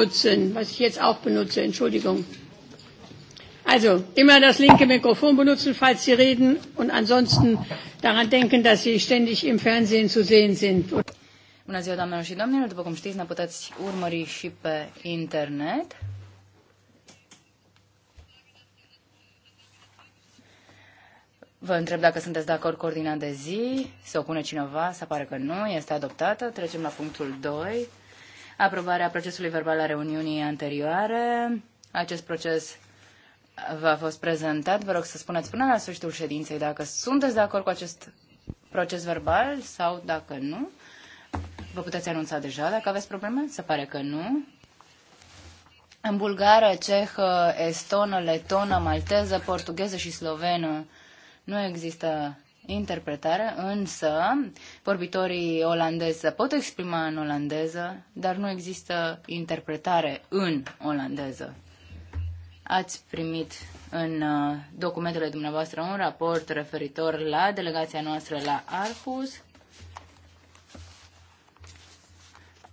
nutzen, was ich jetzt auch benutze. Entschuldigung. Also immer das linke Mikrofon benutzen, falls Sie reden und ansonsten daran denken, dass Sie ständig im Fernsehen zu sehen sind. Bună ziua, doamnelor și domnilor! După cum știți, ne puteți urmări și pe internet. Vă întreb dacă sunteți de acord cu ordinea de zi. Se opune cineva? Se pare că nu. Este adoptată. Trecem la punctul 2 aprobarea procesului verbal a reuniunii anterioare. Acest proces v-a fost prezentat. Vă rog să spuneți până la sfârșitul ședinței dacă sunteți de acord cu acest proces verbal sau dacă nu. Vă puteți anunța deja dacă aveți probleme? Se pare că nu. În bulgară, cehă, estonă, letonă, malteză, portugheză și slovenă nu există interpretare, însă vorbitorii olandeză pot exprima în olandeză, dar nu există interpretare în olandeză. Ați primit în uh, documentele dumneavoastră un raport referitor la delegația noastră la Arhus,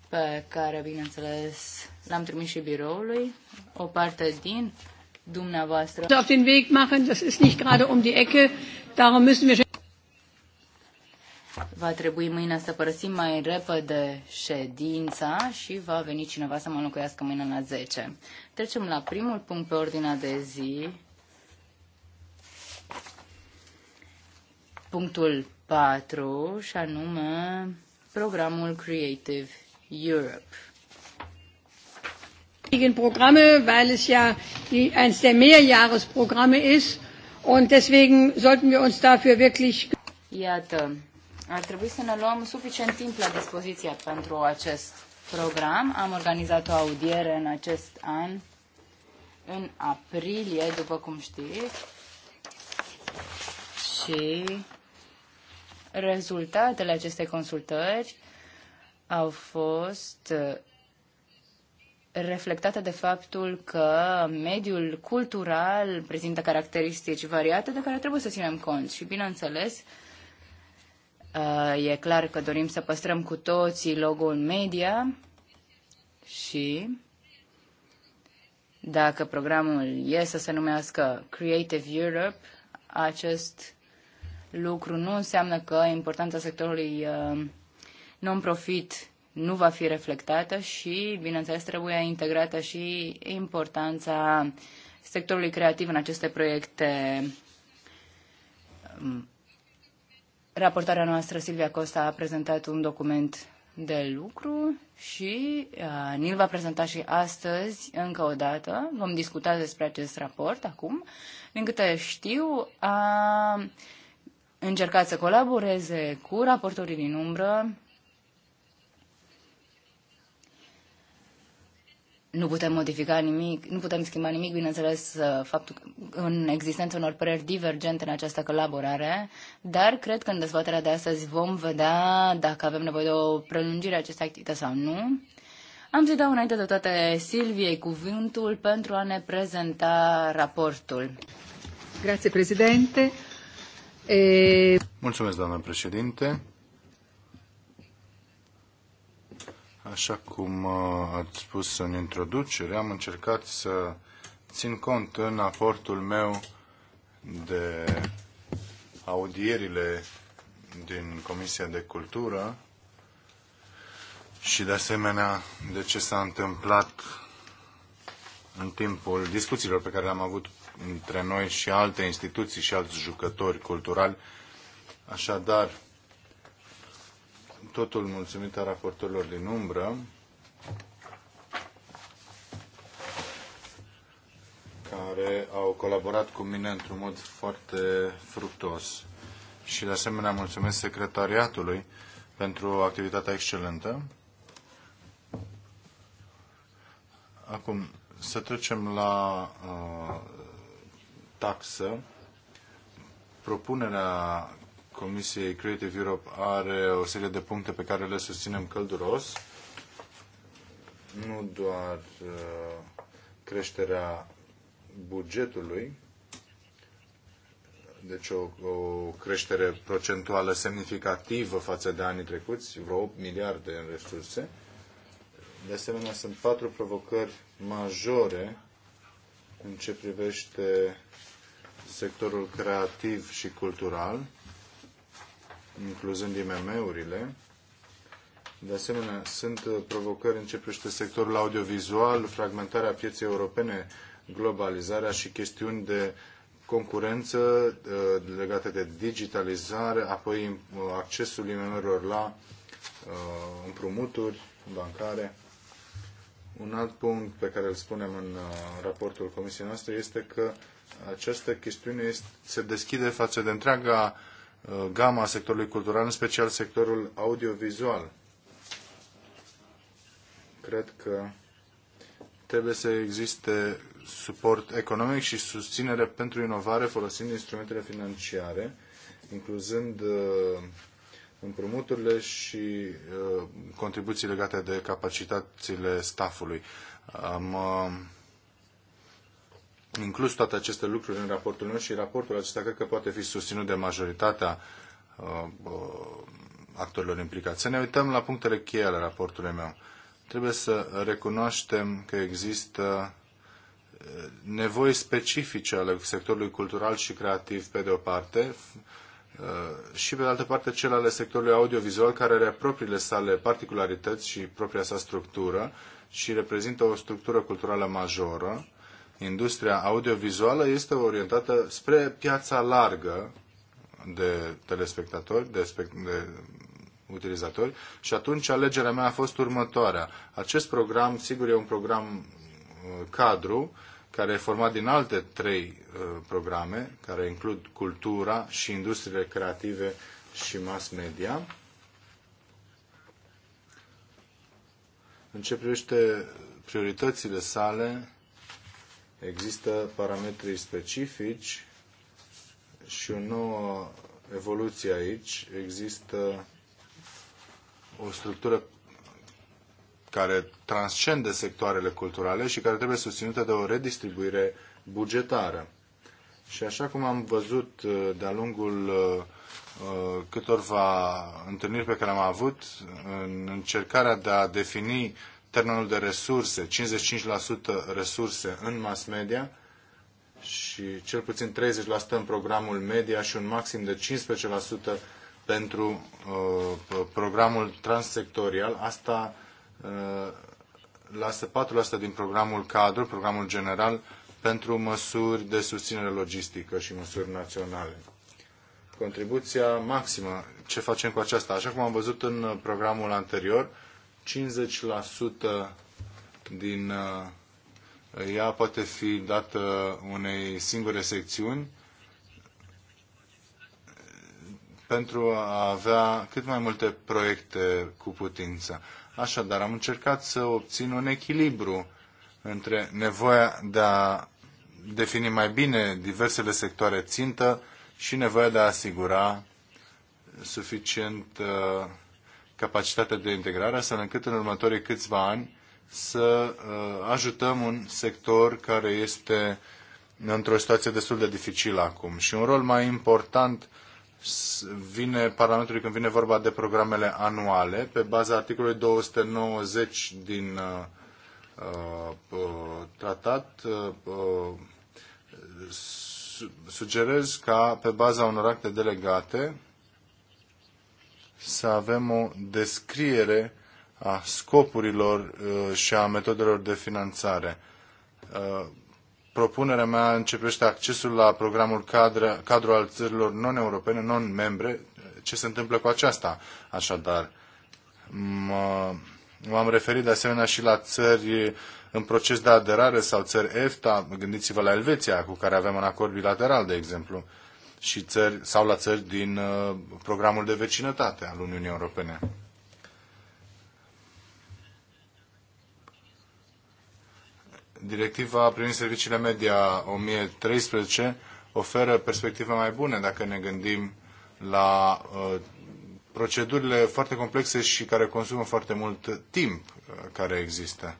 pe care, bineînțeles, l-am trimis și biroului. O parte din dumneavoastră. Auf den Weg machen, das ist nicht gerade um die Ecke, darum müssen wir Va trebui mâine să părăsim mai repede ședința și va veni cineva să mă înlocuiască mâine la 10. Trecem la primul punct pe ordinea de zi. Punctul 4 și anume programul Creative Europe. Programme, weil es ja eines der Mehrjahresprogramme ist und deswegen sollten wir uns dafür wirklich Iată, ar trebui să ne luăm suficient timp la dispoziție pentru acest program. Am organizat o audiere în acest an, în aprilie, după cum știți, și rezultatele acestei consultări au fost uh, reflectată de faptul că mediul cultural prezintă caracteristici variate de care trebuie să ținem cont și, bineînțeles, Uh, e clar că dorim să păstrăm cu toții logo-ul media și dacă programul e să se numească Creative Europe, acest lucru nu înseamnă că importanța sectorului uh, non-profit nu va fi reflectată și, bineînțeles, trebuie integrată și importanța sectorului creativ în aceste proiecte um, Raportarea noastră, Silvia Costa, a prezentat un document de lucru și uh, ni-l va prezenta și astăzi încă o dată. Vom discuta despre acest raport acum. Din câte știu, a încercat să colaboreze cu raportorii din umbră nu putem modifica nimic, nu putem schimba nimic, bineînțeles, uh, faptul în existența unor păreri divergente în această colaborare, dar cred că în dezbaterea de astăzi vom vedea dacă avem nevoie de o prelungire a acestei activități sau nu. Am să dau înainte de toate Silviei cuvântul pentru a ne prezenta raportul. Grazie, președinte. E... Mulțumesc, doamnă președinte. Așa cum uh, ați spus în introducere, am încercat să țin cont în aportul meu de audierile din Comisia de Cultură și de asemenea de ce s-a întâmplat în timpul discuțiilor pe care le-am avut între noi și alte instituții și alți jucători culturali. Așadar, totul mulțumită raportorilor din umbră. care au colaborat cu mine într-un mod foarte fructos. Și de asemenea mulțumesc secretariatului pentru activitatea excelentă. Acum, să trecem la uh, taxă. Propunerea Comisiei Creative Europe are o serie de puncte pe care le susținem călduros. Nu doar uh, creșterea bugetului, deci o, o creștere procentuală semnificativă față de anii trecuți, vreo 8 miliarde în resurse. De asemenea, sunt patru provocări majore în ce privește sectorul creativ și cultural incluzând IMM-urile. De asemenea, sunt provocări în ce privește sectorul audiovizual, fragmentarea pieței europene, globalizarea și chestiuni de concurență uh, legate de digitalizare, apoi uh, accesul IMM-urilor la uh, împrumuturi bancare. Un alt punct pe care îl spunem în raportul comisiei noastre este că această chestiune se deschide față de întreaga Uh, gama sectorului cultural, în special sectorul audiovizual. Cred că trebuie să existe suport economic și susținere pentru inovare folosind instrumentele financiare, incluzând uh, împrumuturile și uh, contribuții legate de capacitățile staffului. Am inclus toate aceste lucruri în raportul meu și raportul acesta cred că poate fi susținut de majoritatea uh, uh actorilor implicați. Să ne uităm la punctele cheie ale raportului meu. Trebuie să recunoaștem că există uh, nevoi specifice ale sectorului cultural și creativ, pe de o parte, uh, și pe de altă parte cel ale sectorului audiovizual, care are propriile sale particularități și propria sa structură și reprezintă o structură culturală majoră industria audiovizuală este orientată spre piața largă de telespectatori, de, spect- de utilizatori și atunci alegerea mea a fost următoarea. Acest program, sigur, e un program uh, cadru care e format din alte trei uh, programe care includ cultura și industriile creative și mass media. În ce privește prioritățile sale, Există parametri specifici și o nouă evoluție aici. Există o structură care transcende sectoarele culturale și care trebuie susținută de o redistribuire bugetară. Și așa cum am văzut uh, de-a lungul uh, uh, câtorva întâlniri pe care am avut în încercarea de a defini termenul de resurse, 55% resurse în mass media și cel puțin 30% în programul media și un maxim de 15% pentru uh, programul transsectorial. Asta uh, lasă 4% din programul cadru, programul general, pentru măsuri de susținere logistică și măsuri naționale. Contribuția maximă, ce facem cu aceasta? Așa cum am văzut în programul anterior, 50% din uh, ea poate fi dată unei singure secțiuni pentru a avea cât mai multe proiecte cu putință. Așadar, am încercat să obțin un echilibru între nevoia de a defini mai bine diversele sectoare țintă și nevoia de a asigura suficient uh, capacitatea de integrare, astfel încât în următorii câțiva ani să uh, ajutăm un sector care este într-o situație destul de dificilă acum. Și un rol mai important vine Parlamentului când vine vorba de programele anuale, pe baza articolului 290 din uh, uh, tratat, uh, uh sugerez ca pe baza unor acte delegate să avem o descriere a scopurilor uh, și a metodelor de finanțare. Uh, propunerea mea începește accesul la programul cadru, cadru al țărilor non-europene, non-membre. Ce se întâmplă cu aceasta? Așadar, m-am referit de asemenea și la țări în proces de aderare sau țări EFTA. Gândiți-vă la Elveția, cu care avem un acord bilateral, de exemplu și țări sau la țări din uh, programul de vecinătate al Uniunii Europene. Directiva privind serviciile media 1013 oferă perspective mai bune dacă ne gândim la uh, procedurile foarte complexe și care consumă foarte mult timp uh, care există.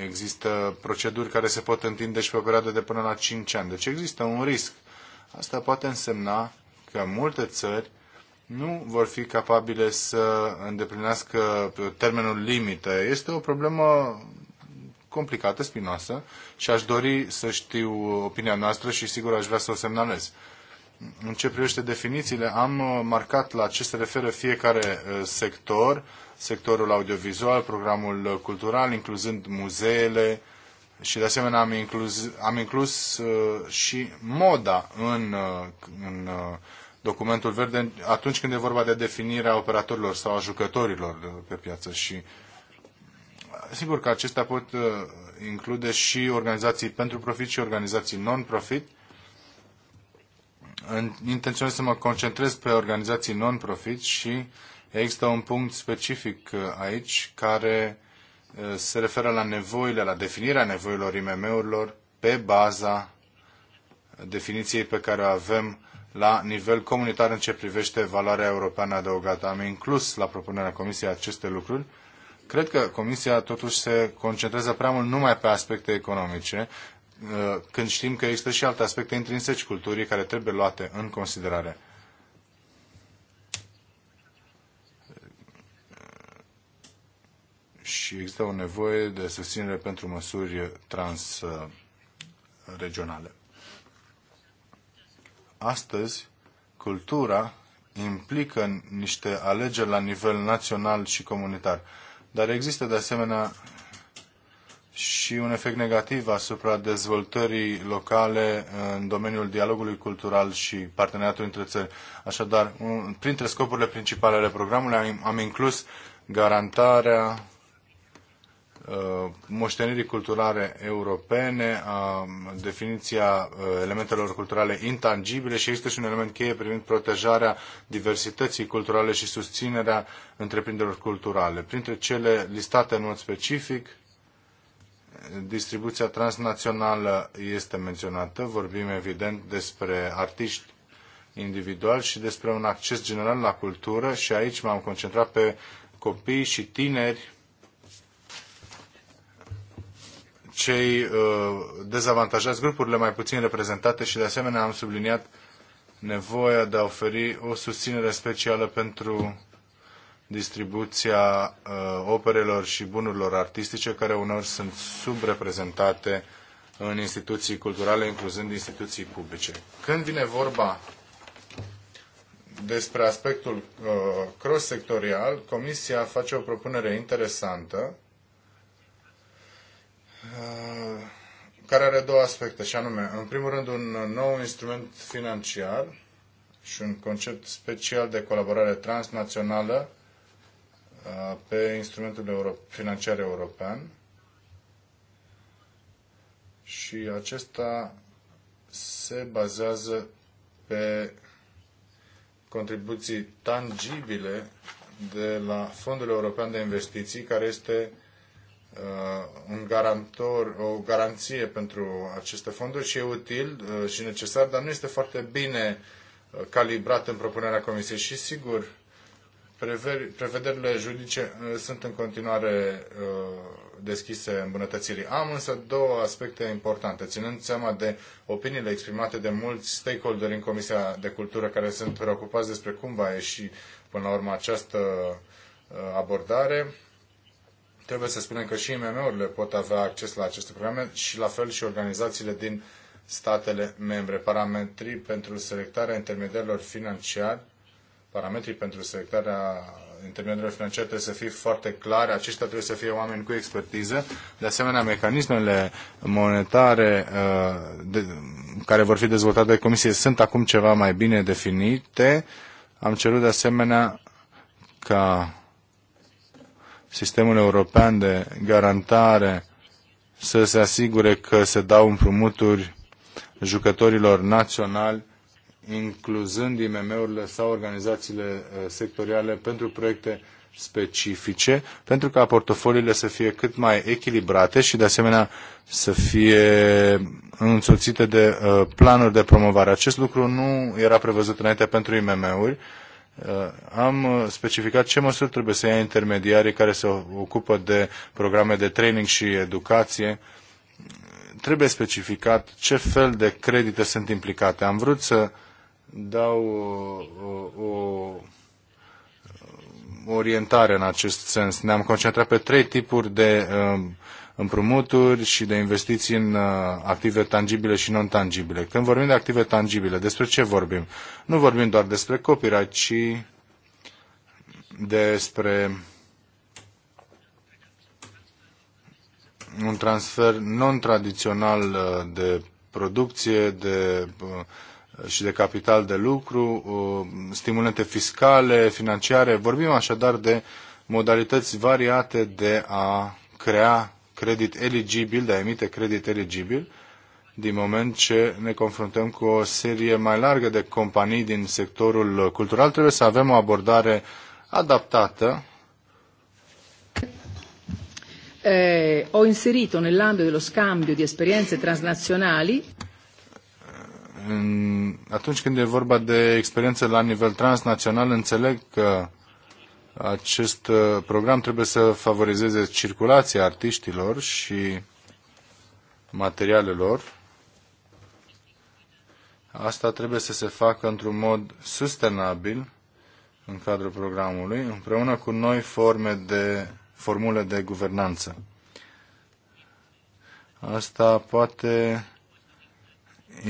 Există proceduri care se pot întinde și pe o perioadă de până la 5 ani. Deci există un risc Asta poate însemna că multe țări nu vor fi capabile să îndeplinească termenul limită. Este o problemă complicată, spinoasă și aș dori să știu opinia noastră și sigur aș vrea să o semnalez. În ce privește definițiile, am marcat la ce se referă fiecare uh, sector, sectorul audiovizual, programul cultural, incluzând muzeele, și de asemenea am inclus, am inclus uh, și moda în, uh, în uh, documentul verde atunci când e vorba de definirea operatorilor sau a jucătorilor pe piață și sigur că acestea pot include și organizații pentru profit și organizații non-profit. Intenționez să mă concentrez pe organizații non-profit și există un punct specific aici care Eh, se referă la nevoile, la definirea nevoilor IMM-urilor pe baza definiției pe care o avem la nivel comunitar în ce privește valoarea europeană adăugată. Am inclus la propunerea Comisiei aceste lucruri. Cred că Comisia totuși se concentrează prea mult numai pe aspecte economice, eh, când știm că există și alte aspecte intrinseci culturii care trebuie luate în considerare. și există o nevoie de susținere pentru măsuri transregionale. Astăzi, cultura implică niște alegeri la nivel național și comunitar, dar există de asemenea și un efect negativ asupra dezvoltării locale în domeniul dialogului cultural și parteneriatul între țări. Așadar, printre scopurile principale ale programului am inclus garantarea Uh, moștenirii culturale europene, a uh, definiția uh, elementelor culturale intangibile și există și un element cheie privind protejarea diversității culturale și susținerea întreprinderilor culturale. Printre cele listate în mod specific, distribuția transnațională este menționată, vorbim evident despre artiști individual și despre un acces general la cultură și aici m-am concentrat pe copii și tineri cei uh, dezavantajați, grupurile mai puțin reprezentate și de asemenea am subliniat nevoia de a oferi o susținere specială pentru distribuția uh, operelor și bunurilor artistice care uneori sunt subreprezentate în instituții culturale, incluzând instituții publice. Când vine vorba despre aspectul uh, cross-sectorial, Comisia face o propunere interesantă Uh, care are două aspecte, și anume, în primul rând, un nou instrument financiar și un concept special de colaborare transnațională uh, pe instrumentul euro- financiar european. Și acesta se bazează pe contribuții tangibile de la Fondul European de Investiții, care este Uh, un garantor, o garanție pentru aceste fonduri și e util uh, și necesar, dar nu este foarte bine uh, calibrat în propunerea Comisiei și sigur prevederile juridice sunt în continuare deschise îmbunătățirii. Am însă două aspecte importante, ținând seama de opiniile exprimate de mulți stakeholderi în Comisia de Cultură care sunt preocupați despre cum va ieși până la urmă această abordare. Trebuie să spunem că și IMM-urile pot avea acces la aceste programe și la fel și organizațiile din statele membre. Parametrii pentru selectarea intermediarilor financiari, parametrii pentru selectarea intermediarilor financiare trebuie să fie foarte clare, aceștia trebuie să fie oameni cu expertiză. De asemenea, mecanismele monetare uh, de, care vor fi dezvoltate de comisie sunt acum ceva mai bine definite. Am cerut de asemenea ca sistemul european de garantare să se asigure că se dau împrumuturi jucătorilor naționali, incluzând IMM-urile sau organizațiile uh, sectoriale pentru proiecte specifice, pentru ca portofoliile să fie cât mai echilibrate și, de asemenea, să fie însoțite de uh, planuri de promovare. Acest lucru nu era prevăzut înainte pentru IMM-uri, Uh, am uh, specificat ce măsuri trebuie să ia intermediarii care se ocupă de programe de training și educație. Trebuie specificat ce fel de credite sunt implicate. Am vrut să dau uh, o, o orientare în acest sens. Ne-am concentrat pe trei tipuri de uh, împrumuturi și de investiții în uh, active tangibile și non-tangibile. Când vorbim de active tangibile, despre ce vorbim? Nu vorbim doar despre copyright, ci despre un transfer non-tradițional uh, de producție de, uh, și de capital de lucru, stimulente fiscale, financiare. Vorbim așadar de modalități variate de a crea credit eligibil, de a emite credit eligibil, din moment ce ne confruntăm cu o serie mai largă de companii din sectorul cultural, trebuie să avem o abordare adaptată. Eh, ho inserito nell'ambito dello scambio di esperienze transnazionali atunci când e vorba de experiențe la nivel transnațional, înțeleg că acest uh, program trebuie să favorizeze circulația artiștilor și materialelor. Asta trebuie să se facă într-un mod sustenabil în cadrul programului, împreună cu noi forme de, formule de guvernanță. Asta poate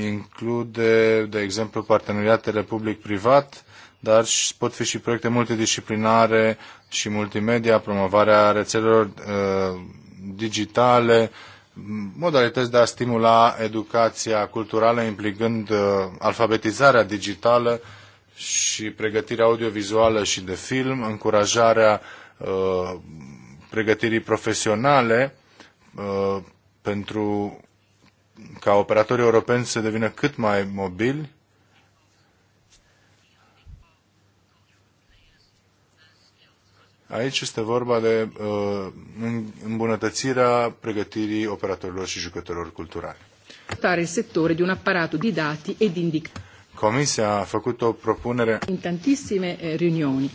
include, de exemplu, parteneriatele public-privat, dar pot fi și proiecte multidisciplinare și multimedia, promovarea rețelelor uh, digitale, modalități de a stimula educația culturală implicând uh, alfabetizarea digitală și pregătirea audiovizuală și de film, încurajarea uh, pregătirii profesionale uh, pentru ca operatorii europeni să devină cât mai mobili Aici este vorba de uh, îmbunătățirea pregătirii operatorilor și jucătorilor culturali. Tare settore de un aparat de dati e Comisia a făcut o propunere în tantissime eh, reuniuni,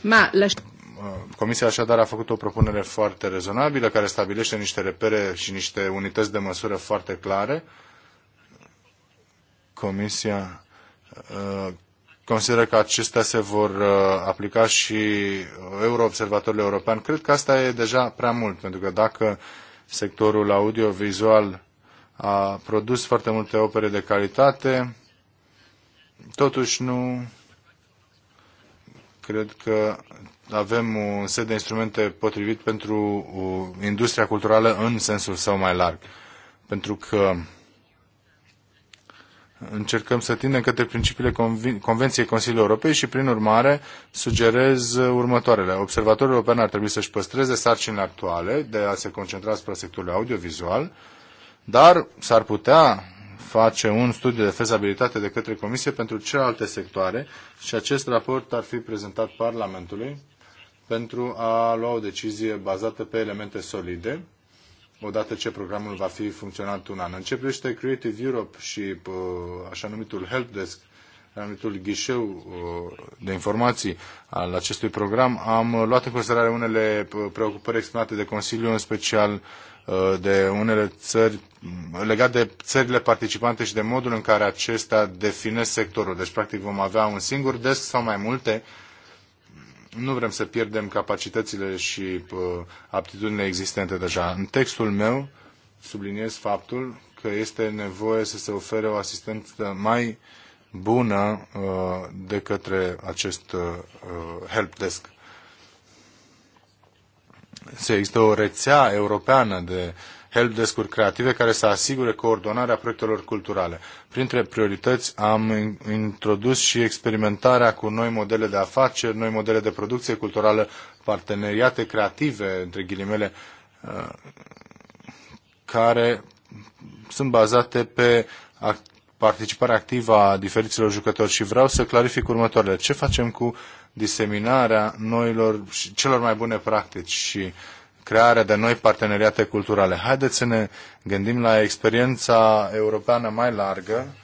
ma la... Uh, Comisia așadar a făcut o propunere foarte rezonabilă care stabilește niște repere și niște unități de măsură foarte clare. Comisia uh, consideră că acestea se vor uh, aplica și uh, euroobservatorul european. Cred că asta e deja prea mult, pentru că dacă sectorul audiovizual a produs foarte multe opere de calitate, totuși nu cred că avem un set de instrumente potrivit pentru uh, industria culturală în sensul său mai larg. Pentru că încercăm să tindem către principiile Convenției Consiliului Europei și, prin urmare, sugerez următoarele. Observatorul european ar trebui să-și păstreze sarcinile actuale de a se concentra asupra sectorului audiovizual, dar s-ar putea face un studiu de fezabilitate de către Comisie pentru celelalte sectoare și acest raport ar fi prezentat Parlamentului pentru a lua o decizie bazată pe elemente solide odată ce programul va fi funcționat un an. În ce privește Creative Europe și uh, așa numitul helpdesk, anumitul ghișeu uh, de informații al acestui program, am luat în considerare unele uh, preocupări exprimate de Consiliu, în special de unele țări, mm, legat de țările participante și de modul în care acestea definesc sectorul. Deci, practic, vom avea un singur desk sau mai multe nu vrem să pierdem capacitățile și uh, aptitudinile existente deja. În textul meu subliniez faptul că este nevoie să se ofere o asistență mai bună uh, de către acest uh, helpdesk. Se există o rețea europeană de helpdesk-uri creative care să asigure coordonarea proiectelor culturale. Printre priorități am introdus și experimentarea cu noi modele de afaceri, noi modele de producție culturală, parteneriate creative, între ghilimele, uh, care sunt bazate pe participarea activă a diferiților jucători și vreau să clarific următoarele. Ce facem cu diseminarea noilor și celor mai bune practici și uh, crearea de noi parteneriate culturale. Haideți să ne gândim la experiența europeană mai largă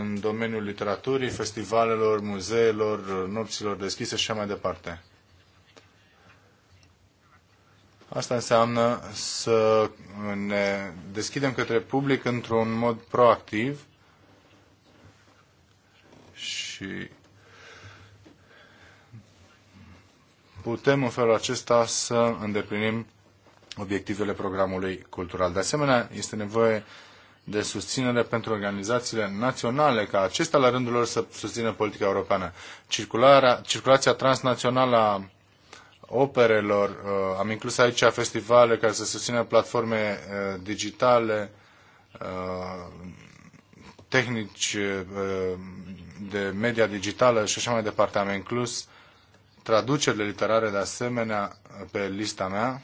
în domeniul literaturii, festivalelor, muzeelor, nopților deschise și așa mai departe. Asta înseamnă să ne deschidem către public într-un mod proactiv și putem în felul acesta să îndeplinim obiectivele programului cultural. De asemenea, este nevoie de susținere pentru organizațiile naționale, ca acestea la rândul lor să susțină politica europeană. Circularea, circulația transnațională a operelor, uh, am inclus aici festivale care să susțină platforme uh, digitale, uh, tehnici de media digitală și așa mai departe. Am inclus traducerile literare de asemenea pe lista mea.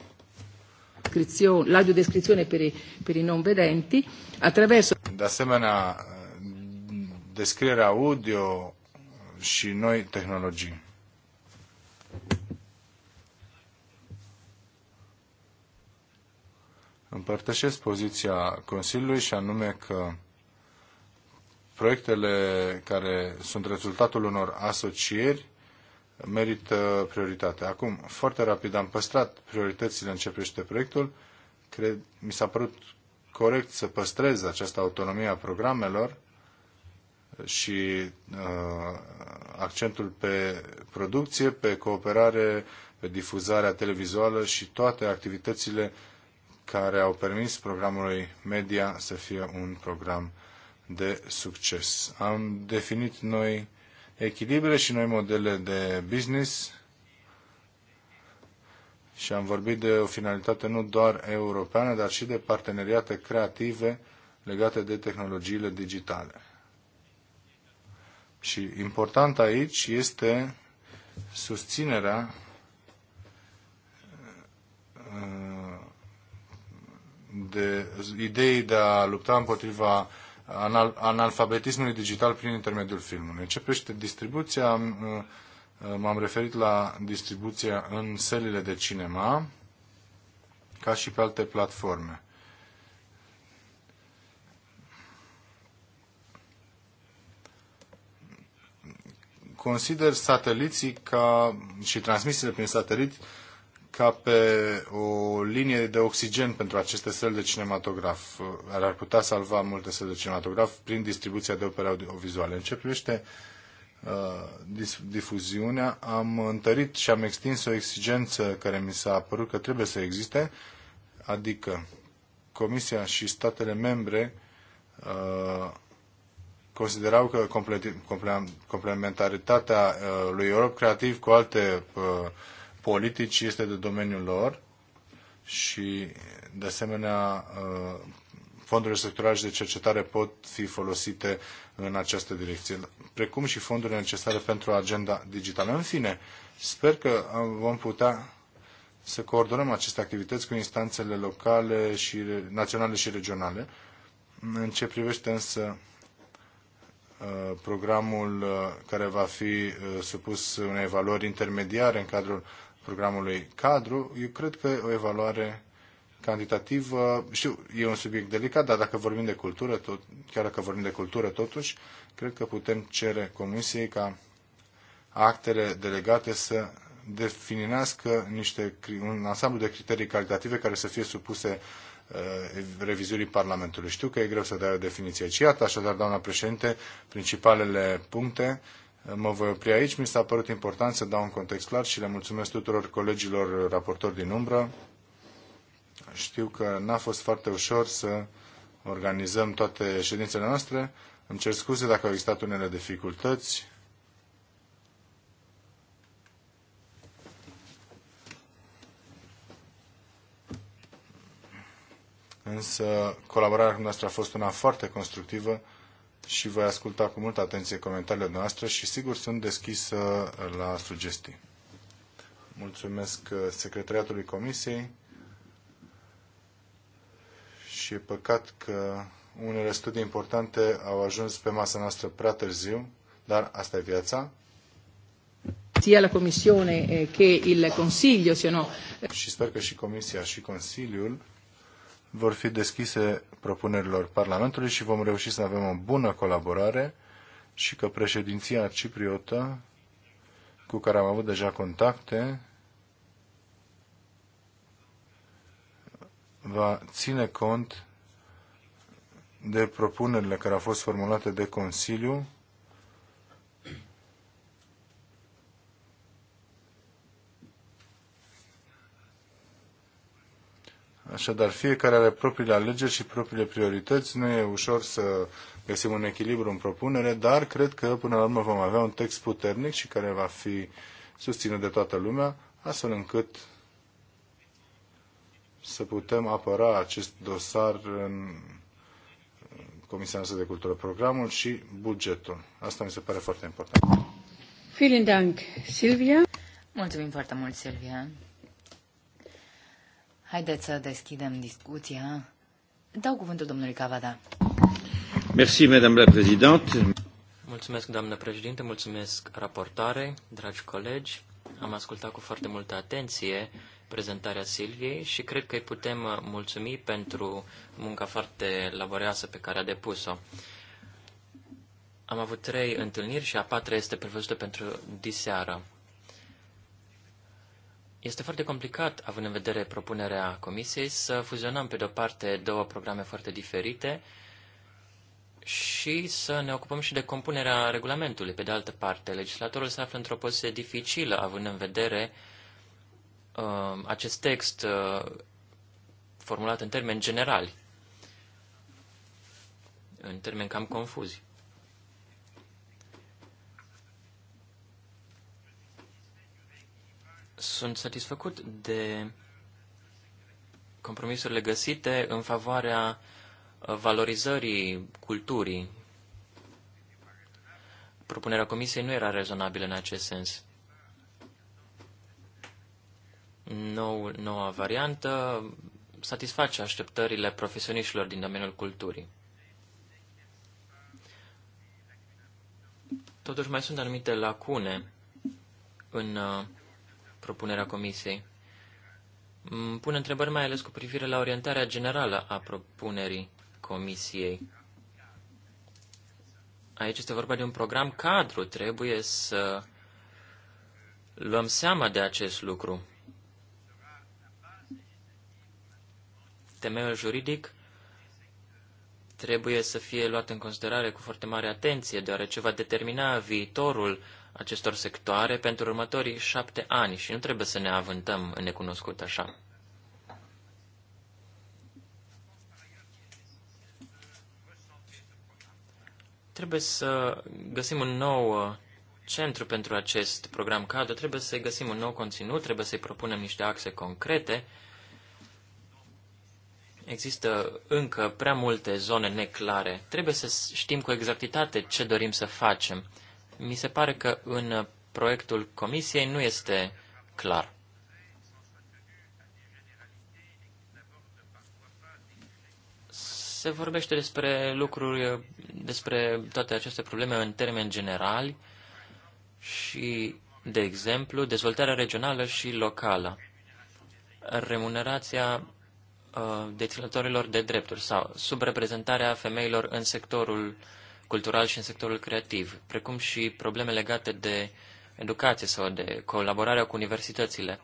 L'audiodescrizione per per i non vedenti attraverso... De asemenea, descrierea audio și noi tehnologii. Împărtășesc poziția Consiliului și anume că proiectele care sunt rezultatul unor asocieri merită prioritate. Acum, foarte rapid, am păstrat prioritățile în ce privește proiectul. Cred, mi s-a părut corect să păstrez această autonomie a programelor și uh, accentul pe producție, pe cooperare, pe difuzarea televizuală și toate activitățile care au permis programului media să fie un program de succes. Am definit noi echilibre și noi modele de business și am vorbit de o finalitate nu doar europeană, dar și de parteneriate creative legate de tehnologiile digitale. Și important aici este susținerea uh, de ideii de a lupta împotriva analfabetismului digital prin intermediul filmului. Ce prește distribuția, uh, m-am referit la distribuția în sălile de cinema, ca și pe alte platforme. Consider sateliții ca, și transmisiile prin satelit ca pe o linie de oxigen pentru aceste săli de cinematograf. Ar putea salva multe săli de cinematograf prin distribuția de opere audiovizuale. În ce privește uh, difuziunea, am întărit și am extins o exigență care mi s-a părut că trebuie să existe, adică Comisia și statele membre uh, considerau că complementaritatea uh, lui Europe Creativ cu alte uh, politici este de domeniul lor și, de asemenea, uh, fondurile structurale și de cercetare pot fi folosite în această direcție, precum și fondurile necesare pentru agenda digitală. În fine, sper că vom putea să coordonăm aceste activități cu instanțele locale și naționale și regionale. În ce privește însă uh, programul uh, care va fi supus unei valori intermediare în cadrul programului cadru, eu cred că o evaluare cantitativă, știu, e un subiect delicat, dar dacă vorbim de cultură, tot, chiar dacă vorbim de cultură totuși, cred că putem cere Comisiei ca actele delegate să definească niște, un ansamblu de criterii calitative care să fie supuse uh, revizurii Parlamentului. Știu că e greu să dai o definiție. Și iată, așadar, doamna președinte, principalele puncte Mă voi opri aici. Mi s-a părut important să dau un context clar și le mulțumesc tuturor colegilor raportori din umbră. Știu că n-a fost foarte ușor să organizăm toate ședințele noastre. Îmi cer scuze dacă au existat unele dificultăți. Însă colaborarea noastră a fost una foarte constructivă și voi asculta cu multă atenție comentariile noastre și sigur sunt deschis la sugestii. Mulțumesc uh, secretariatului comisiei și e păcat că unele studii importante au ajuns pe masa noastră prea târziu, dar asta e viața. Sia la comisiune eh, che il Consiglio siano. Și sper că și Comisia și Consiliul vor fi deschise propunerilor Parlamentului și vom reuși să avem o bună colaborare și că președinția cipriotă, cu care am avut deja contacte, va ține cont de propunerile care au fost formulate de Consiliu Așadar, fiecare are propriile alegeri și propriile priorități. Nu e ușor să găsim un echilibru în propunere, dar cred că până la urmă vom avea un text puternic și care va fi susținut de toată lumea, astfel încât să putem apăra acest dosar în Comisia de Cultură, programul și bugetul. Asta mi se pare foarte important. Vielen Dank, Silvia. Mulțumim foarte mult, Silvia. Haideți să deschidem discuția. Dau cuvântul domnului Cavada. Merci, madame la présidente. Mulțumesc, doamnă președinte, mulțumesc raportare, dragi colegi. Am ascultat cu foarte multă atenție prezentarea Silviei și cred că îi putem mulțumi pentru munca foarte laboreasă pe care a depus-o. Am avut trei întâlniri și a patra este prevăzută pentru diseară. Este foarte complicat, având în vedere propunerea Comisiei, să fuzionăm pe de-o parte două programe foarte diferite și să ne ocupăm și de compunerea regulamentului. Pe de altă parte, legislatorul se află într-o poziție dificilă, având în vedere uh, acest text uh, formulat în termeni generali, în termeni cam confuzi. Sunt satisfăcut de compromisurile găsite în favoarea uh, valorizării culturii. Propunerea Comisiei nu era rezonabilă în acest sens. Nou, noua variantă satisface așteptările profesioniștilor din domeniul culturii. Totuși mai sunt anumite lacune în uh, propunerea comisiei. Mm, pun întrebări mai ales cu privire la orientarea generală a propunerii comisiei. Aici este vorba de un program cadru, trebuie să luăm seama de acest lucru. Temeiul juridic trebuie să fie luat în considerare cu foarte mare atenție, deoarece va determina viitorul acestor sectoare pentru următorii șapte ani și nu trebuie să ne avântăm în necunoscut așa. Trebuie să găsim un nou uh, centru pentru acest program cadru, trebuie să găsim un nou conținut, trebuie să-i propunem niște axe concrete. Există încă prea multe zone neclare. Trebuie să știm cu exactitate ce dorim să facem. Mi se pare că în proiectul comisiei nu este clar. Se vorbește despre lucruri, despre toate aceste probleme în termeni generali și, de exemplu, dezvoltarea regională și locală, remunerația uh, deținătorilor de drepturi sau subreprezentarea femeilor în sectorul uh, cultural și în sectorul creativ, precum și probleme legate de educație sau de colaborarea cu universitățile.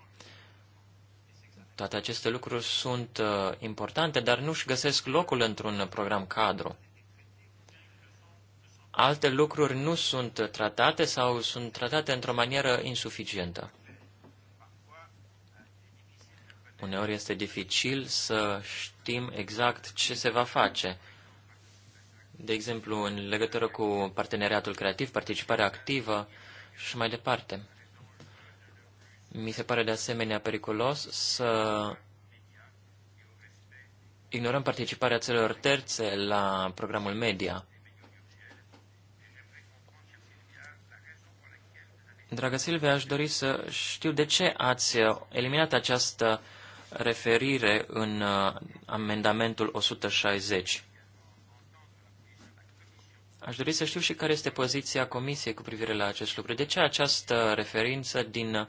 Toate aceste lucruri sunt uh, importante, dar nu își găsesc locul într-un program cadru. Alte lucruri nu sunt tratate sau sunt tratate într-o manieră insuficientă. Uneori este dificil să știm exact ce se va face de exemplu, în legătură cu parteneriatul creativ, participarea activă și mai departe. Mi se pare de asemenea periculos să ignorăm participarea țărilor terțe la programul media. Dragă Silvia, aș dori să știu de ce ați eliminat această referire în uh, amendamentul 160. Aș dori să știu și care este poziția Comisiei cu privire la acest lucru. De ce această referință din,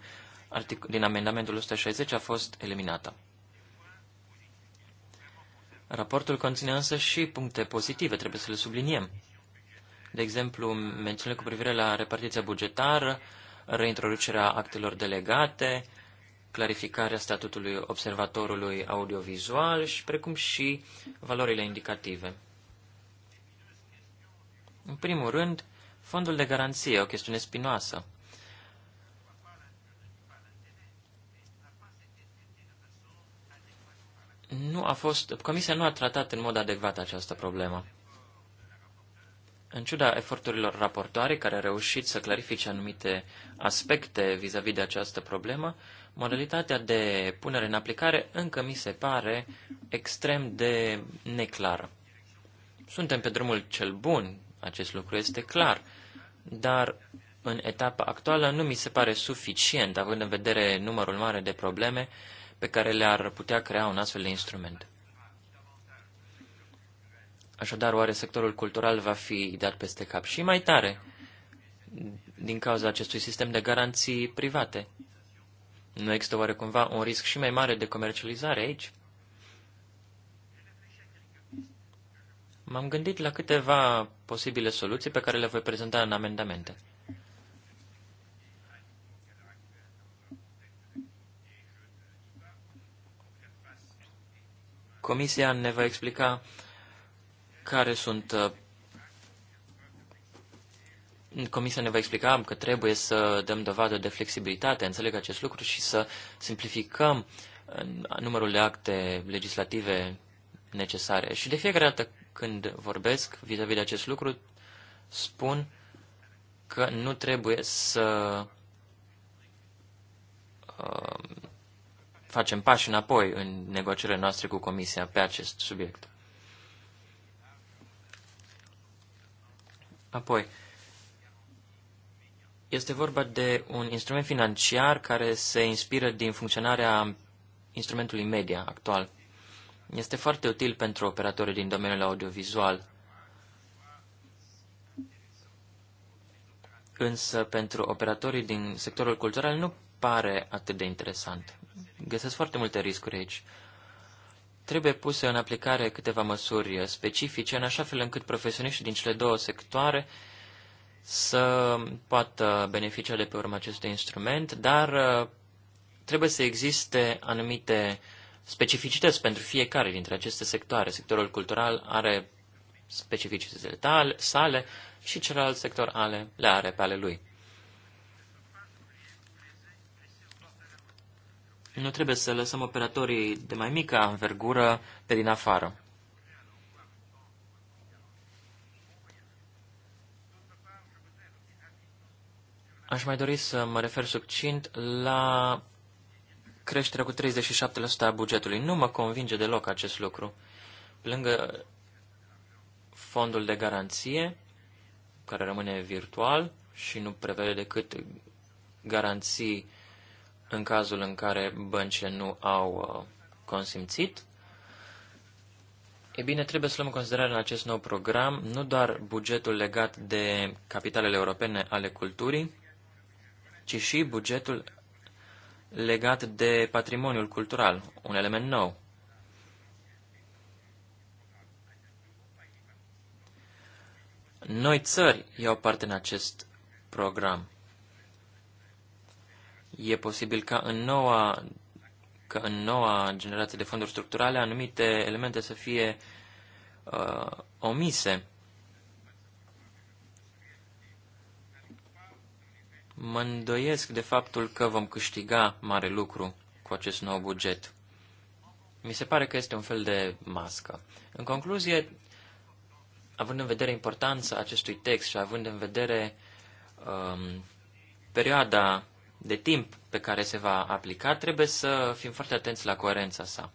din amendamentul 160 a fost eliminată? Raportul conține însă și puncte pozitive, trebuie să le subliniem. De exemplu, mențiunile cu privire la repartiția bugetară, reintroducerea actelor delegate, clarificarea statutului observatorului audiovizual și precum și valorile indicative. În primul rând, fondul de garanție, o chestiune spinoasă. Nu a fost, comisia nu a tratat în mod adecvat această problemă. În ciuda eforturilor raportoare care a reușit să clarifice anumite aspecte vis-a-vis -vis de această problemă, modalitatea de punere în aplicare încă mi se pare extrem de neclară. Suntem pe drumul cel bun, acest lucru este clar. Dar în etapa actuală nu mi se pare suficient, având în vedere numărul mare de probleme pe care le-ar putea crea un astfel de instrument. Așadar, oare sectorul cultural va fi dat peste cap și mai tare din cauza acestui sistem de garanții private? Nu există oare cumva un risc și mai mare de comercializare aici? M-am gândit la câteva posibile soluții pe care le voi prezenta în amendamente. Comisia ne va explica care sunt uh, Comisia ne va explica că trebuie să dăm dovadă de flexibilitate, înțeleg acest lucru, și să simplificăm uh, numărul de acte legislative necesare. Și de fiecare dată când vorbesc vis-a-vis -vis de acest lucru, spun că nu trebuie să uh, facem pași înapoi în negocierile noastre cu Comisia pe acest subiect. Apoi, este vorba de un instrument financiar care se inspiră din funcționarea instrumentului media actual. Este foarte util pentru operatorii din domeniul audiovizual. Însă, pentru operatorii din sectorul cultural nu pare atât de interesant. Găsesc foarte multe riscuri aici. Trebuie puse în aplicare câteva măsuri specifice, în așa fel încât profesioniștii din cele două sectoare să poată beneficia de pe urma acestui instrument, dar uh, trebuie să existe anumite specificități pentru fiecare dintre aceste sectoare. Sectorul cultural are specificitățile tale, sale și celălalt sector ale, le are pe ale lui. Nu trebuie să lăsăm operatorii de mai mică învergură pe din afară. Aș mai dori să mă refer succint la creșterea cu 37% a bugetului. Nu mă convinge deloc acest lucru. Pe lângă fondul de garanție, care rămâne virtual și nu prevede decât garanții în cazul în care băncile nu au uh, consimțit, E bine, trebuie să luăm în considerare în acest nou program nu doar bugetul legat de capitalele europene ale culturii, ci și bugetul legat de patrimoniul cultural, un element nou. Noi țări iau parte în acest program. E posibil ca în noua, ca în noua generație de fonduri structurale anumite elemente să fie uh, omise. Mă îndoiesc de faptul că vom câștiga mare lucru cu acest nou buget. Mi se pare că este un fel de mască. În concluzie, având în vedere importanța acestui text și având în vedere um, perioada de timp pe care se va aplica, trebuie să fim foarte atenți la coerența sa.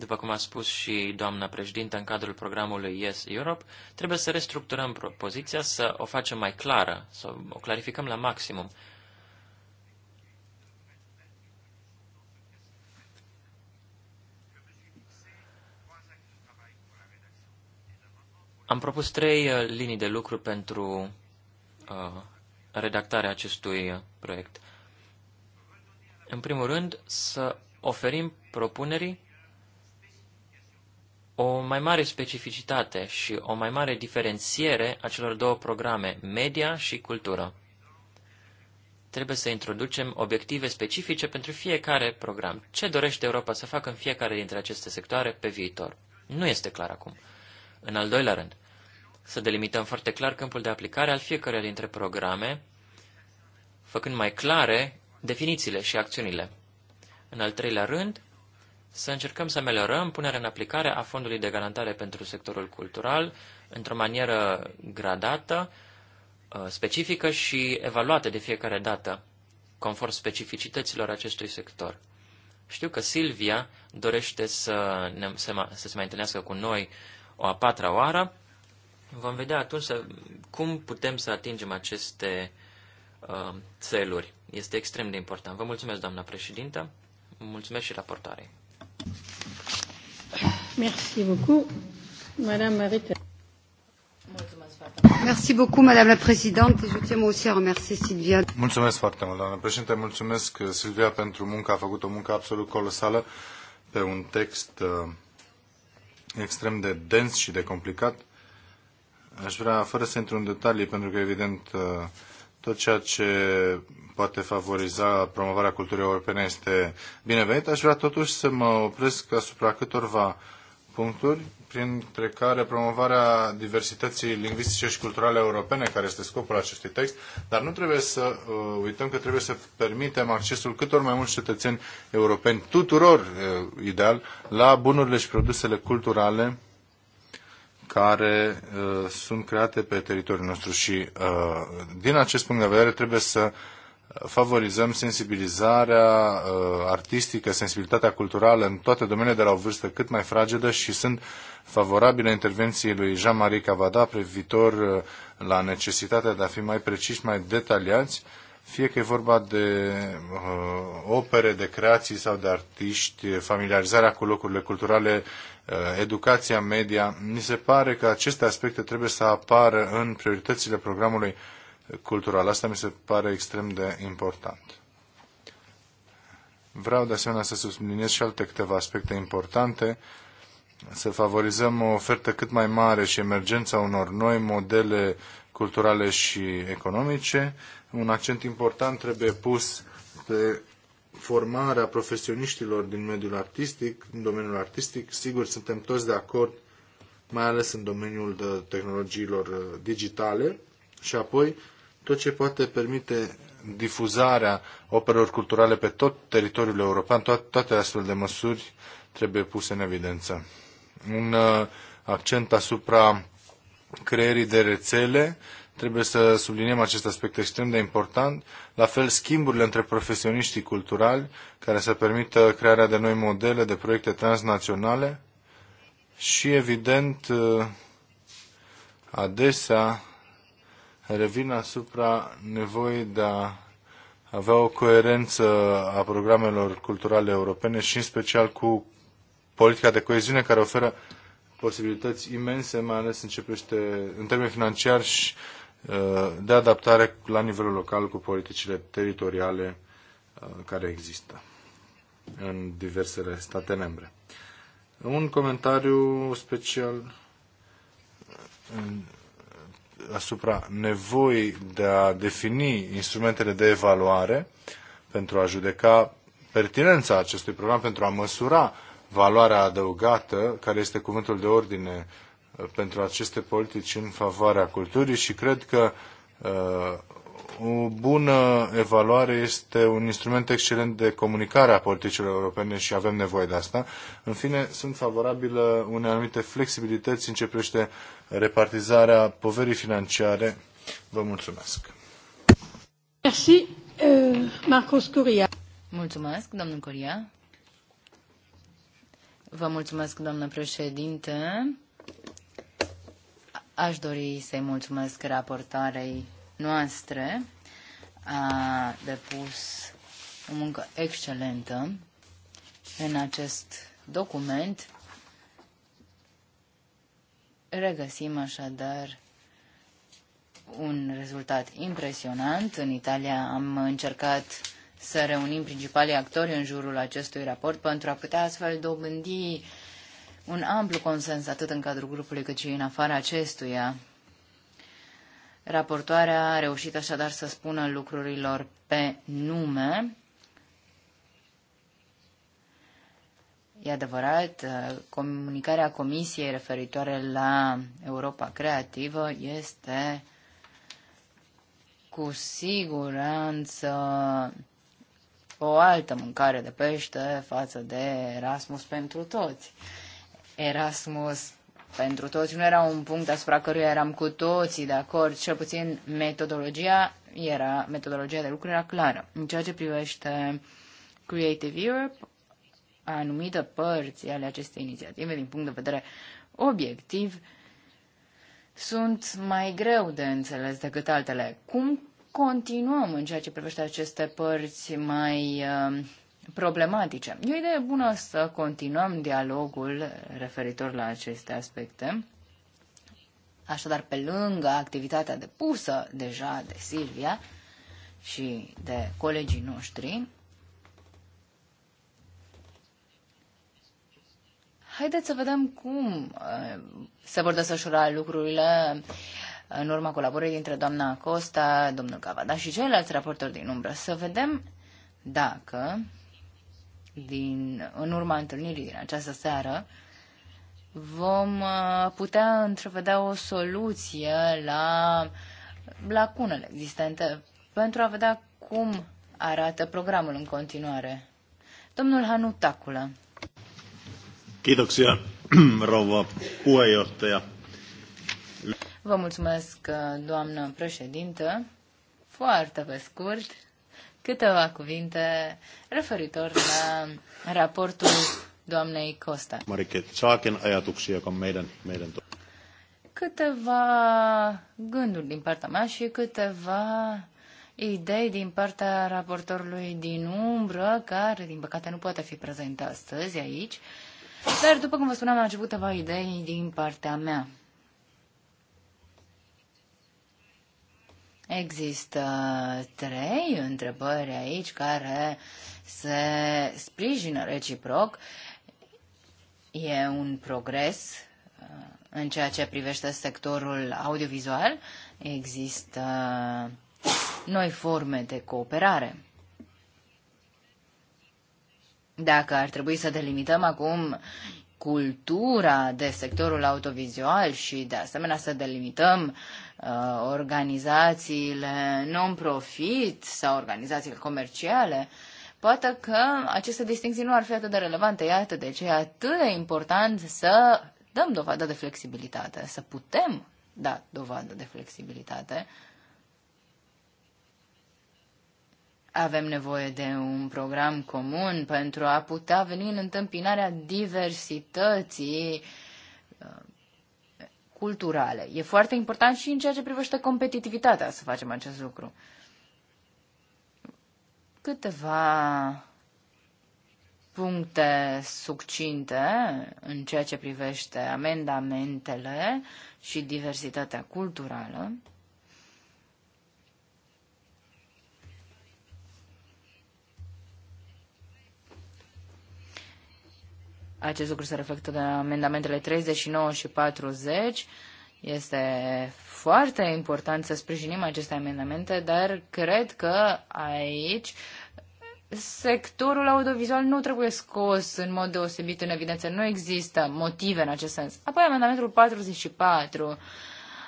După cum a spus și doamna președintă în cadrul programului Yes Europe, trebuie să restructurăm poziția, să o facem mai clară, să o clarificăm la maximum. Am propus trei uh, linii de lucru pentru uh, redactarea acestui uh, proiect. În primul rând, să oferim propunerii o mai mare specificitate și o mai mare diferențiere a celor două programe, media și cultură. Trebuie să introducem obiective specifice pentru fiecare program. Ce dorește Europa să facă în fiecare dintre aceste sectoare pe viitor? Nu este clar acum. În al doilea rând, să delimităm foarte clar câmpul de aplicare al fiecăruia dintre programe, făcând mai clare definițiile și acțiunile. În al treilea rând, să încercăm să ameliorăm punerea în aplicare a fondului de garantare pentru sectorul cultural într-o manieră gradată, uh, specifică și evaluată de fiecare dată, conform specificităților acestui sector. Știu că Silvia dorește să, ne, să, să se mai întâlnească cu noi o a patra oară. Vom vedea atunci să, cum putem să atingem aceste uh, țeluri. Este extrem de important. Vă mulțumesc, doamna președintă. Mulțumesc și raportarei. Merci beaucoup. Madame Marita. Merci beaucoup, Madame la Présidente, je tiens moi aussi à remercier Sylvia. Mulțumesc foarte mult, doamnă președinte. Mulțumesc, uh, Silvia, pentru munca A făcut o muncă absolut colosală pe un text uh, extrem de dens și de complicat. Aș vrea, fără să intru în detalii, pentru că, evident, uh, tot ceea ce poate favoriza promovarea culturii europene este binevenit. Aș vrea totuși să mă opresc asupra câtorva uh, puncturi, printre care promovarea diversității lingvistice și culturale europene, care este scopul acestui text, dar nu trebuie să uh, uităm că trebuie să permitem accesul câtor mai mulți cetățeni europeni, tuturor uh, ideal, la bunurile și produsele culturale care uh, sunt create pe teritoriul nostru și uh, din acest punct de vedere trebuie să uh, favorizăm sensibilizarea uh, artistică, sensibilitatea culturală în toate domeniile de la o vârstă cât mai fragedă și sunt favorabile intervenției lui Jean-Marie Cavada privitor uh, la necesitatea de a fi mai preciși, mai detaliați, fie că e vorba de uh, opere, de creații sau de artiști, familiarizarea cu locurile culturale, uh, educația media. Mi se pare că aceste aspecte trebuie să apară în prioritățile programului uh, cultural. Asta mi se pare extrem de important. Vreau de asemenea să subliniez și alte câteva aspecte importante, să favorizăm o ofertă cât mai mare și emergența unor noi modele culturale și economice. Un accent important trebuie pus pe formarea profesioniștilor din mediul artistic, în domeniul artistic. Sigur, suntem toți de acord, mai ales în domeniul de tehnologiilor uh, digitale. Și apoi, tot ce poate permite difuzarea operelor culturale pe tot teritoriul european, to- toate astfel de măsuri trebuie puse în evidență. Un uh, accent asupra creierii de rețele, trebuie să subliniem acest aspect extrem de important, la fel schimburile între profesioniștii culturali, care să permită crearea de noi modele, de proiecte transnaționale și, evident, uh, adesea revin asupra nevoii de a avea o coerență a programelor culturale europene și în special cu politica de coeziune care oferă posibilități imense, mai ales începește în termeni financiari și uh, de adaptare la nivelul local cu politicile teritoriale uh, care există în diversele state membre. Un comentariu special asupra nevoii de a defini instrumentele de evaluare pentru a judeca pertinența acestui program, pentru a măsura valoarea adăugată, care este cuvântul de ordine uh, pentru aceste politici în favoarea culturii și cred că uh, o bună evaluare este un instrument excelent de comunicare a politicilor europene și avem nevoie de asta. În fine, sunt favorabilă unei anumite flexibilități în ce privește repartizarea poverii financiare. Vă mulțumesc. Merci, euh, Marcos Curia. Mulțumesc, domnul Curia. Vă mulțumesc, doamnă președinte. Aș dori să-i mulțumesc raportarei noastre. A depus o muncă excelentă în acest document. Regăsim așadar un rezultat impresionant. În Italia am încercat să reunim principalii actori în jurul acestui raport pentru a putea astfel dobândi un amplu consens atât în cadrul grupului cât și în afara acestuia Raportoarea a reușit așadar să spună lucrurilor pe nume. E adevărat, comunicarea Comisiei referitoare la Europa Creativă este cu siguranță o altă mâncare de pește față de Erasmus pentru toți. Erasmus pentru toți. Nu era un punct asupra căruia eram cu toții de acord, cel puțin metodologia era, metodologia de lucru era clară. În ceea ce privește Creative Europe, anumite părți ale acestei inițiative, din punct de vedere obiectiv, sunt mai greu de înțeles decât altele. Cum continuăm în ceea ce privește aceste părți mai uh, problematice. E o idee bună să continuăm dialogul referitor la aceste aspecte. Așadar, pe lângă activitatea depusă deja de Silvia și de colegii noștri, haideți să vedem cum uh, se vor desfășura lucrurile în urma colaborării dintre doamna Costa, domnul Cavada și ceilalți raportori din umbră. Să vedem dacă din, în urma întâlnirii din această seară, vom uh, putea întrevedea o soluție la lacunele existente pentru a vedea cum arată programul în continuare. Domnul Hanu Tacula. Kiitoksia, rouva puheenjohtaja. Vă mulțumesc, uh, doamnă președintă. Foarte pe scurt câteva cuvinte referitor la raportul doamnei Costa. Marike Saaken ajatuksia, joka meidän, meidän Câteva gânduri din partea mea și câteva idei din partea raportorului din umbră, care, din păcate, nu poate fi prezent astăzi aici. Dar, după cum vă spuneam, am început câteva idei din partea mea. Există trei întrebări aici care se sprijină reciproc. E un progres uh, în ceea ce privește sectorul audiovizual. Există noi forme de cooperare. Dacă ar trebui să delimităm acum cultura de sectorul autovizual și de asemenea să delimităm uh, organizațiile non-profit sau organizațiile comerciale, poate că aceste distinții nu ar fi atât de relevante. Iată de ce e atât de important să dăm dovadă de flexibilitate, să putem da dovadă de flexibilitate. Avem nevoie de un program comun pentru a putea veni în întâmpinarea diversității uh, culturale. E foarte important și în ceea ce privește competitivitatea să facem acest lucru. Câteva puncte succinte în ceea ce privește amendamentele și diversitatea culturală. Acest lucru se reflectă de amendamentele 39 și 40. Este foarte important să sprijinim aceste amendamente, dar cred că aici sectorul audiovizual nu trebuie scos în mod deosebit în evidență. Nu există motive în acest sens. Apoi amendamentul 44.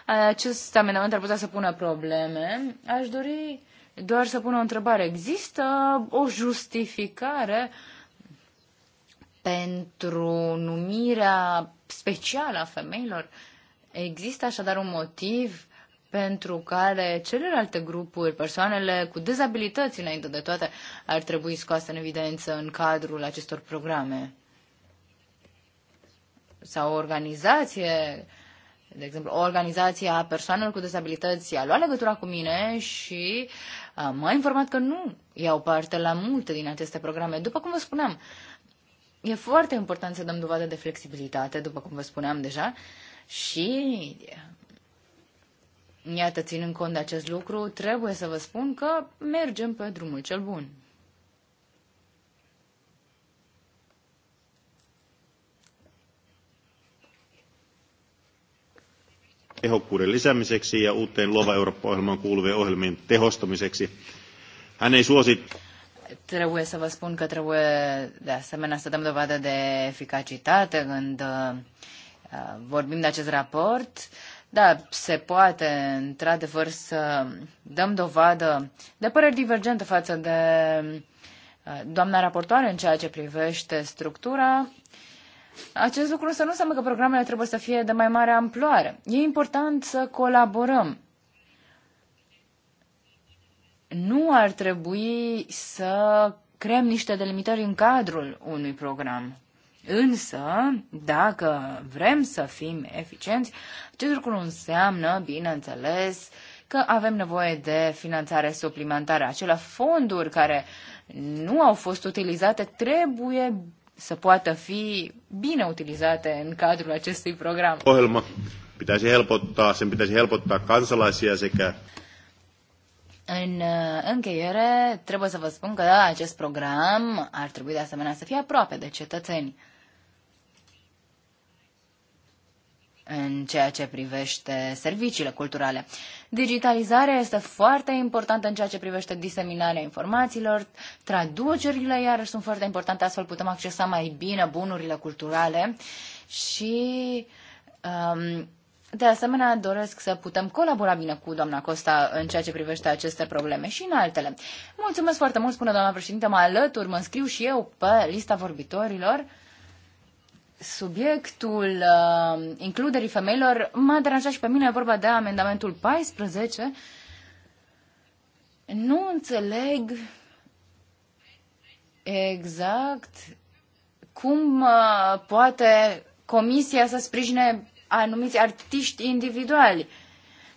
Acest amendament ar putea să pună probleme. Aș dori doar să pun o întrebare. Există o justificare uh, pentru numirea specială a femeilor. Există așadar un motiv pentru care celelalte grupuri, persoanele cu dezabilități înainte de toate, ar trebui scoase în evidență în cadrul acestor programe? Sau o organizație, de exemplu, o organizație a persoanelor cu dezabilități a luat legătura cu mine și uh, m-a informat că nu iau parte la multe din aceste programe. După cum vă spuneam, uh, E foarte important să dăm dovadă de flexibilitate, după cum vă spuneam deja, și iată, ținând cont de acest lucru, trebuie să vă spun că mergem pe drumul cel bun. tehokkuuden lisäämiseksi ja uuteen Luova Eurooppa-ohjelmaan kuuluvien ohjelmien tehostamiseksi. Hän ei suosi Trebuie să vă spun că trebuie de asemenea să dăm dovadă de eficacitate când uh, uh, vorbim de acest raport. Da, se poate, într-adevăr, să dăm dovadă de păreri divergente față de uh, doamna raportoare în ceea ce privește structura. Acest lucru să nu înseamnă că programele trebuie să fie de mai mare amploare. E important să colaborăm nu ar trebui să creăm niște delimitări în cadrul unui program. Însă, dacă vrem să fim eficienți, acest lucru înseamnă, bineînțeles, că avem nevoie de finanțare suplimentară. Acele fonduri care nu au fost utilizate trebuie să poată fi bine utilizate în cadrul acestui program. Ohjelma pitäisi helpottaa, sen pitäisi helpottaa kansalaisia sekä în uh, încheiere, trebuie să vă spun că da, acest program ar trebui de asemenea să fie aproape de cetățeni. în ceea ce privește serviciile culturale. Digitalizarea este foarte importantă în ceea ce privește diseminarea informațiilor, traducerile iarăși sunt foarte importante, astfel putem accesa mai bine bunurile culturale și um, de asemenea, doresc să putem colabora bine cu doamna Costa în ceea ce privește aceste probleme și în altele. Mulțumesc foarte mult, spune doamna președinte, mă alături, mă înscriu și eu pe lista vorbitorilor. Subiectul uh, includerii femeilor m-a deranjat și pe mine, e vorba de amendamentul 14. Nu înțeleg exact cum uh, poate comisia să sprijine anumiți artiști individuali.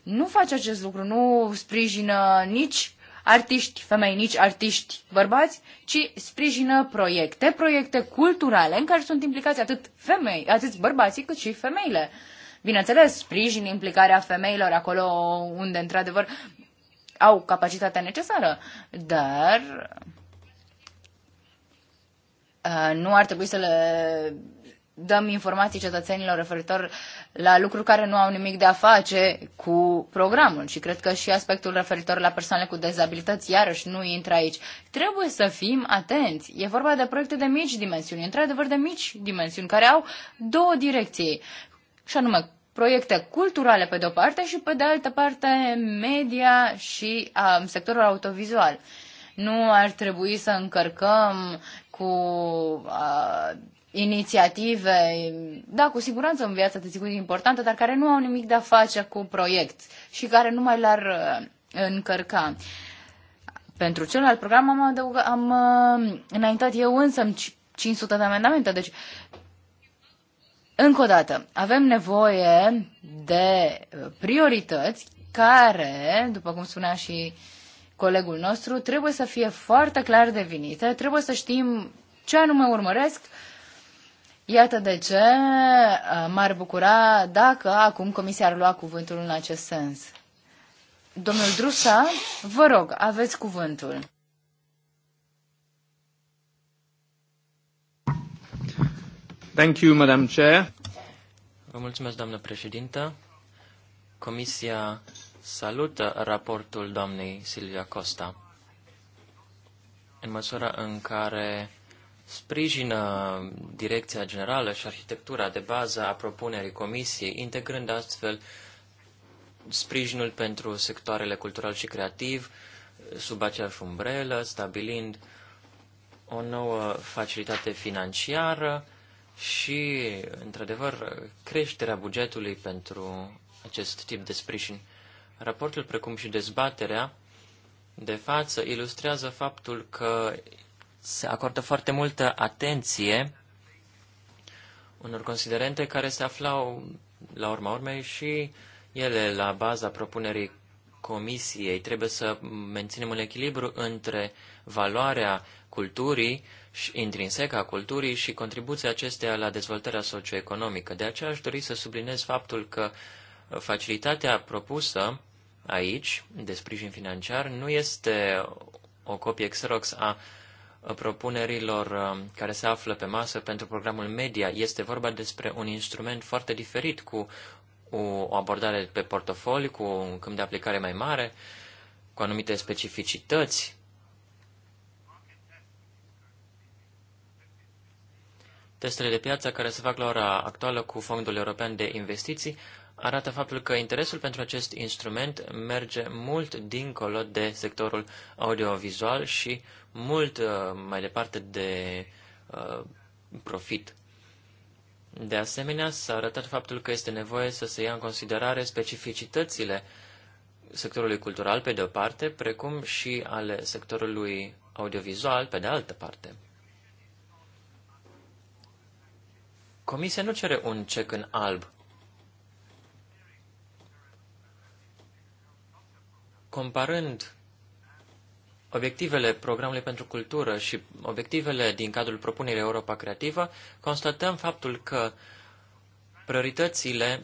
Nu face acest lucru, nu sprijină nici artiști femei, nici artiști bărbați, ci sprijină proiecte, proiecte culturale în care sunt implicați atât femei, atât bărbații cât și femeile. Bineînțeles, sprijin implicarea femeilor acolo unde, într-adevăr, au capacitatea necesară, dar uh, nu ar trebui să le dăm informații cetățenilor referitor la lucruri care nu au nimic de a face cu programul și cred că și aspectul referitor la persoanele cu dezabilități iarăși nu intră aici. Trebuie să fim atenți. E vorba de proiecte de mici dimensiuni, într-adevăr de mici dimensiuni, care au două direcții, și anume proiecte culturale pe de-o parte și pe de altă parte media și um, sectorul autovizual. Nu ar trebui să încărcăm cu uh, inițiative, da, cu siguranță în viața de zi cu zi importantă, dar care nu au nimic de a face cu proiect și care nu mai l-ar uh, încărca. Pentru celălalt program am, adăugat, am uh, înaintat eu însă 500 de amendamente, deci încă o dată, avem nevoie de uh, priorități care, după cum spunea și colegul nostru, trebuie să fie foarte clar definite, trebuie să știm ce anume urmăresc Iată de ce uh, m-ar bucura dacă acum Comisia ar lua cuvântul în acest sens. Domnul Drusa, vă rog, aveți cuvântul. Thank you, Madam Chair. Vă mulțumesc, doamnă președintă. Comisia salută raportul doamnei Silvia Costa. În măsura în care sprijină direcția generală și arhitectura de bază a propunerii comisiei, integrând astfel sprijinul pentru sectoarele cultural și creativ sub aceeași umbrelă, stabilind o nouă facilitate financiară și, într-adevăr, creșterea bugetului pentru acest tip de sprijin. Raportul, precum și dezbaterea de față, ilustrează faptul că se acordă foarte multă atenție unor considerente care se aflau, la urma urmei, și ele la baza propunerii comisiei. Trebuie să menținem un echilibru între valoarea culturii și intrinseca culturii și contribuția acesteia la dezvoltarea socioeconomică. De aceea aș dori să subliniez faptul că facilitatea propusă aici, de sprijin financiar, nu este o copie Xerox a uh, Uh, propunerilor uh, care se află pe masă pentru programul media. Este vorba despre un instrument foarte diferit cu o abordare pe portofoliu, cu un câmp de aplicare mai mare, cu anumite specificități. Testele de piață care se fac la ora actuală cu Fondul European de Investiții arată faptul că interesul pentru acest instrument merge mult dincolo de sectorul audiovizual și mult uh, mai departe de uh, profit. De asemenea, s-a arătat faptul că este nevoie să se ia în considerare specificitățile sectorului cultural, pe de o parte, precum și ale sectorului audiovizual, pe de altă parte. Comisia nu cere un cec în alb comparând obiectivele programului pentru cultură și obiectivele din cadrul propunerii Europa Creativă, constatăm faptul că prioritățile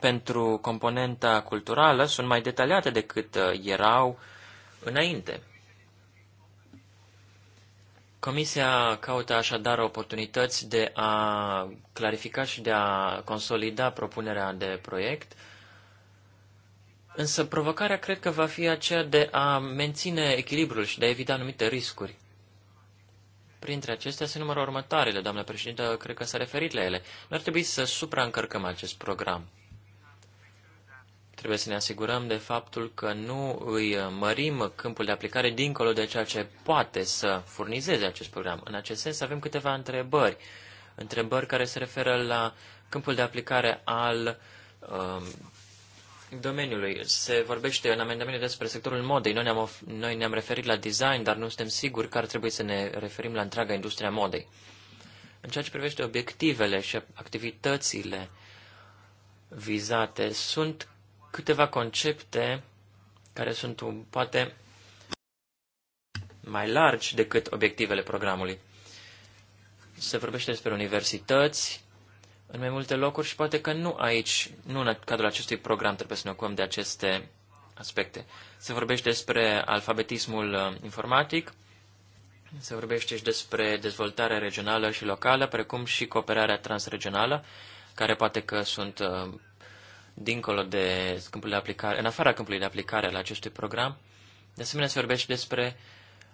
pentru componenta culturală sunt mai detaliate decât uh, erau înainte. Comisia caută așadar oportunități de a clarifica și de a consolida propunerea de proiect Însă provocarea cred că va fi aceea de a menține echilibrul și de a evita anumite riscuri. Printre acestea se numără următoarele, doamnă președinte, cred că s-a referit la ele. Nu ar trebui să supraîncărcăm acest program. Trebuie să ne asigurăm de faptul că nu îi mărim câmpul de aplicare dincolo de ceea ce poate să furnizeze acest program. În acest sens avem câteva întrebări. Întrebări care se referă la câmpul de aplicare al uh, domeniului. Se vorbește în amendamente despre sectorul modei. Noi ne-am, noi ne-am referit la design, dar nu suntem siguri că ar trebui să ne referim la întreaga industria modei. În ceea ce privește obiectivele și activitățile vizate, sunt câteva concepte care sunt poate mai largi decât obiectivele programului. Se vorbește despre universități, în mai multe locuri și poate că nu aici, nu în cadrul acestui program trebuie să ne ocupăm de aceste aspecte. Se vorbește despre alfabetismul uh, informatic, se vorbește și despre dezvoltarea regională și locală, precum și cooperarea transregională, care poate că sunt uh, dincolo de câmpul de aplicare, în afara câmpului de aplicare al acestui program. De asemenea, se vorbește despre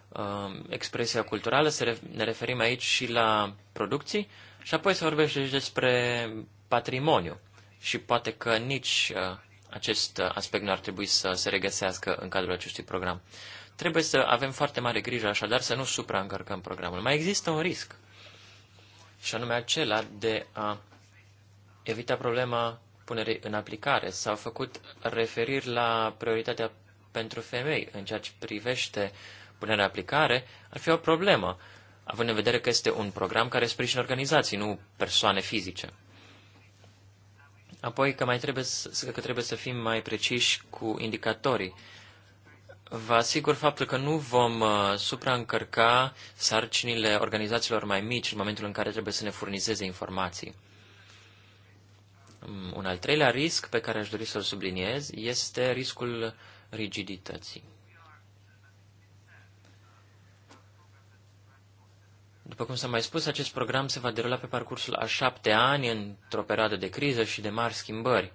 uh, expresia culturală, se re- ne referim aici și la producții, și apoi se vorbește și despre patrimoniu. Și poate că nici uh, acest uh, aspect nu ar trebui să se regăsească în cadrul acestui program. Trebuie să avem foarte mare grijă, așadar, să nu supraîncărcăm programul. Mai există un risc, și anume acela de a evita problema punerii în aplicare. S-au făcut referiri la prioritatea pentru femei în ceea ce privește punerea în aplicare, ar fi o problemă având în vedere că este un program care sprijină organizații, nu persoane fizice. Apoi că, mai trebuie să, că trebuie să fim mai preciși cu indicatorii. Vă asigur faptul că nu vom uh, supraîncărca sarcinile organizațiilor mai mici în momentul în care trebuie să ne furnizeze informații. Mm, un al treilea risc pe care aș dori să-l subliniez este riscul rigidității. După cum s-a mai spus, acest program se va derula pe parcursul a șapte ani, într-o perioadă de criză și de mari schimbări.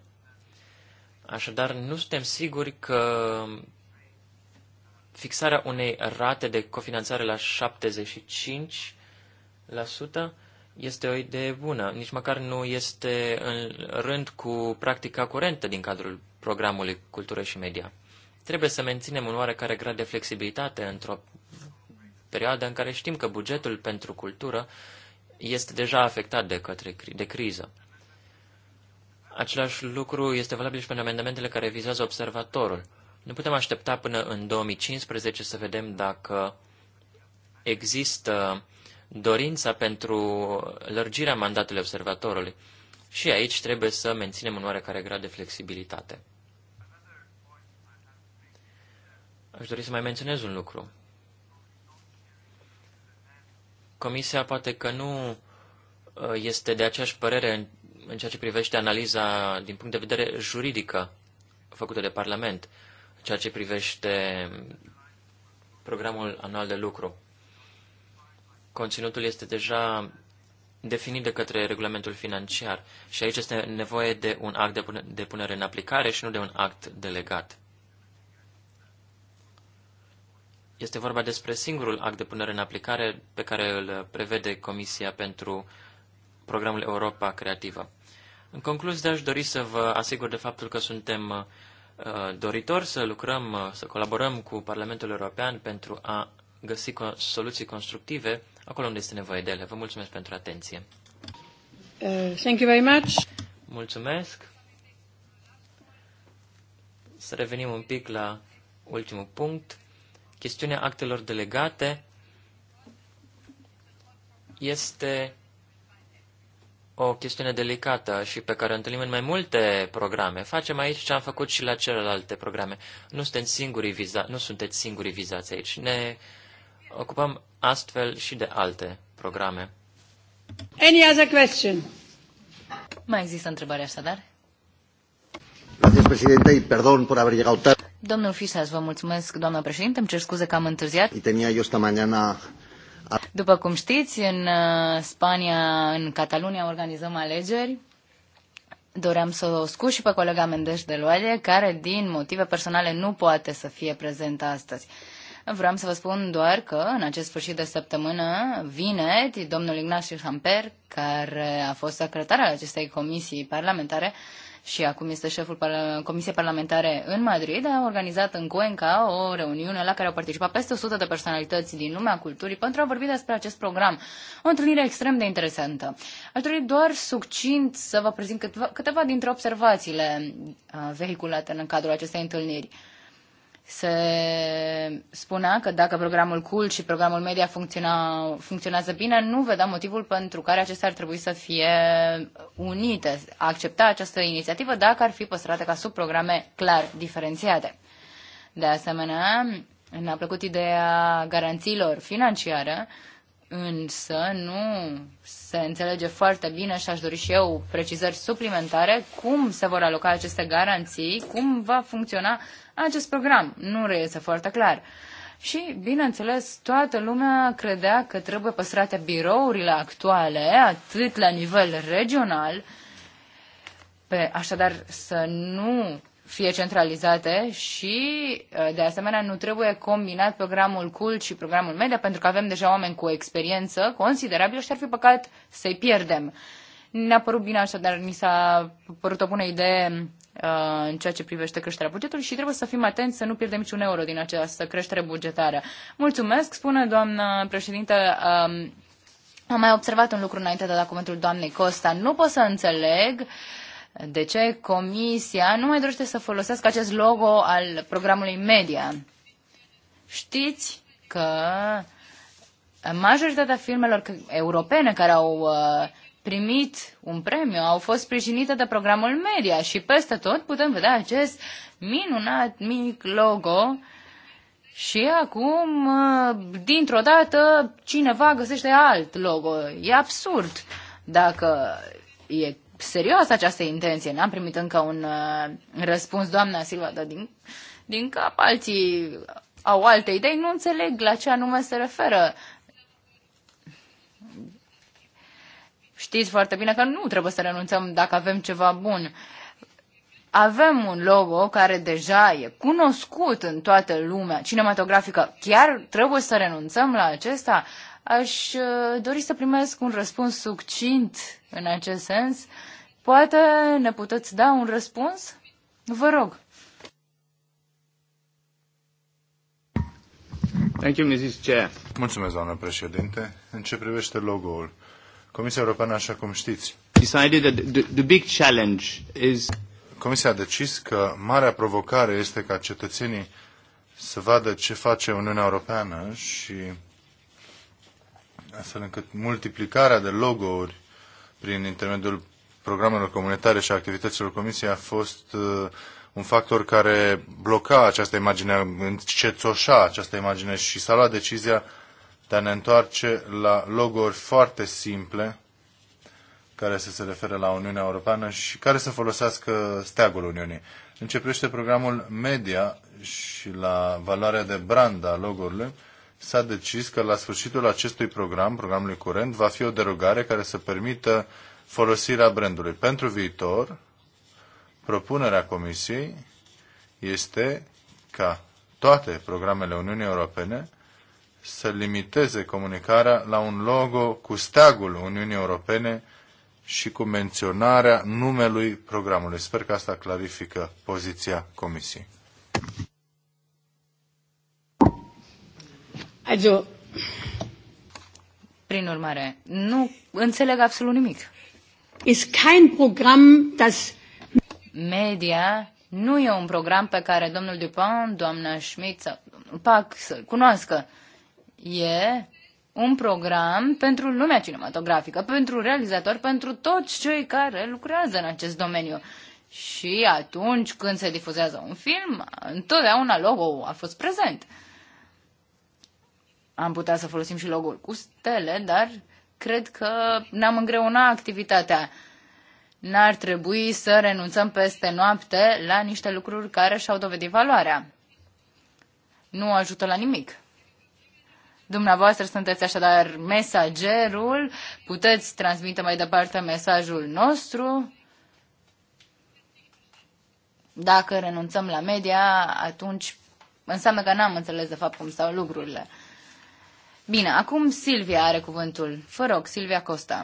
Așadar, nu suntem siguri că fixarea unei rate de cofinanțare la 75% este o idee bună. Nici măcar nu este în rând cu practica curentă din cadrul programului Cultură și Media. Trebuie să menținem un oarecare grad de flexibilitate într-o perioadă în care știm că bugetul pentru cultură este deja afectat de, către, de criză. Același lucru este valabil și pentru amendamentele care vizează observatorul. Nu putem aștepta până în 2015 să vedem dacă există dorința pentru lărgirea mandatului observatorului. Și aici trebuie să menținem un oarecare grad de flexibilitate. Aș dori să mai menționez un lucru. Comisia poate că nu uh, este de aceeași părere în, în ceea ce privește analiza din punct de vedere juridică făcută de Parlament, în ceea ce privește programul anual de lucru. Conținutul este deja definit de către regulamentul financiar și aici este nevoie de un act de punere în aplicare și nu de un act delegat. Este vorba despre singurul act de punere în aplicare pe care îl prevede Comisia pentru programul Europa Creativă. În concluzie, aș dori să vă asigur de faptul că suntem uh, doritori să lucrăm, uh, să colaborăm cu Parlamentul European pentru a găsi soluții constructive acolo unde este nevoie de ele. Vă mulțumesc pentru atenție. Uh, thank you very much. Mulțumesc. Să revenim un pic la ultimul punct chestiunea actelor delegate este o chestiune delicată și pe care o întâlnim în mai multe programe. Facem aici ce am făcut și la celelalte programe. Nu, suntem singurii viza- nu sunteți singurii vizați aici. Ne ocupăm astfel și de alte programe. Any other question? Mai există întrebări așadar? Doamnă președintă, Domnul Fisas, vă mulțumesc, doamna președinte, îmi cer scuze că am întârziat. după cum știți, în uh, Spania, în Catalunia, organizăm alegeri. Doream să o scuz și pe colega Mendes de Loale, care din motive personale nu poate să fie prezentă astăzi. Vreau să vă spun doar că în acest sfârșit de săptămână, vineri, domnul Ignacio Hamper, care a fost secretar al acestei comisii parlamentare, și acum este șeful Comisiei Parlamentare în Madrid, a organizat în Cuenca o reuniune la care au participat peste 100 de personalități din lumea culturii pentru a vorbi despre acest program. O întâlnire extrem de interesantă. Aș dori doar succint să vă prezint câteva, câteva dintre observațiile uh, vehiculate în cadrul acestei întâlniri se spunea că dacă programul CUL și programul media funcționa, funcționează bine, nu vedea motivul pentru care acestea ar trebui să fie unite, a accepta această inițiativă dacă ar fi păstrate ca subprograme clar diferențiate. De asemenea, ne-a plăcut ideea garanțiilor financiare, însă nu se înțelege foarte bine și aș dori și eu precizări suplimentare cum se vor aloca aceste garanții, cum va funcționa acest program. Nu reiese foarte clar. Și, bineînțeles, toată lumea credea că trebuie păstrate birourile actuale, atât la nivel regional, pe, așadar să nu fie centralizate și, uh, de asemenea, nu trebuie combinat programul CULT și programul MEDIA, pentru că avem deja oameni cu experiență considerabilă și ar fi păcat să-i pierdem. Ne-a părut bine dar mi s-a părut o bună idee Uh, în ceea ce privește creșterea bugetului și trebuie să fim atenți să nu pierdem niciun euro din această creștere bugetară. Mulțumesc, spune doamna președintă. Um, am mai observat un lucru înainte de la da comentul doamnei Costa. Nu pot să înțeleg de ce Comisia nu mai dorește să folosească acest logo al programului media. Știți că majoritatea filmelor europene care au uh, primit un premiu, au fost sprijinite de programul media și peste tot putem vedea acest minunat mic logo și acum, uh, dintr-o dată, cineva găsește alt logo. E absurd. Dacă e serioasă această intenție, n-am primit încă un uh, răspuns, doamna Silva, dar din, din cap alții au alte idei, nu înțeleg la ce anume se referă Știți foarte bine că nu trebuie să renunțăm dacă avem ceva bun. Avem un logo care deja e cunoscut în toată lumea cinematografică. Chiar trebuie să renunțăm la acesta? Aș uh, dori să primesc un răspuns succint în acest sens. Poate ne puteți da un răspuns? Vă rog. Thank you, Mrs. Chair. Mulțumesc, doamnă președinte. În ce privește logo-ul, Comisia Europeană, așa cum știți, Comisia a decis că marea provocare este ca cetățenii să vadă ce face Uniunea Europeană și astfel încât multiplicarea de logo-uri prin intermediul programelor comunitare și activităților Comisiei a fost uh, un factor care bloca această imagine, încețoșa această imagine și s-a luat decizia de a ne întoarce la loguri foarte simple care să se referă la Uniunea Europeană și care să folosească steagul Uniunii. Începește programul media și la valoarea de brand a logurilor s-a decis că la sfârșitul acestui program, programului curent, va fi o derogare care să permită folosirea brandului. Pentru viitor, propunerea Comisiei este ca toate programele Uniunii Europene să limiteze comunicarea la un logo cu steagul Uniunii Europene și cu menționarea numelui programului. Sper că asta clarifică poziția Comisiei. Adio. Prin urmare, nu înțeleg absolut nimic. Is kein program das... Media nu e un program pe care domnul Dupont, doamna Schmidt sau domnul Pac să-l cunoască. E un program pentru lumea cinematografică, pentru realizatori, pentru toți cei care lucrează în acest domeniu. Și atunci când se difuzează un film, întotdeauna logo a fost prezent. Am putea să folosim și logo-ul cu stele, dar cred că ne-am îngreunat activitatea. N-ar trebui să renunțăm peste noapte la niște lucruri care și-au dovedit valoarea. Nu ajută la nimic. Dumneavoastră sunteți așadar mesagerul, puteți transmite mai departe mesajul nostru. Dacă renunțăm la media, atunci înseamnă că n-am înțeles de fapt cum stau lucrurile. Bine, acum Silvia are cuvântul. Fă rog, Silvia Costa.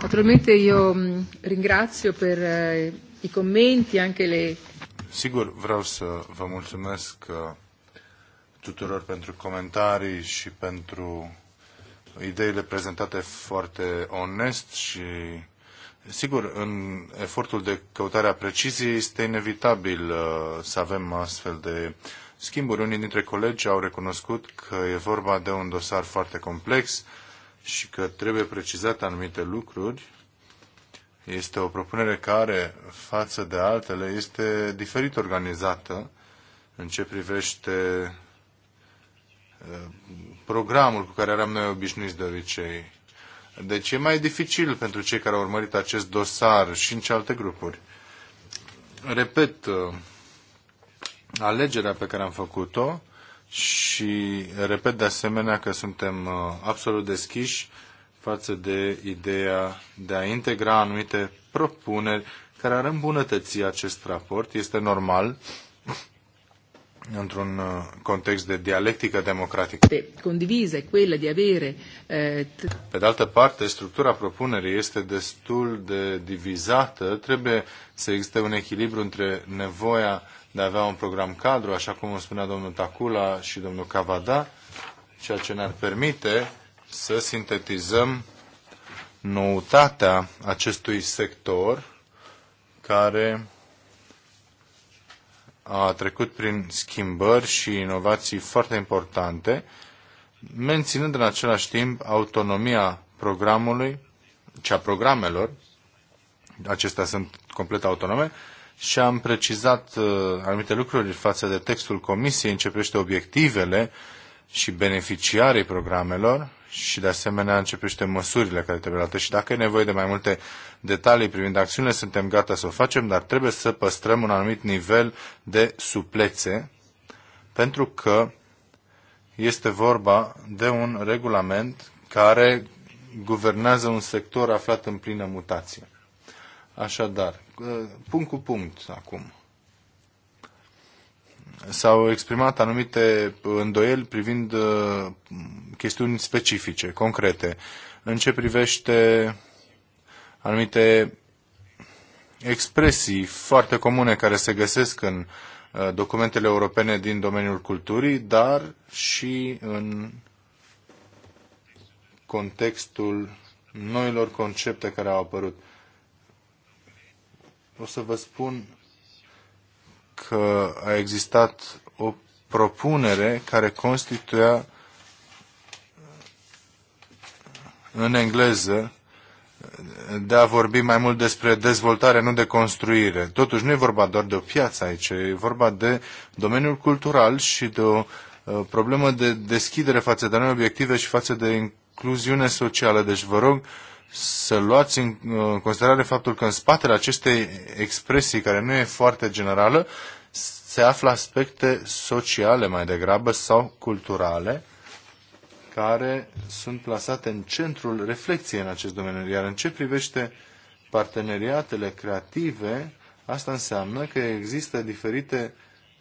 Naturalmente eu mm, ringrazio per eh, i commenti, anche le... Sigur, vreau să vă mulțumesc eh, tuturor pentru comentarii și pentru ideile prezentate foarte onest și Sigur, în efortul de căutare a preciziei este inevitabil uh, să avem astfel de schimburi. Unii dintre colegi au recunoscut că e vorba de un dosar foarte complex și că trebuie precizate anumite lucruri. Este o propunere care, față de altele, este diferit organizată în ce privește programul cu care eram noi obișnuiți de obicei. Deci e mai dificil pentru cei care au urmărit acest dosar și în celelalte grupuri. Repet, uh, alegerea pe care am făcut-o și repet de asemenea că suntem uh, absolut deschiși față de ideea de a integra anumite propuneri care ar îmbunătăți acest raport. Este normal într-un uh, context de dialectică democratică. Condiviză, quella di avere... Eh, Pe de altă parte, structura propunerii este destul de divizată. Trebuie să existe un echilibru între nevoia de a avea un program cadru, așa cum spunea domnul Tacula și domnul Cavada, ceea ce ne-ar permite să sintetizăm noutatea acestui sector care a trecut prin schimbări și inovații foarte importante, menținând în același timp autonomia programului, cea programelor, acestea sunt complet autonome, și am precizat uh, anumite lucruri față de textul Comisiei, începește obiectivele și beneficiarii programelor și de asemenea începește măsurile care trebuie luate. Și dacă e nevoie de mai multe detalii privind acțiunile, suntem gata să o facem, dar trebuie să păstrăm un anumit nivel de suplețe, pentru că este vorba de un regulament care guvernează un sector aflat în plină mutație. Așadar, ă, punct cu punct acum s-au exprimat anumite îndoieli privind uh, chestiuni specifice, concrete, în ce privește anumite expresii foarte comune care se găsesc în uh, documentele europene din domeniul culturii, dar și în contextul noilor concepte care au apărut. O să vă spun că a existat o propunere care constituia în engleză de a vorbi mai mult despre dezvoltare, nu de construire. Totuși nu e vorba doar de o piață aici, e vorba de domeniul cultural și de o uh, problemă de deschidere față de noi obiective și față de incluziune socială. Deci vă rog să luați în uh, considerare faptul că în spatele acestei expresii, care nu e foarte generală, se află aspecte sociale mai degrabă sau culturale care sunt plasate în centrul reflexiei în acest domeniu. Iar în ce privește parteneriatele creative, asta înseamnă că există diferite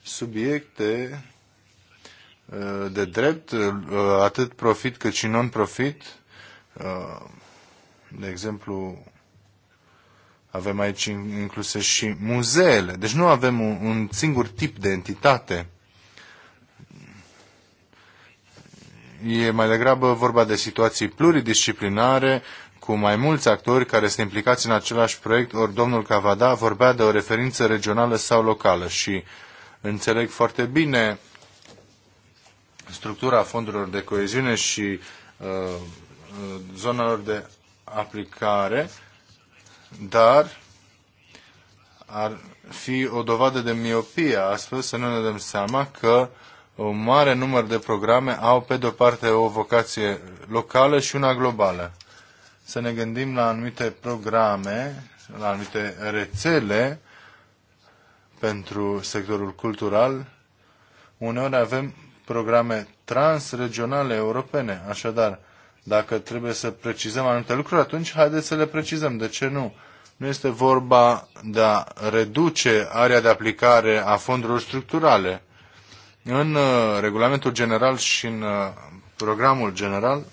subiecte uh, de drept, uh, atât profit cât și non-profit, de exemplu, avem aici incluse și muzeele. Deci nu avem un, un singur tip de entitate. E mai degrabă vorba de situații pluridisciplinare cu mai mulți actori care sunt implicați în același proiect, ori domnul Cavada vorbea de o referință regională sau locală și înțeleg foarte bine structura fondurilor de coeziune și uh, uh zonelor de aplicare, dar ar fi o dovadă de miopie astfel să nu ne dăm seama că un mare număr de programe au pe de o parte o vocație locală și una globală. Să ne gândim la anumite programe, la anumite rețele pentru sectorul cultural. Uneori avem programe transregionale europene, așadar dacă trebuie să precizăm anumite lucruri, atunci haideți să le precizăm. De ce nu? Nu este vorba de a reduce area de aplicare a fondurilor structurale. În uh, regulamentul general și în uh, programul general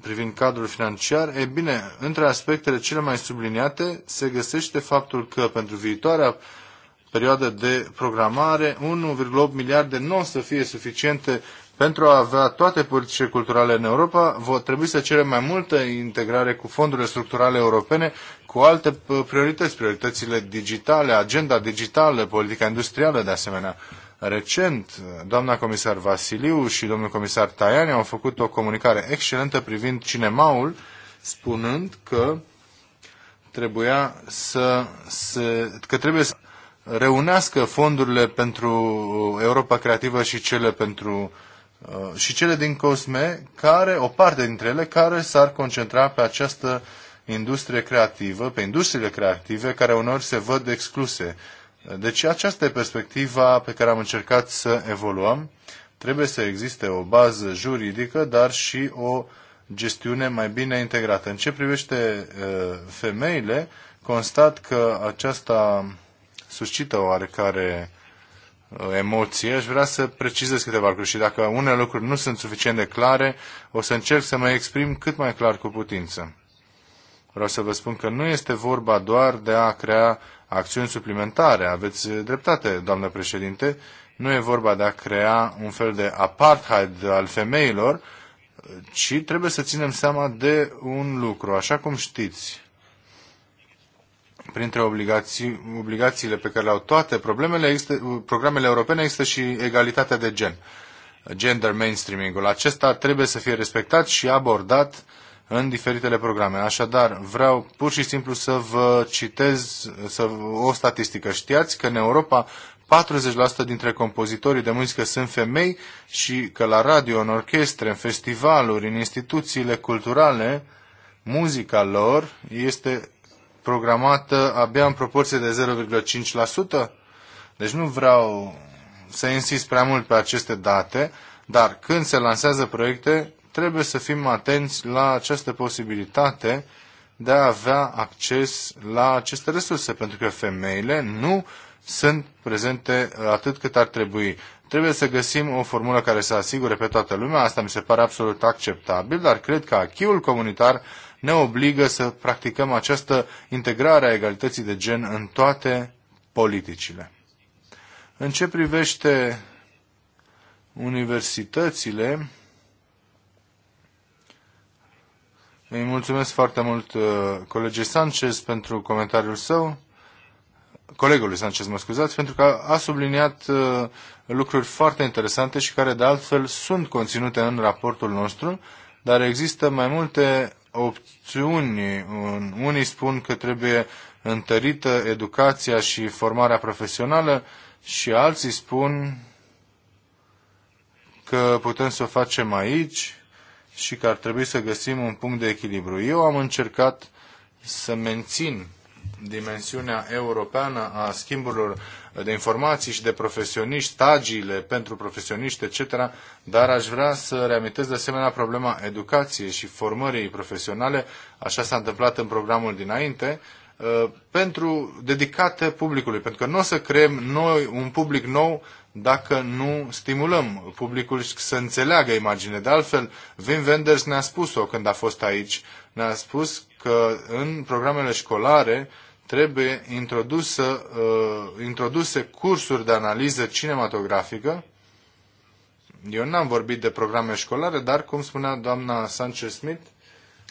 privind cadrul financiar, e bine, între aspectele cele mai subliniate se găsește faptul că pentru viitoarea perioadă de programare 1,8 miliarde nu o să fie suficiente pentru a avea toate politicile culturale în Europa, trebui să cerem mai multă integrare cu fondurile structurale europene, cu alte uh, priorități, prioritățile digitale, agenda digitală, politica industrială de asemenea. Recent, uh, doamna comisar Vasiliu și domnul comisar Tajani au făcut o comunicare excelentă privind cinemaul, spunând că trebuia să, să că trebuie să reunească fondurile pentru Europa Creativă și cele pentru Uh, și cele din COSME, care, o parte dintre ele, care s-ar concentra pe această industrie creativă, pe industriile creative, care uneori se văd excluse. Deci aceasta e perspectiva pe care am încercat să evoluăm. Trebuie să existe o bază juridică, dar și o gestiune mai bine integrată. În ce privește uh, femeile, constat că aceasta suscită oarecare Uh, emoții, aș vrea să precizez câteva lucruri și dacă unele lucruri nu sunt suficient de clare, o să încerc să mă exprim cât mai clar cu putință. Vreau să vă spun că nu este vorba doar de a crea acțiuni suplimentare. Aveți dreptate, doamnă președinte. Nu e vorba de a crea un fel de apartheid al femeilor, ci trebuie să ținem seama de un lucru. Așa cum știți, printre obligații, obligațiile pe care le au toate problemele, există, programele europene există și egalitatea de gen, gender mainstreaming-ul. Acesta trebuie să fie respectat și abordat în diferitele programe. Așadar, vreau pur și simplu să vă citez să, o statistică. Știați că în Europa 40% dintre compozitorii de muzică sunt femei și că la radio, în orchestre, în festivaluri, în instituțiile culturale, muzica lor este programată abia în proporție de 0,5%? Deci nu vreau să insist prea mult pe aceste date, dar când se lansează proiecte, trebuie să fim atenți la această posibilitate de a avea acces la aceste resurse, pentru că femeile nu sunt prezente atât cât ar trebui. Trebuie să găsim o formulă care să asigure pe toată lumea, asta mi se pare absolut acceptabil, dar cred că achiul comunitar ne obligă să practicăm această integrare a egalității de gen în toate politicile. În ce privește universitățile, îi mulțumesc foarte mult uh, colegii Sanchez pentru comentariul său colegului Sanchez, mă scuzați, pentru că a subliniat uh, lucruri foarte interesante și care de altfel sunt conținute în raportul nostru, dar există mai multe opțiuni. Unii spun că trebuie întărită educația și formarea profesională și alții spun că putem să o facem aici și că ar trebui să găsim un punct de echilibru. Eu am încercat să mențin dimensiunea europeană a schimburilor de informații și de profesioniști, stagiile pentru profesioniști, etc., dar aș vrea să reamintesc de asemenea problema educației și formării profesionale, așa s-a întâmplat în programul dinainte, uh, pentru dedicate publicului, pentru că nu o să creăm noi un public nou dacă nu stimulăm publicul să înțeleagă imagine. De altfel, Wim Wenders ne-a spus-o când a fost aici, ne-a spus că în programele școlare trebuie introdusă, uh, introduse cursuri de analiză cinematografică. Eu n-am vorbit de programe școlare, dar, cum spunea doamna Sanchez-Smith,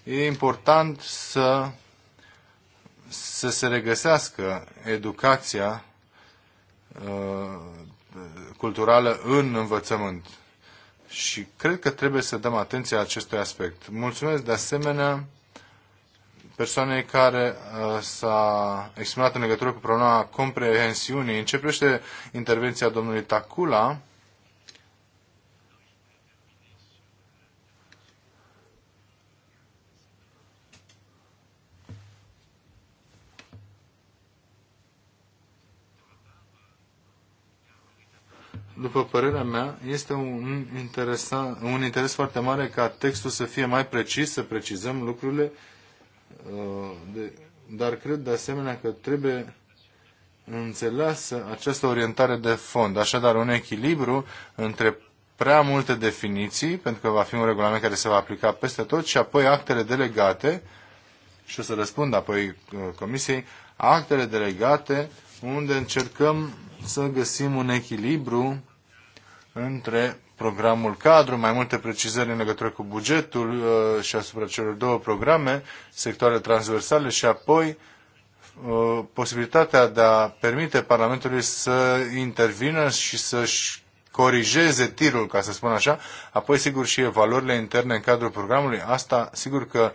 e important să, să se regăsească educația uh, culturală în învățământ. Și cred că trebuie să dăm atenție acestui aspect. Mulțumesc de asemenea persoanei care uh, s-a exprimat în legătură cu problema comprehensiunii. Începește intervenția domnului Tacula. după părerea mea, este un, interesa, un interes foarte mare ca textul să fie mai precis, să precizăm lucrurile de, dar cred de asemenea că trebuie înțeleasă această orientare de fond. Așadar, un echilibru între prea multe definiții, pentru că va fi un regulament care se va aplica peste tot, și apoi actele delegate, și o să răspund apoi uh, Comisiei, actele delegate unde încercăm să găsim un echilibru între programul cadru, mai multe precizări în legătură cu bugetul uh, și asupra celor două programe, sectoare transversale și apoi uh, posibilitatea de a permite Parlamentului să intervină și să-și corijeze tirul, ca să spun așa, apoi sigur și valorile interne în cadrul programului. Asta sigur că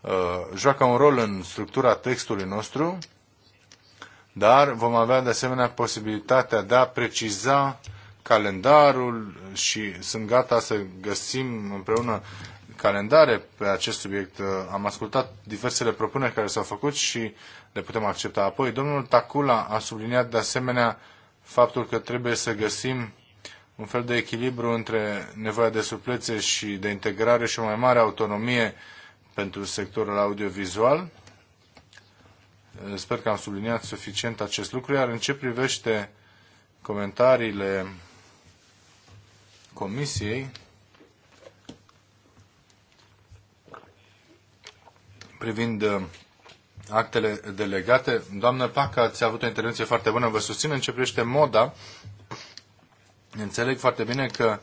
uh, joacă un rol în structura textului nostru, dar vom avea de asemenea posibilitatea de a preciza uh, calendarul și sunt gata să găsim împreună calendare pe acest subiect. Am ascultat diversele propuneri care s-au făcut și le putem accepta. Apoi, domnul Tacula a subliniat de asemenea faptul că trebuie să găsim un fel de echilibru între nevoia de suplețe și de integrare și o mai mare autonomie pentru sectorul audiovizual. Sper că am subliniat suficient acest lucru, iar în ce privește comentariile Comisiei privind uh, actele delegate. Doamnă Paca, ați avut o intervenție foarte bună, vă susțin în ce privește moda. Înțeleg foarte bine că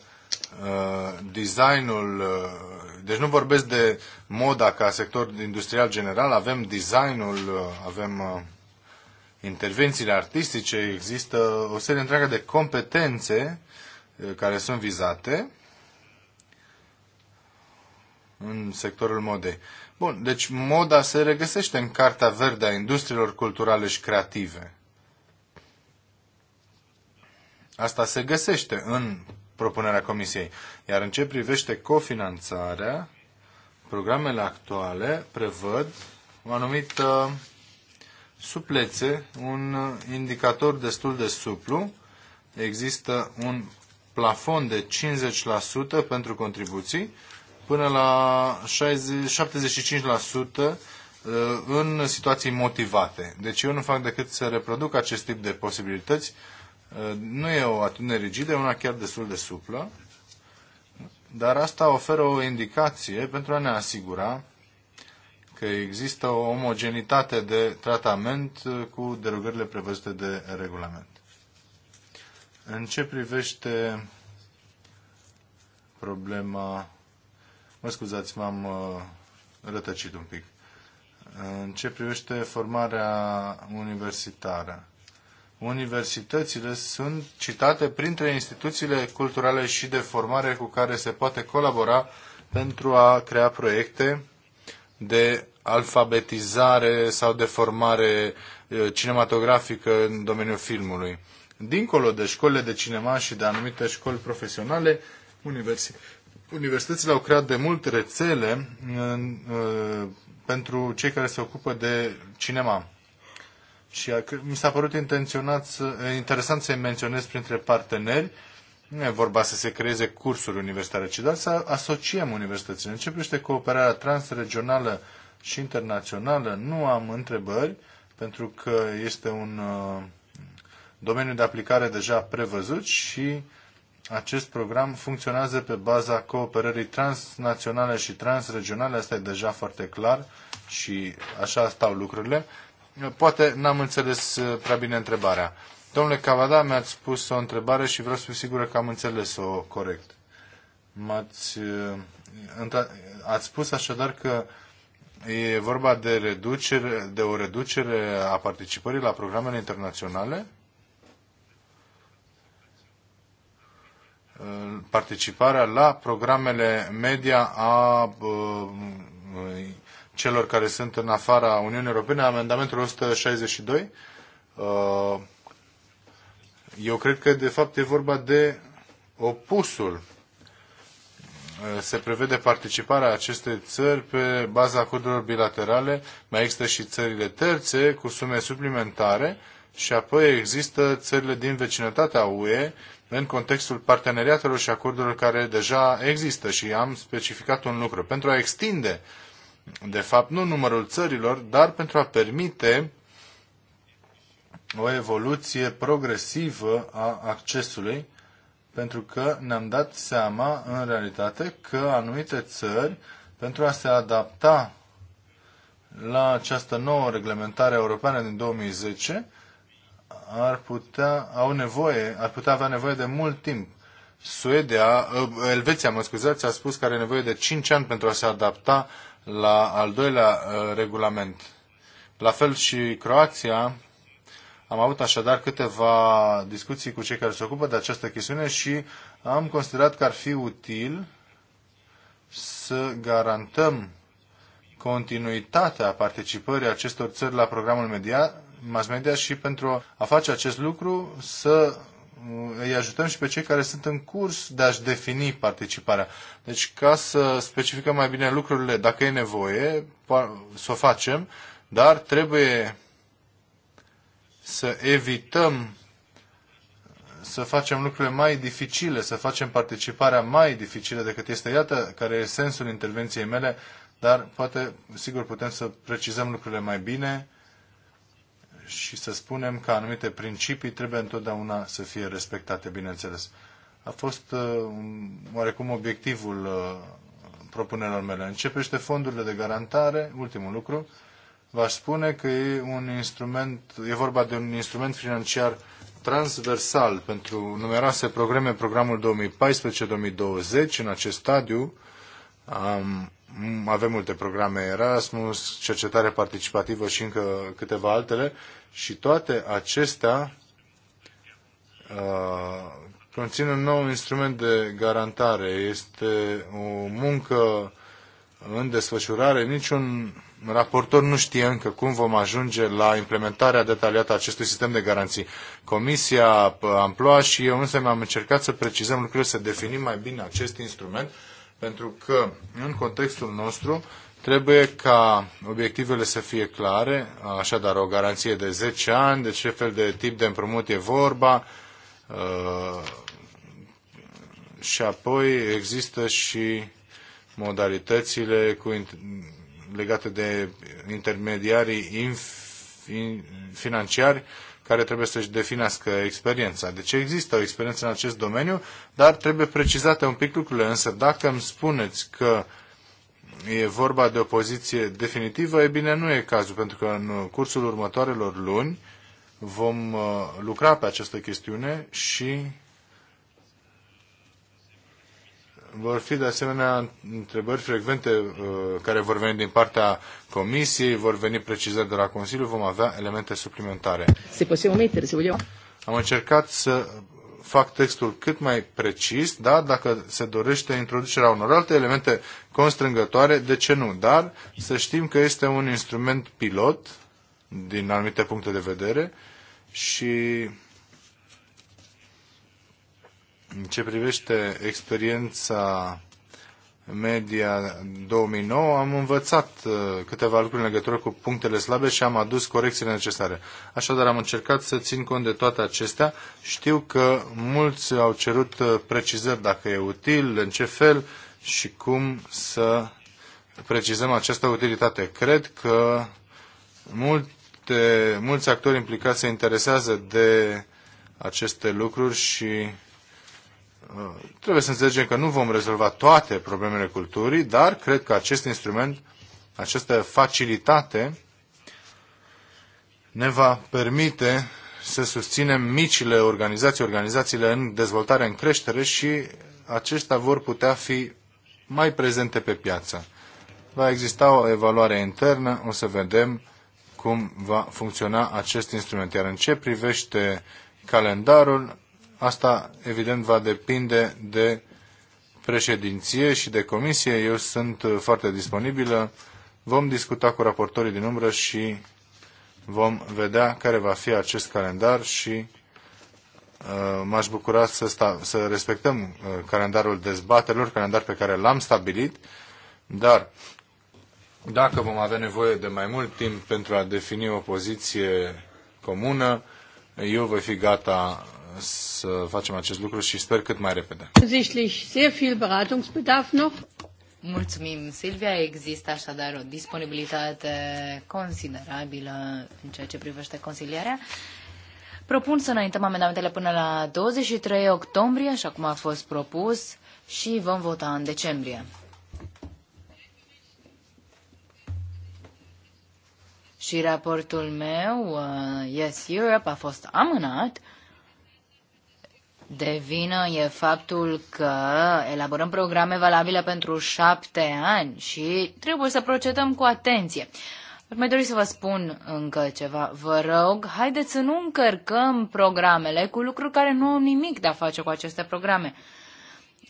uh, designul, uh, deci nu vorbesc de moda ca sector industrial general, avem designul, uh, avem uh, intervențiile artistice, există o serie întreagă de competențe Eh, care sunt vizate în sectorul modei. Bun, deci moda se regăsește în Carta Verde a Industriilor Culturale și Creative. Asta se găsește în propunerea Comisiei. Iar în ce privește cofinanțarea, programele actuale prevăd o anumită suplețe, un indicator destul de suplu. Există un plafon de 50% pentru contribuții până la 75% uh, în situații motivate. Deci eu nu fac decât să reproduc acest tip de posibilități. Uh, nu e o atitudine rigidă, e una chiar destul de suplă, dar asta oferă o indicație pentru a ne asigura că există o omogenitate de tratament uh, cu derogările prevăzute de regulament. În ce privește problema... Mă scuzați, m-am uh, rătăcit un pic. În ce privește formarea universitară. Universitățile sunt citate printre instituțiile culturale și de formare cu care se poate colabora pentru a crea proiecte de alfabetizare sau de formare uh, cinematografică în domeniul filmului dincolo de școlile de cinema și de anumite școli profesionale, universi universitățile au creat de mult rețele în, uh, în, uh, pentru cei care se ocupă de cinema. Și a, mi s-a părut intenționat să, interesant să-i menționez printre parteneri. Nu e vorba să se creeze cursuri universitare, ci doar să asociem universitățile. Începește cooperarea transregională și internațională, nu am întrebări, pentru că este un uh, domeniul de aplicare deja prevăzut și acest program funcționează pe baza cooperării transnaționale și transregionale, asta e deja foarte clar și așa stau lucrurile. Poate n-am înțeles uh, prea bine întrebarea. Domnule Cavada, mi-ați spus o întrebare și vreau să fiu sigură că am înțeles-o corect. M-ați, uh, ați spus așadar că e vorba de, reducere, de o reducere a participării la programele internaționale? participarea la programele media a uh, celor care sunt în afara Uniunii Europene, amendamentul 162. Uh, eu cred că, de fapt, e vorba de opusul. Uh, se prevede participarea acestei țări pe baza acordurilor bilaterale. Mai există și țările terțe cu sume suplimentare și apoi există țările din vecinătatea UE în contextul parteneriatelor și acordurilor care deja există și am specificat un lucru. Pentru a extinde, de fapt, nu numărul țărilor, dar pentru a permite o evoluție progresivă a accesului, pentru că ne-am dat seama, în realitate, că anumite țări, pentru a se adapta la această nouă reglementare europeană din 2010, ar putea, au nevoie, ar putea avea nevoie de mult timp. Suedia, ă, Elveția, mă scuzați, a spus că are nevoie de 5 ani pentru a se adapta la al doilea ă, regulament. La fel și Croația, am avut așadar câteva discuții cu cei care se ocupă de această chestiune și am considerat că ar fi util să garantăm continuitatea participării acestor țări la programul media, mass media și pentru a face acest lucru să îi ajutăm și pe cei care sunt în curs de a-și defini participarea. Deci ca să specificăm mai bine lucrurile, dacă e nevoie, să o facem, dar trebuie să evităm să facem lucrurile mai dificile, să facem participarea mai dificilă decât este. Iată care e sensul intervenției mele, dar poate, sigur, putem să precizăm lucrurile mai bine și să spunem că anumite principii trebuie întotdeauna să fie respectate, bineînțeles. A fost uh, oarecum obiectivul uh, propunerilor mele. Începește fondurile de garantare, ultimul lucru, v-aș spune că e un instrument, e vorba de un instrument financiar transversal pentru numeroase programe, programul 2014-2020, în acest stadiu am avem multe programe Erasmus, cercetare participativă și încă câteva altele și toate acestea uh, conțin un nou instrument de garantare. Este o muncă în desfășurare, niciun raportor nu știe încă cum vom ajunge la implementarea detaliată a acestui sistem de garanții. Comisia Amploa și eu însă mi-am încercat să precizăm lucrurile, să definim mai bine acest instrument pentru că, în contextul nostru, trebuie ca obiectivele să fie clare, așadar o garanție de 10 ani, de ce fel de tip de împrumut e vorba, uh, și apoi există și modalitățile cu, legate de intermediarii in, financiari care trebuie să-și definească experiența. Deci există o experiență în acest domeniu, dar trebuie precizate un pic lucrurile. Însă dacă îmi spuneți că e vorba de o poziție definitivă, e bine, nu e cazul, pentru că în cursul următoarelor luni vom uh, lucra pe această chestiune și vor fi de asemenea întrebări frecvente uh, care vor veni din partea Comisiei, vor veni precizări de la Consiliu, vom avea elemente suplimentare. Se poate omite, se vogliamo. Am încercat să fac textul cât mai precis, da, dacă se dorește introducerea unor alte elemente constrângătoare, de ce nu? Dar să știm că este un instrument pilot din anumite puncte de vedere și în ce privește experiența media 2009, am învățat uh, câteva lucruri în legătură cu punctele slabe și am adus corecțiile necesare. Așadar, am încercat să țin cont de toate acestea. Știu că mulți au cerut uh, precizări dacă e util, în ce fel și cum să precizăm această utilitate. Cred că multe, mulți actori implicați se interesează de aceste lucruri și Trebuie să înțelegem că nu vom rezolva toate problemele culturii, dar cred că acest instrument, această facilitate, ne va permite să susținem micile organizații, organizațiile în dezvoltare, în creștere și acestea vor putea fi mai prezente pe piață. Va exista o evaluare internă, o să vedem cum va funcționa acest instrument. Iar în ce privește calendarul, Asta, evident, va depinde de președinție și de comisie. Eu sunt foarte disponibilă. Vom discuta cu raportorii din umbră și vom vedea care va fi acest calendar și uh, m-aș bucura să, sta, să respectăm uh, calendarul dezbaterilor, calendar pe care l-am stabilit, dar dacă vom avea nevoie de mai mult timp pentru a defini o poziție comună, eu voi fi gata să facem acest lucru și sper cât mai repede. Mulțumim, Silvia. Există așadar o disponibilitate considerabilă în ceea ce privește consilierea. Propun să înaintăm amendamentele până la 23 octombrie, așa cum a fost propus, și vom vota în decembrie. Și raportul meu, uh, Yes Europe, a fost amânat de vină e faptul că elaborăm programe valabile pentru șapte ani și trebuie să procedăm cu atenție. Ar mai dori să vă spun încă ceva. Vă rog, haideți să nu încărcăm programele cu lucruri care nu au nimic de a face cu aceste programe.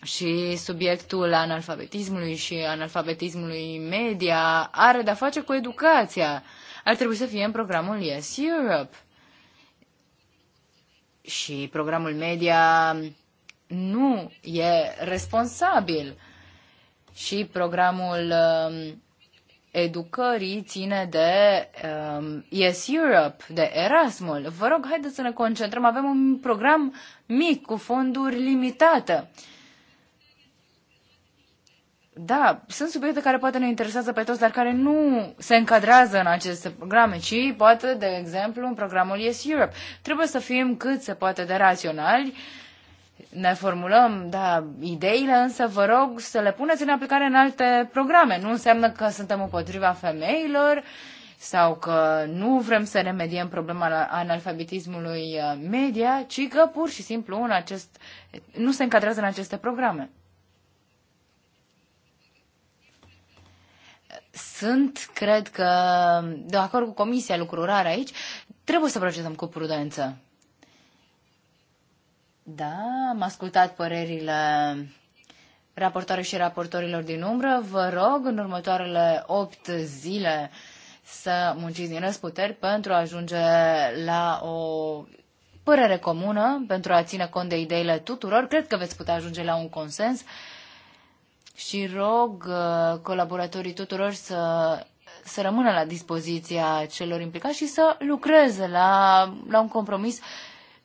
Și subiectul analfabetismului și analfabetismului media are de a face cu educația. Ar trebui să fie în programul Yes Europe și programul media nu e responsabil și programul um, educării ține de um, Yes Europe, de Erasmus. Vă rog, haideți să ne concentrăm. Avem un program mic, cu fonduri limitate. Uh, da, sunt subiecte care poate ne interesează pe toți, dar care nu se încadrează în aceste programe, ci poate, de exemplu, în programul Yes Europe. Trebuie să fim cât se poate de raționali, ne formulăm, da, ideile, însă vă rog să le puneți în aplicare în alte programe. Nu înseamnă că suntem împotriva femeilor sau că nu vrem să remediem problema analfabetismului uh, media, ci că pur și simplu în acest, nu se încadrează în aceste programe. Sunt, cred că, de acord cu comisia, lucru aici, trebuie să procedăm cu prudență. Da, am ascultat părerile raportoare și raportorilor din umbră. Vă rog în următoarele opt zile să munciți din răsputeri pentru a ajunge la o părere comună, pentru a ține cont de ideile tuturor. Cred că veți putea ajunge la un consens și rog uh, colaboratorii tuturor să, să rămână la dispoziția celor implicați și să lucreze la, la un compromis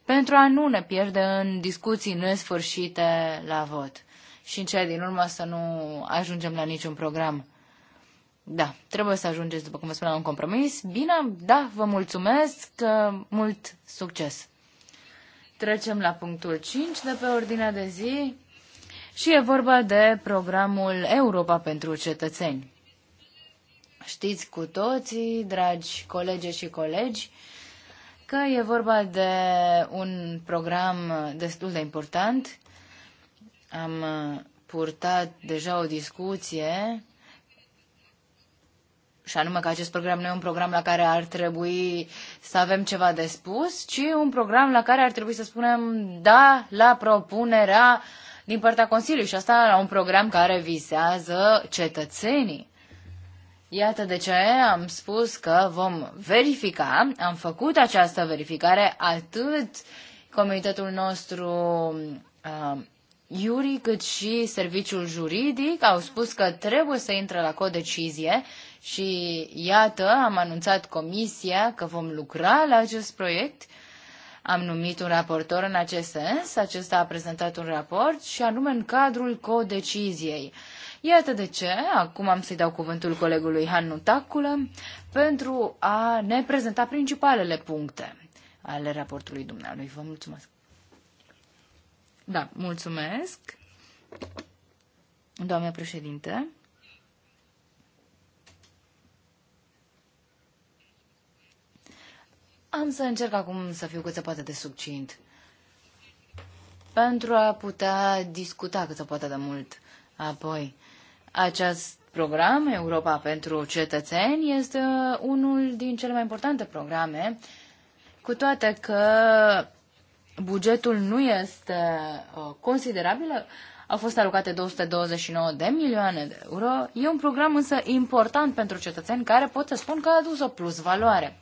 pentru a nu ne pierde în discuții nesfârșite la vot și în cea din urmă să nu ajungem la niciun program. Da, trebuie să ajungeți, după cum vă spuneam, un compromis. Bine, da, vă mulțumesc, mult succes! Trecem la punctul 5 de pe ordinea de zi și e vorba de programul Europa pentru cetățeni. Știți cu toții, dragi colege și colegi, că e vorba de un program destul de important. Am purtat deja o discuție și anume că acest program nu e un program la care ar trebui să avem ceva de spus, ci un program la care ar trebui să spunem da la propunerea uh, din partea Consiliului și asta la un program care visează cetățenii. Iată de ce am spus că vom verifica, am făcut această verificare atât comitetul nostru uh, Iuri, cât și serviciul juridic au spus că trebuie să intre la codecizie și iată, am anunțat comisia că vom lucra la acest proiect am numit un raportor în acest sens, acesta a prezentat un raport și anume în cadrul codeciziei. Iată de ce, acum am să-i dau cuvântul colegului Hannu Taculă pentru a ne prezenta principalele puncte ale raportului dumnealui. Vă mulțumesc! Da, mulțumesc, Doamne președinte. Am să încerc acum să fiu cât se poate de subțint. Pentru a putea discuta cât se poate de mult. Apoi, acest program, Europa pentru cetățeni, este unul din cele mai importante programe, cu toate că bugetul nu este uh, considerabil, au fost alocate 229 de milioane de euro. E un program însă important pentru cetățeni care pot să spun că a adus o plus valoare.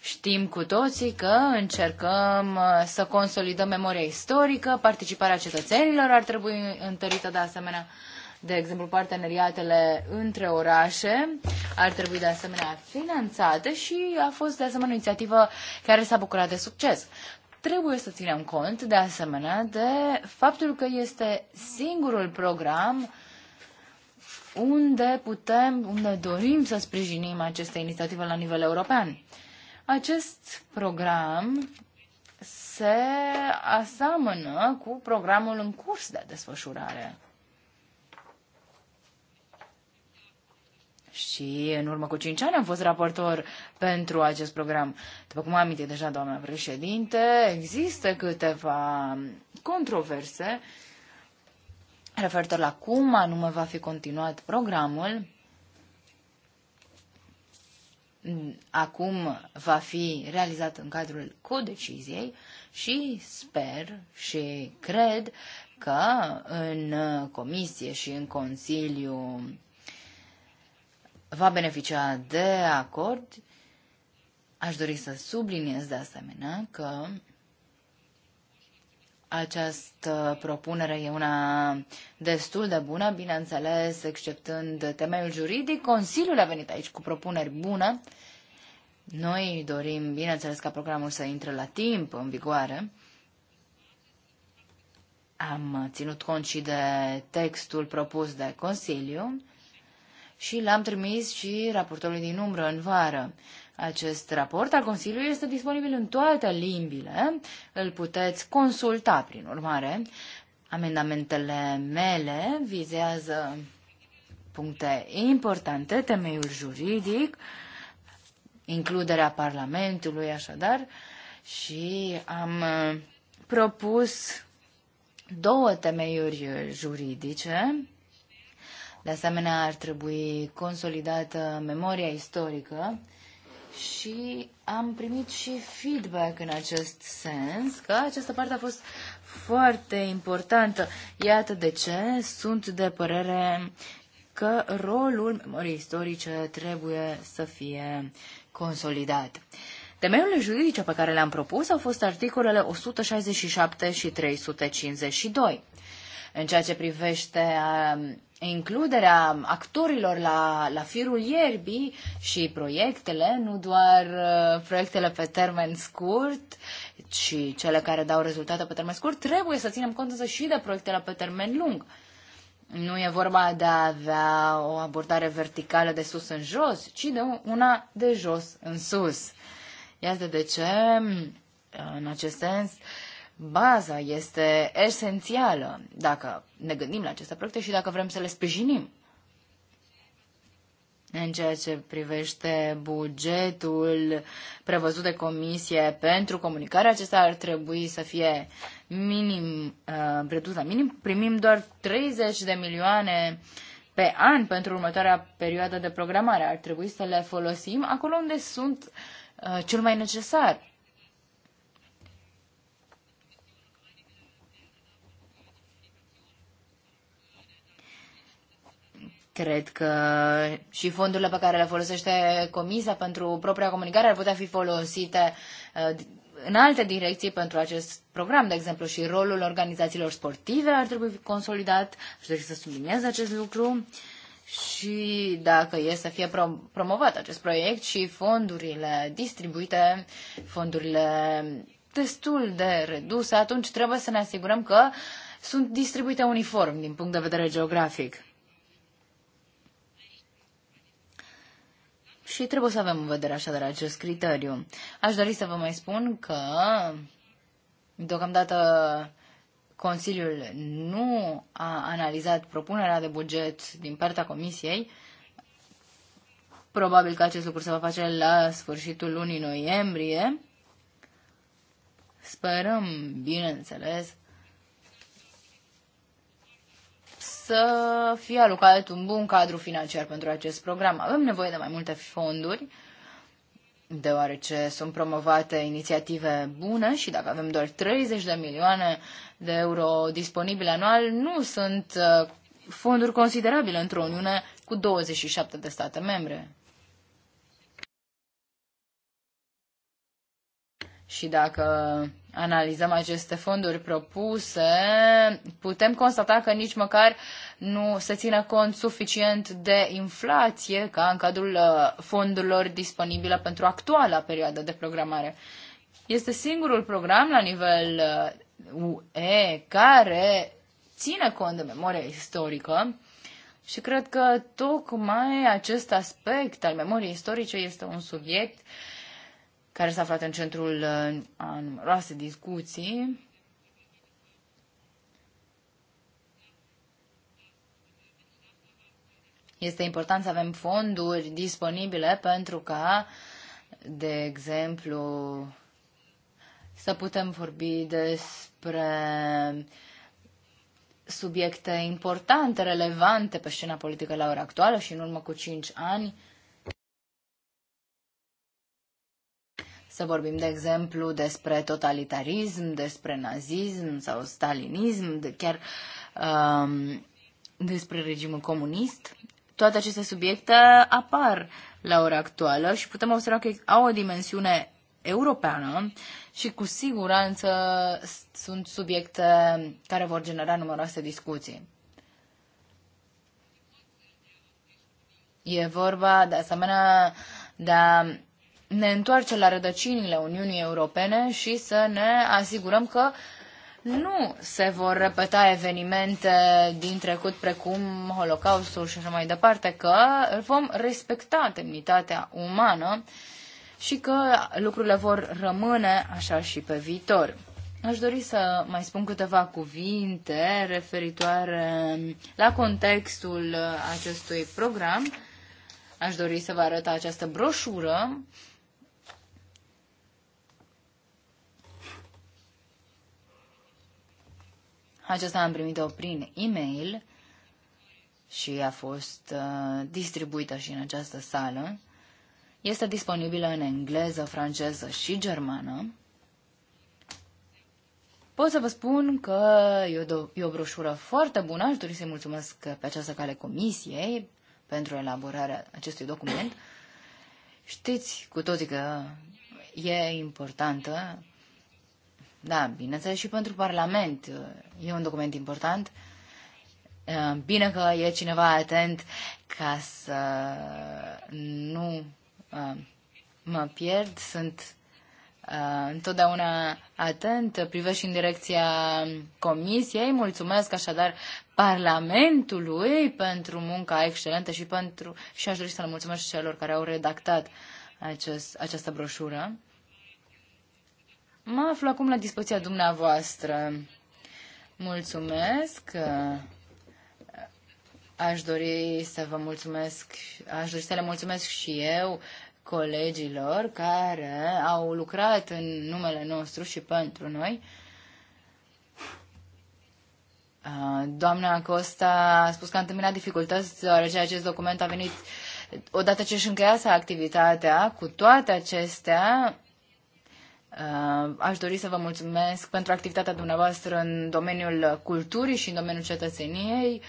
Știm cu toții că încercăm uh, să consolidăm memoria istorică, participarea cetățenilor ar trebui întărită de asemenea. De exemplu, parteneriatele între orașe ar trebui de asemenea finanțate și a fost de asemenea o inițiativă care s-a bucurat de succes. Trebuie să ținem cont de asemenea de faptul că este singurul program unde putem, unde dorim să sprijinim aceste inițiative la nivel european. Acest program se asamănă cu programul în curs de desfășurare. Și în urmă cu cinci ani am fost raportor pentru acest program. După cum am amintit deja, doamna președinte, există câteva controverse referitor la cum anume va fi continuat programul acum va fi realizat în cadrul codeciziei și sper și cred că în comisie și în Consiliu va beneficia de acord. Aș dori să subliniez de asemenea că această propunere e una destul de bună, bineînțeles, exceptând temeiul juridic. Consiliul a venit aici cu propuneri bune. Noi dorim, bineînțeles, ca programul să intre la timp în vigoare. Am ținut cont și de textul propus de Consiliu și l-am trimis și raportorului din umbră în vară. Acest raport al Consiliului este disponibil în toate limbile, îl puteți consulta prin urmare. Amendamentele mele vizează puncte importante, temeiul juridic, includerea Parlamentului, așadar, și am uh, propus două temeiuri juridice. De asemenea, ar trebui consolidată memoria istorică și am primit și feedback în acest sens, că această parte a fost foarte importantă. Iată de ce sunt de părere că rolul memoriei istorice trebuie să fie consolidat. Temeiurile juridice pe care le-am propus au fost articolele 167 și 352. În ceea ce privește um, includerea actorilor la, la firul ierbii și proiectele, nu doar uh, proiectele pe termen scurt, ci cele care dau rezultate pe termen scurt, trebuie să ținem cont și de proiectele pe termen lung. Nu e vorba de a avea o abordare verticală de sus în jos, ci de una de jos în sus. Iată de ce, în acest sens, uh, baza este esențială dacă ne gândim la aceste proiecte și dacă vrem să le sprijinim. În ceea ce privește bugetul prevăzut de comisie pentru comunicare, acesta ar trebui să fie minim, uh, redus la minim. Primim doar 30 de milioane pe an pentru următoarea perioadă de programare. Ar trebui să le folosim acolo unde sunt uh, cel mai necesar. Cred că și fondurile pe care le folosește Comisia pentru propria comunicare ar putea fi folosite uh, în alte direcții pentru acest program, de exemplu, și rolul organizațiilor sportive ar trebui consolidat. Aș dori să subliniez acest lucru și dacă e să fie promovat acest proiect și fondurile distribuite, fondurile destul de reduse, atunci trebuie să ne asigurăm că sunt distribuite uniform din punct de vedere geografic. Și trebuie să avem în vedere așadar acest criteriu. Aș dori să vă mai spun că deocamdată Consiliul nu a analizat propunerea de buget din partea Comisiei. Probabil că acest lucru se va face la sfârșitul lunii noiembrie. Sperăm, bineînțeles, să fie alocat un bun cadru financiar pentru acest program. Avem nevoie de mai multe fonduri, deoarece sunt promovate inițiative bune și dacă avem doar 30 de milioane de euro disponibile anual, nu sunt uh, fonduri considerabile într-o Uniune cu 27 de state membre. Și dacă analizăm aceste fonduri propuse, putem constata că nici măcar nu se ține cont suficient de inflație ca în cadrul uh, fondurilor disponibile pentru actuala perioadă de programare. Este singurul program la nivel UE uh, care ține cont de memoria istorică și cred că tocmai acest aspect al memoriei istorice este un subiect care s-a aflat în centrul a uh, numeroase discuții. Este important să avem fonduri disponibile pentru ca, de exemplu, să putem vorbi despre subiecte importante, relevante pe scena politică la ora actuală și în urmă cu 5 ani Să vorbim, de exemplu, despre totalitarism, despre nazism sau stalinism, de chiar um, despre regimul comunist. Toate aceste subiecte apar la ora actuală și putem observa că au o dimensiune europeană și cu siguranță sunt subiecte care vor genera numeroase discuții. E vorba, de asemenea, de a ne întoarcem la rădăcinile Uniunii Europene și să ne asigurăm că nu se vor repeta evenimente din trecut precum Holocaustul și așa mai departe, că vom respecta demnitatea umană și că lucrurile vor rămâne așa și pe viitor. Aș dori să mai spun câteva cuvinte referitoare la contextul acestui program. Aș dori să vă arăt această broșură Acesta am primit-o prin e-mail și a fost uh, distribuită și în această sală. Este disponibilă în engleză, franceză și germană. Pot să vă spun că e o, e o broșură foarte bună. Aș dori să-i mulțumesc pe această cale comisiei pentru elaborarea acestui document. Știți cu toții că e importantă da, bineînțeles și pentru Parlament uh, e un document important. Uh, bine că e cineva atent ca să nu uh, mă pierd. Sunt întotdeauna atent, și în direcția Comisiei. Mulțumesc așadar Parlamentului pentru munca excelentă și pentru și aș dori să le mulțumesc celor care au redactat acest, această broșură. Mă aflu acum la dispoziția dumneavoastră. Mulțumesc. Aș dori să vă mulțumesc, aș dori să le mulțumesc și eu colegilor care au lucrat în numele nostru și pentru noi. Doamna Costa a spus că a întâmplat dificultăți deoarece acest document a venit odată ce își încheiasă activitatea. Cu toate acestea, Uh, aș dori să vă mulțumesc pentru activitatea dumneavoastră în domeniul culturii și în domeniul cetățeniei.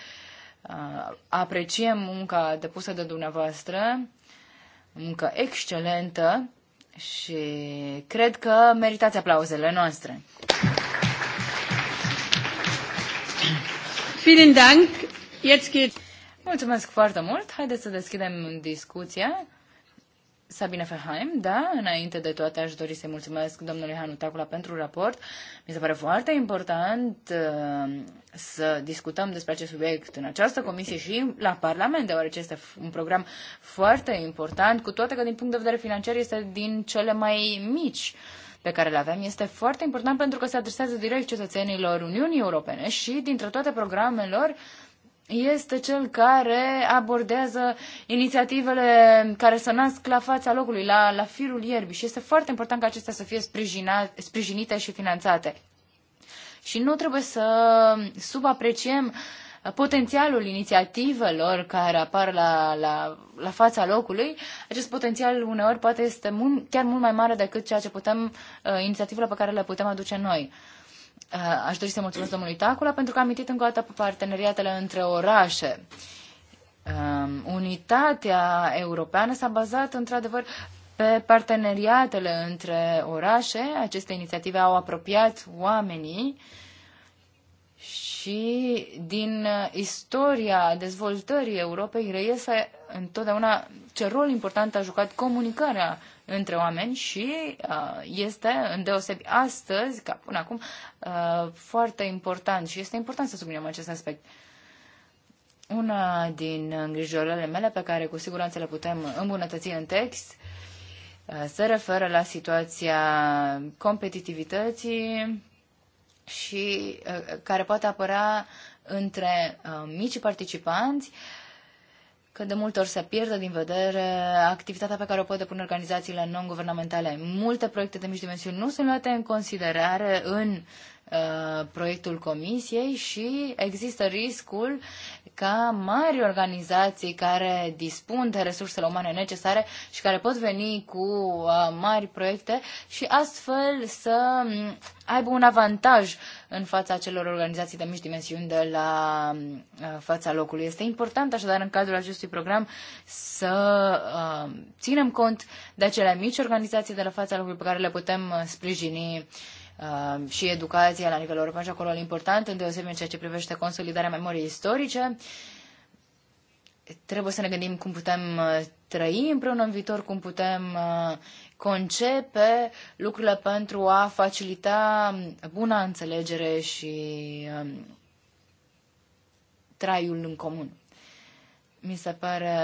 Uh, apreciem munca depusă de dumneavoastră, muncă excelentă și cred că meritați aplauzele noastre. Vielen Dank. Jetzt geht's. Mulțumesc foarte mult. Haideți să deschidem discuția. Sabine Fehaim, da, înainte de toate aș dori să-i mulțumesc domnului Hanutacula pentru raport. Mi se pare foarte important uh, să discutăm despre acest subiect în această comisie și la Parlament, deoarece este un program foarte important, cu toate că din punct de vedere financiar este din cele mai mici pe care le avem este foarte important pentru că se adresează direct cetățenilor Uniunii Europene și dintre toate programelor uh, este cel care abordează inițiativele care să nasc la fața locului, la, la firul ierbii și este foarte important ca acestea să fie sprijinite și finanțate. Și nu trebuie să subapreciem potențialul inițiativelor care apar la, la, la fața locului. Acest potențial uneori poate este mult, chiar mult mai mare decât ceea ce putem, uh, inițiativele pe care le putem aduce noi. Uh, Eh, aș dori să mulțumesc domnului Tacula pentru că a amintit încă o dată parteneriatele între orașe. Ehm, unitatea europeană s-a bazat într-adevăr pe parteneriatele între orașe. Aceste inițiative au apropiat oamenii și din istoria dezvoltării Europei reiese întotdeauna ce rol important a jucat comunicarea între oameni și uh, este, deosebi, astăzi, ca până acum, uh, foarte important și este important să subliniem acest aspect. Una din îngrijorările mele pe care cu siguranță le putem îmbunătăți în text uh, se referă la situația competitivității și care poate apărea între micii participanți că de multe ori se pierde din vedere activitatea pe care o pot depune organizațiile non-guvernamentale. Multe proiecte de mici dimensiuni nu sunt luate în considerare în Uh, proiectul comisiei și există riscul ca mari organizații care dispun de resursele umane necesare și care pot veni cu uh, mari proiecte și astfel să um, aibă un avantaj în fața acelor organizații de mici dimensiuni de la um, uh, fața locului. Este important așadar în cadrul acestui program să um, ținem cont de acele mici organizații de la fața locului pe care le putem sprijini Um, și educația la nivel european și acolo important, îndeosebi în ceea ce privește consolidarea memoriei istorice. Trebuie să ne gândim cum putem uh, trăi împreună în viitor, cum putem uh, concepe lucrurile pentru a facilita um, buna înțelegere și um, traiul în comun. Mi se pare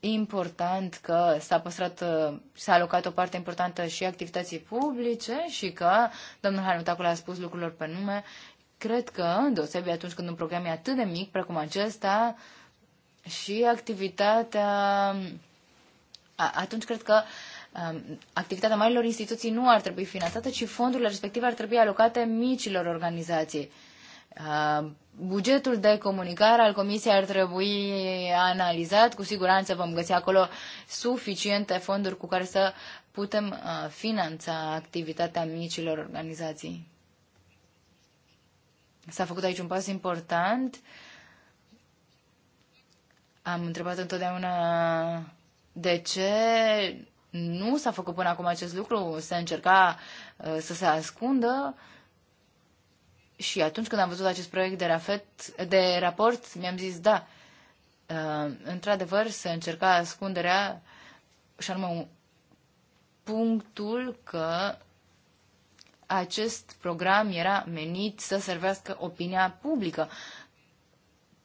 important că s-a păstrat, uh, s-a alocat o parte importantă și activității publice și că domnul Hanutacul a spus lucrurilor pe nume. Cred că, deosebit atunci când un program e atât de mic precum acesta, și activitatea... Atunci cred că um, activitatea marilor instituții nu ar trebui finanțată, ci fondurile respective ar trebui alocate micilor organizații Uh, bugetul de comunicare al Comisiei ar trebui analizat. Cu siguranță vom găsi acolo suficiente fonduri cu care să putem uh, finanța activitatea micilor organizații. S-a făcut aici un pas important. Am întrebat întotdeauna de ce nu s-a făcut până acum acest lucru, se încerca uh, să se ascundă. Uh, și atunci când am văzut acest proiect de, rafet, de raport, mi-am zis, da, uh, într-adevăr, se încerca ascunderea și anume punctul că acest program era menit să servească opinia publică.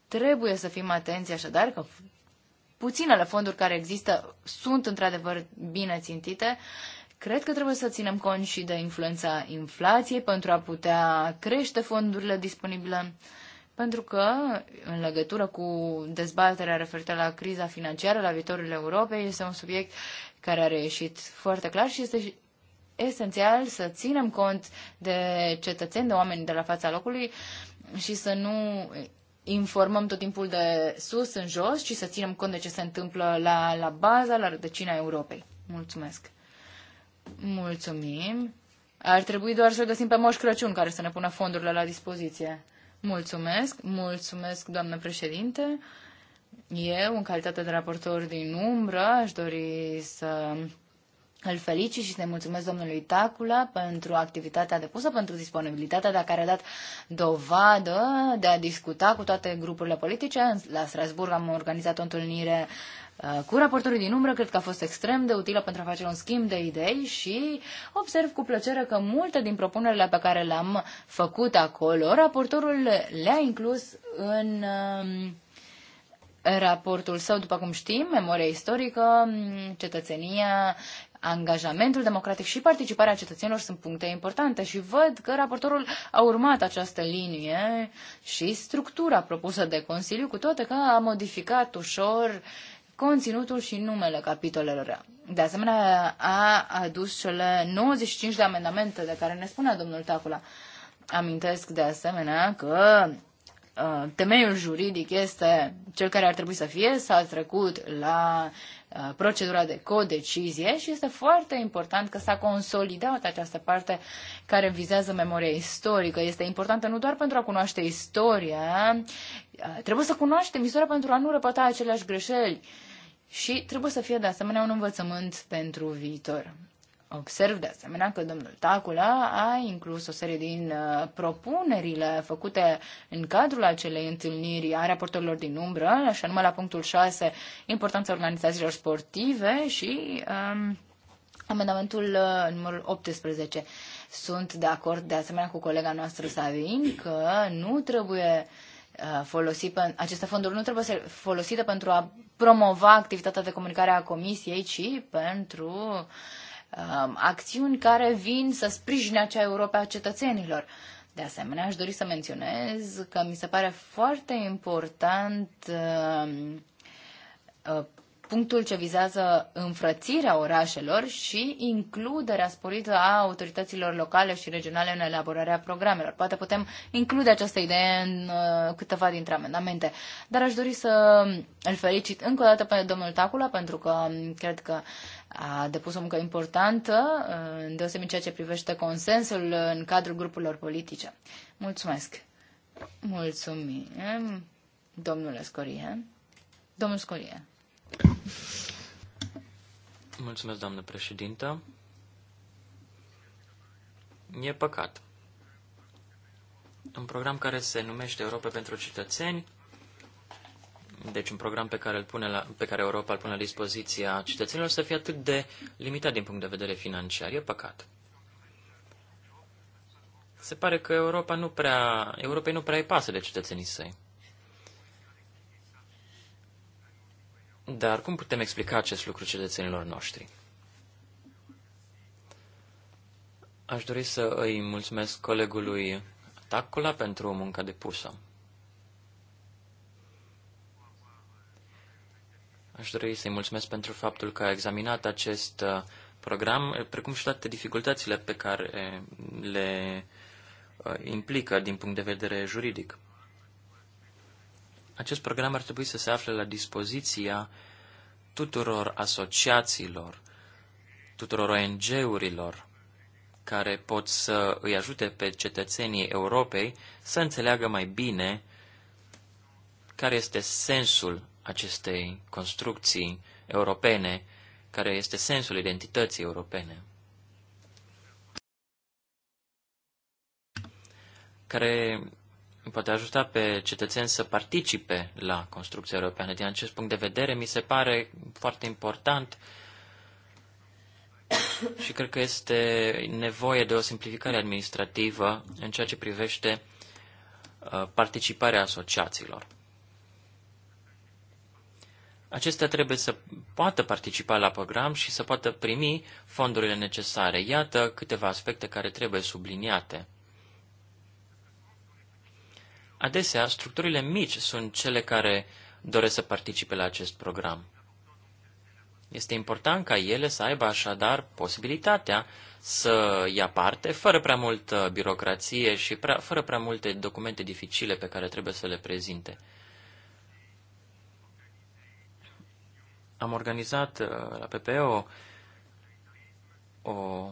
Trebuie să fim atenți așadar că puținele fonduri care există sunt într-adevăr bine țintite Cred că trebuie să ținem cont și de influența inflației pentru a putea crește fondurile disponibile, pentru că, în legătură cu dezbaterea referitoare la criza financiară, la viitorul Europei, este un subiect care a reieșit foarte clar și este esențial să ținem cont de cetățeni, de oameni de la fața locului și să nu informăm tot timpul de sus în jos, ci să ținem cont de ce se întâmplă la, la baza, la rădăcina Europei. Mulțumesc! Mulțumim. Ar trebui doar să-l găsim pe Moș Crăciun care să ne pună fondurile la dispoziție. Mulțumesc, mulțumesc, doamnă președinte. Eu, în calitate de raportor din umbră, aș dori să îl felicit și să-i mulțumesc domnului Tacula pentru activitatea depusă, pentru disponibilitatea de care a dat dovadă de a discuta cu toate grupurile politice. La Strasburg am organizat o întâlnire Uh, cu raportorii din umbră. Cred că a fost extrem de utilă pentru a face un schimb de idei și observ cu plăcere că multe din propunerile pe care le-am făcut acolo, raportorul le-a inclus în um, raportul său, după cum știm, memoria istorică, um, cetățenia, angajamentul democratic și participarea cetățenilor sunt puncte importante și văd că raportorul a urmat această linie și structura propusă de Consiliu, cu toate că a modificat ușor uh, conținutul și numele capitolelor. De asemenea, a adus cele 95 de amendamente de care ne spunea domnul Tacula. Amintesc de asemenea că Uh, temeiul juridic este cel care ar trebui să fie, s-a trecut la uh, procedura de codecizie și este foarte important că s-a consolidat această parte care vizează memoria istorică. Este importantă nu doar pentru a cunoaște istoria, uh, trebuie să cunoaștem istoria pentru a nu repeta aceleași greșeli și trebuie să fie de asemenea un învățământ pentru viitor. Observ de asemenea că domnul Tacula a inclus o serie din uh, propunerile făcute în cadrul acelei întâlniri a raportorilor din umbră, așa numai la punctul 6, importanța organizațiilor sportive și um, amendamentul uh, numărul 18. Sunt de acord de asemenea cu colega noastră Savin că nu trebuie uh, folosi aceste fonduri nu trebuie să folosite pentru a promova activitatea de comunicare a comisiei, ci pentru uh, Um, acțiuni care vin să sprijine acea Europa a cetățenilor. De asemenea, aș dori să menționez că mi se pare foarte important um, uh, punctul ce vizează înfrățirea orașelor și includerea sporită a autorităților locale și regionale în elaborarea programelor. Poate putem include această idee în uh, câteva dintre amendamente. Dar aș dori să îl felicit încă o dată pe domnul Tacula, pentru că cred că a depus o muncă importantă, uh, în deosebit ceea ce privește consensul în cadrul grupurilor politice. Mulțumesc! Mulțumim, domnule Scorie. Domnul Scorie. Mulțumesc, doamnă președintă. E păcat. Un program care se numește Europa pentru cetățeni, deci un program pe care, îl pune la, pe care Europa îl pune la dispoziția cetățenilor, să fie atât de limitat din punct de vedere financiar. E păcat. Se pare că Europa nu prea, Europei nu prea îi pasă de cetățenii săi. Dar cum putem explica acest lucru cetățenilor noștri? Aș dori să îi mulțumesc colegului Tacula pentru munca depusă. Aș dori să-i mulțumesc pentru faptul că a examinat acest uh, program, precum și toate dificultățile pe care le uh, implică din punct de vedere juridic. Acest program ar trebui să se afle la dispoziția tuturor asociațiilor, tuturor ONG-urilor care pot să îi ajute pe cetățenii Europei să înțeleagă mai bine care este sensul acestei construcții europene, care este sensul identității europene. Care poate ajuta pe cetățeni să participe la construcția europeană. Din acest punct de vedere, mi se pare foarte important și cred că este nevoie de o simplificare administrativă în ceea ce privește uh, participarea asociațiilor. Acestea trebuie să poată participa la program și să poată primi fondurile necesare. Iată câteva aspecte care trebuie subliniate. Adesea, structurile mici sunt cele care doresc să participe la acest program. Este important ca ele să aibă așadar posibilitatea să ia parte fără prea multă birocrație și prea, fără prea multe documente dificile pe care trebuie să le prezinte. Am organizat uh, la PPO o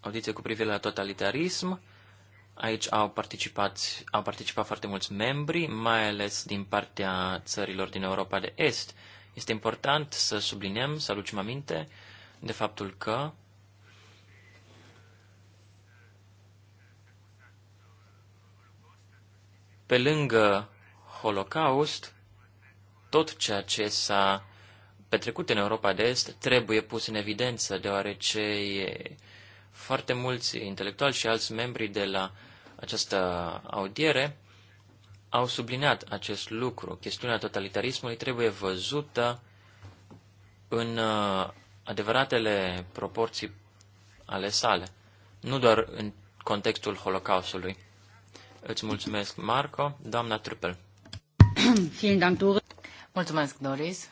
audiție cu privire la totalitarism Aici au participat, au participat foarte mulți membri, mai ales din partea țărilor din Europa de Est. Este important să subliniem, să aducem aminte de faptul că pe lângă Holocaust, tot ceea ce s-a petrecut în Europa de Est trebuie pus în evidență, deoarece foarte mulți intelectuali și alți membri de la această audiere au subliniat acest lucru. Chestiunea totalitarismului trebuie văzută în uh, adevăratele proporții ale sale, nu doar în contextul Holocaustului. Îți mulțumesc, Marco. Doamna Trupel. Mulțumesc, Doris.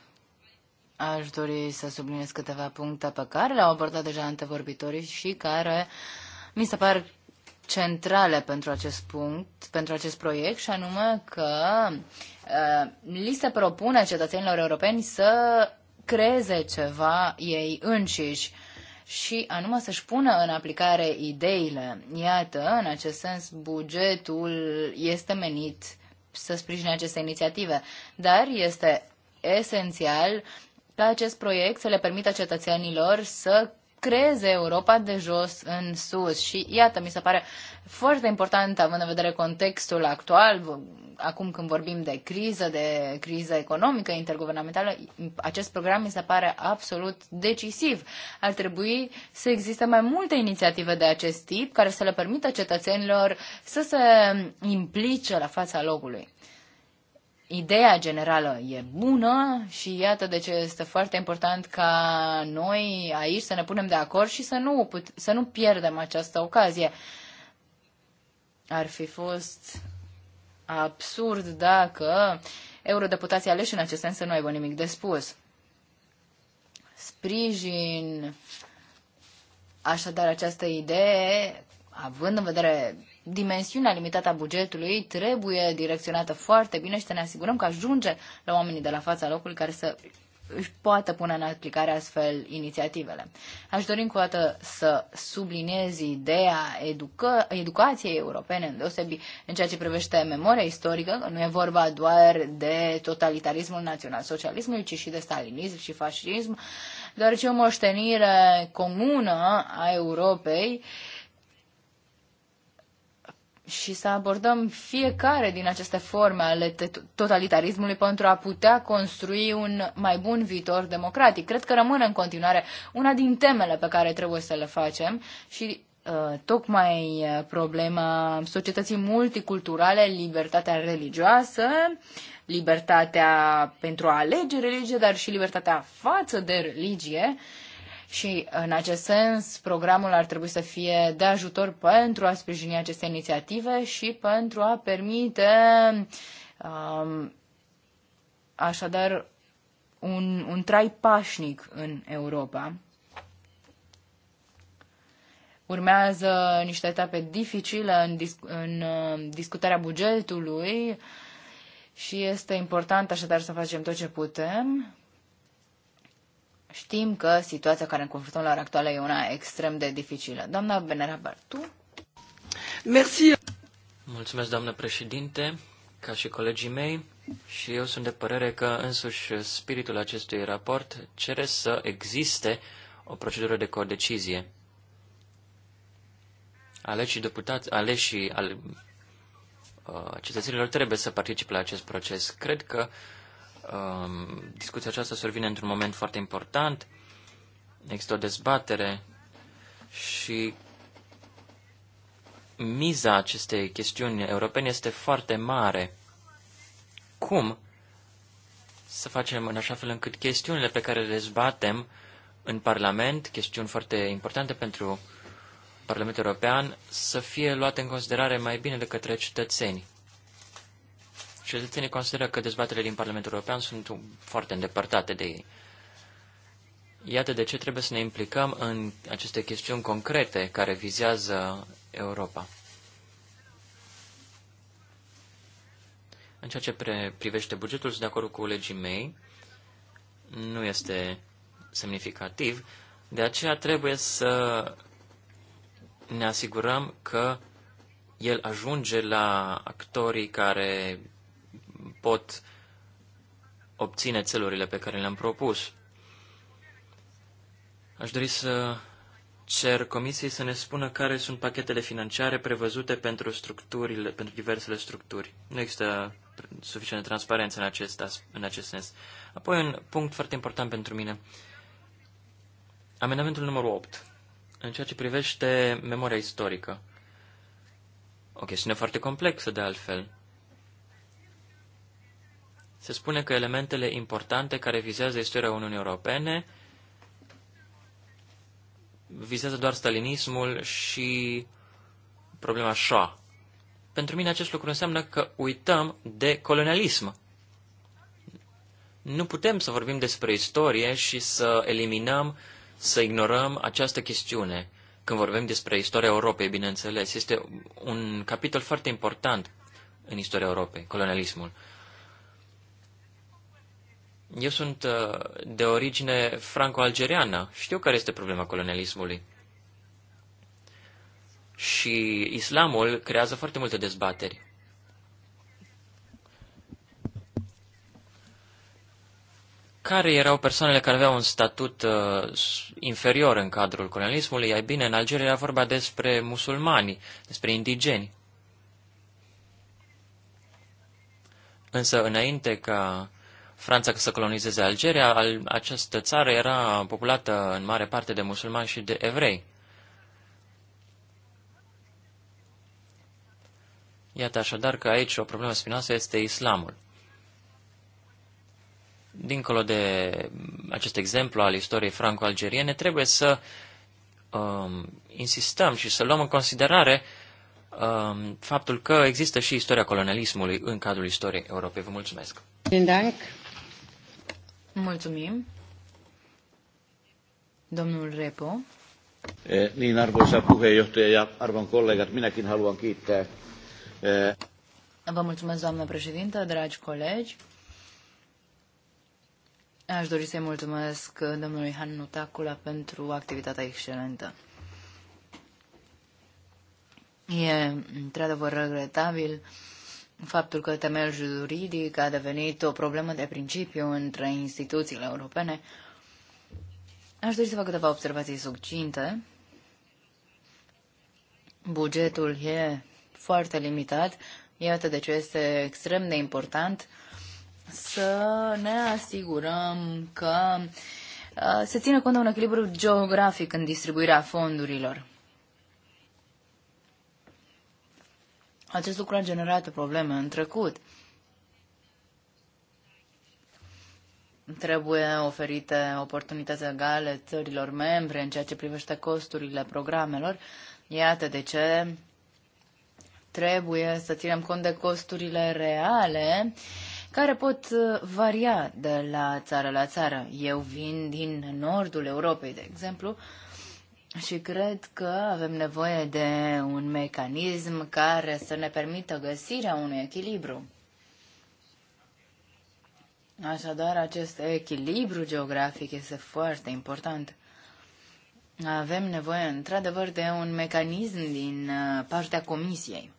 Aș dori să subliniez câteva puncte pe care le-au abordat deja antevorbitorii și care mi se par centrale pentru acest punct, pentru acest proiect, și anume că uh, li se propune cetățenilor europeni să creeze ceva ei înșiși și anume să-și pună în aplicare ideile. Iată, în acest sens, bugetul este menit să sprijine aceste inițiative, dar este esențial ca acest proiect să le permită cetățenilor să creeze Europa de jos în sus. Și iată, mi se pare foarte important, având în vedere contextul actual, acum când vorbim de criză, de criză economică interguvernamentală, acest program mi se pare absolut decisiv. Ar trebui să existe mai multe inițiative de acest tip care să le permită cetățenilor să se implice la fața locului ideea generală e bună și iată de ce este foarte important ca noi aici să ne punem de acord și să nu, put- să nu pierdem această ocazie. Ar fi fost absurd dacă eurodeputații aleși în acest sens să nu aibă nimic de spus. Sprijin așadar această idee, având în vedere dimensiunea limitată a bugetului trebuie direcționată foarte bine și să ne asigurăm că ajunge la oamenii de la fața locului care să își poată pune în aplicare astfel inițiativele. Aș dori încă o dată să subliniez ideea educa- educației europene, deosebi în ceea ce privește memoria istorică, că nu e vorba doar de totalitarismul național-socialismului, ci și de stalinism și fascism, deoarece o moștenire comună a Europei uh, și să abordăm fiecare din aceste forme ale totalitarismului pentru a putea construi un mai bun viitor democratic. Cred că rămâne în continuare una din temele pe care trebuie să le facem și uh, tocmai uh, problema societății multiculturale, libertatea religioasă, libertatea pentru a alege religie, dar și libertatea față de religie, uh, și în acest sens programul ar trebui să fie de ajutor pentru a sprijini aceste inițiative și pentru a permite um, așadar un, un trai pașnic în Europa. Urmează niște etape dificile în, dis- în um, discutarea bugetului și este important așadar să facem tot ce putem Știm că situația care ne confruntăm la ora actuală e una extrem de dificilă. Doamna Benera, tu? Merci. Mulțumesc, doamnă președinte, ca și colegii mei. Și eu sunt de părere că însuși spiritul acestui raport cere să existe o procedură de codecizie. Aleșii deputați, aleșii al, uh, cetățenilor trebuie să participe la acest proces. Cred că uh, Um, discuția aceasta survine într-un moment foarte important. Există o dezbatere și miza acestei chestiuni europene este foarte mare. Cum să facem în așa fel încât chestiunile pe care le dezbatem în Parlament, chestiuni foarte importante pentru Parlamentul European, să fie luate în considerare mai bine de către cetățeni. Cetățenii consideră că dezbaterile din Parlamentul European sunt foarte îndepărtate de ei. Iată de ce trebuie să ne implicăm în aceste chestiuni concrete care vizează Europa. În ceea ce privește bugetul, sunt de acord cu legii mei, nu este semnificativ, de aceea trebuie să ne asigurăm că el ajunge la actorii care pot obține țelurile pe care le-am propus. Aș dori să cer comisiei să ne spună care sunt pachetele financiare prevăzute pentru structurile, pentru diversele structuri. Nu există suficientă transparență în acest, în acest sens. Apoi un punct foarte important pentru mine. Amendamentul numărul 8. În ceea ce privește memoria istorică. O chestiune foarte complexă, de altfel se spune că elementele importante care vizează istoria Uniunii Europene vizează doar stalinismul și problema șoa. Pentru mine acest lucru înseamnă că uităm de colonialism. Nu putem să vorbim despre istorie și să eliminăm, să ignorăm această chestiune. Când vorbim despre istoria Europei, bineînțeles, este un capitol foarte important în istoria Europei, colonialismul. Eu sunt uh, de origine franco-algeriană. Știu care este problema colonialismului. Și islamul creează foarte multe dezbateri. Care erau persoanele care aveau un statut uh, inferior în cadrul colonialismului? Ai bine, în Algeria era vorba despre musulmani, despre indigeni. Însă, înainte ca Franța să colonizeze Algeria, al, această țară era populată în mare parte de musulmani și de evrei. Iată așadar că aici o problemă spinoasă este islamul. Dincolo de acest exemplu al istoriei franco-algeriene, trebuie să um, insistăm și să luăm în considerare um, faptul că există și istoria colonialismului în cadrul istoriei Europei. Vă mulțumesc! Mulțumesc! Mulțumim. Domnul Repo. Niin, arvoisa puheenjohtaja ja arvon kollegat, minäkin haluan kiittää. Vă mulțumesc, doamnă președintă, dragi colegi. Aș dori să-i mulțumesc domnului Han Nutacula pentru activitatea excelentă. E într-adevăr regretabil faptul că temeiul juridic a devenit o problemă de principiu între instituțiile europene, aș dori să fac câteva observații succinte. Bugetul e foarte limitat, iată de ce este extrem de important să ne asigurăm că uh, se ține cont de un echilibru geografic în distribuirea fondurilor. Acest lucru a generat probleme în trecut. Trebuie oferite oportunități egale țărilor membre în ceea ce privește costurile programelor. Iată de ce trebuie să ținem cont de costurile reale care pot uh, varia de la țară la țară. Eu vin din nordul Europei, de exemplu, și cred că avem nevoie de un mecanism care să ne permită găsirea unui echilibru. Așadar, acest echilibru geografic este foarte important. Avem nevoie, într-adevăr, de un mecanism din uh, partea Comisiei.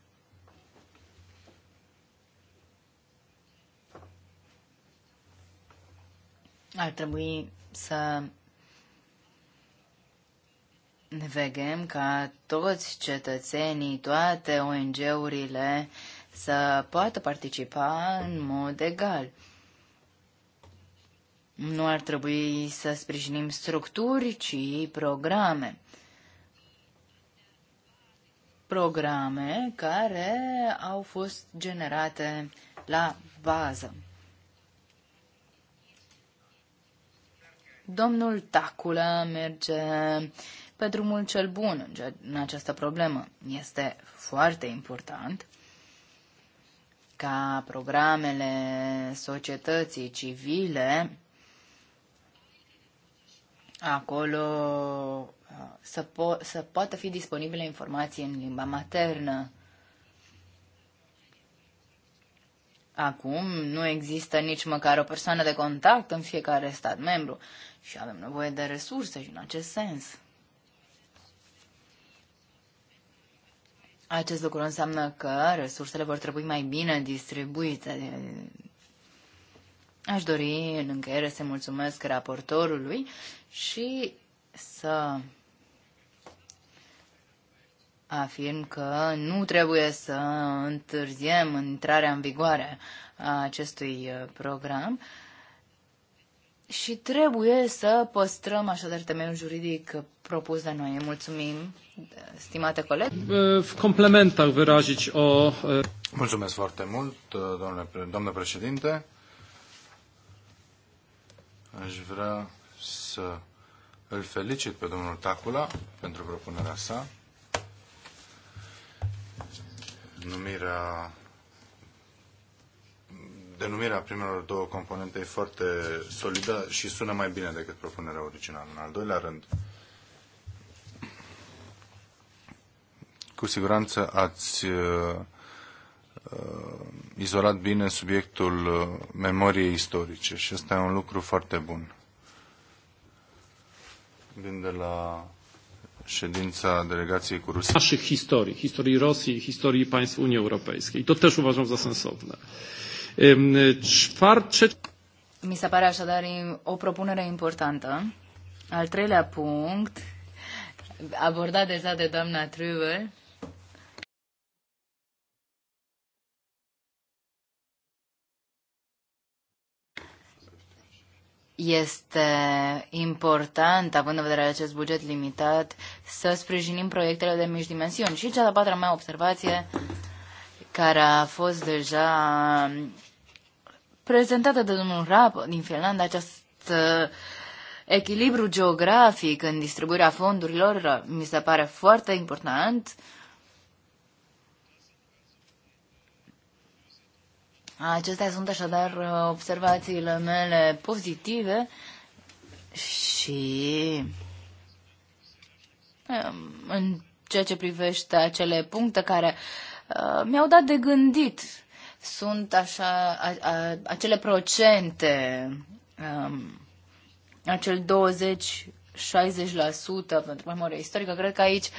Ar trebui să vegem ca toți cetățenii, toate ONG-urile să poată participa în mod egal. Nu ar trebui să sprijinim structuri, ci programe. Programe care au fost generate la bază. Domnul Tacula merge pe drumul cel bun în această problemă. Este foarte important ca programele societății civile acolo uh, să, po- să poată fi disponibile informații în limba maternă. Acum nu există nici măcar o persoană de contact în fiecare stat membru și avem nevoie de resurse și în acest sens. Acest lucru înseamnă că resursele vor trebui mai bine distribuite. Aș dori în încheiere să mulțumesc raportorului și să afirm că nu trebuie să întârziem intrarea în vigoare a acestui program. Și trebuie să păstrăm așadar temeiul juridic propus de noi. Mulțumim, stimate colegi. Complementar wyrazić o... Mulțumesc foarte mult, domnule, domnule președinte. Aș vrea să îl felicit pe domnul Tacula pentru propunerea sa. Numirea denumirea primelor două componente e foarte solidă și sună mai bine decât propunerea originală. În al doilea rând, cu siguranță ați uh, uh, izolat bine subiectul uh, memoriei istorice și ăsta e un lucru foarte bun. Vin de la ședința delegației cu Rusia. Naszych historii, historii Rosji, historii państw Unii Europejskiej. To też uważam za sensowne. Mi se pare așadar o propunere importantă. Al treilea punct, abordat deja de doamna Trüber, este important, având în vedere acest buget limitat, să sprijinim proiectele de mici dimensiuni. Și cea de-a patra mea observație care a fost deja prezentată de domnul Rap din Finlanda, acest uh, echilibru geografic în distribuirea fondurilor uh, mi se pare foarte important. Acestea sunt așadar uh, observațiile mele pozitive și um, în ceea ce privește acele puncte care Uh, mi-au dat de gândit. Sunt așa a, a, acele procente, um, acel 20 60% pentru memoria istorică. Cred că aici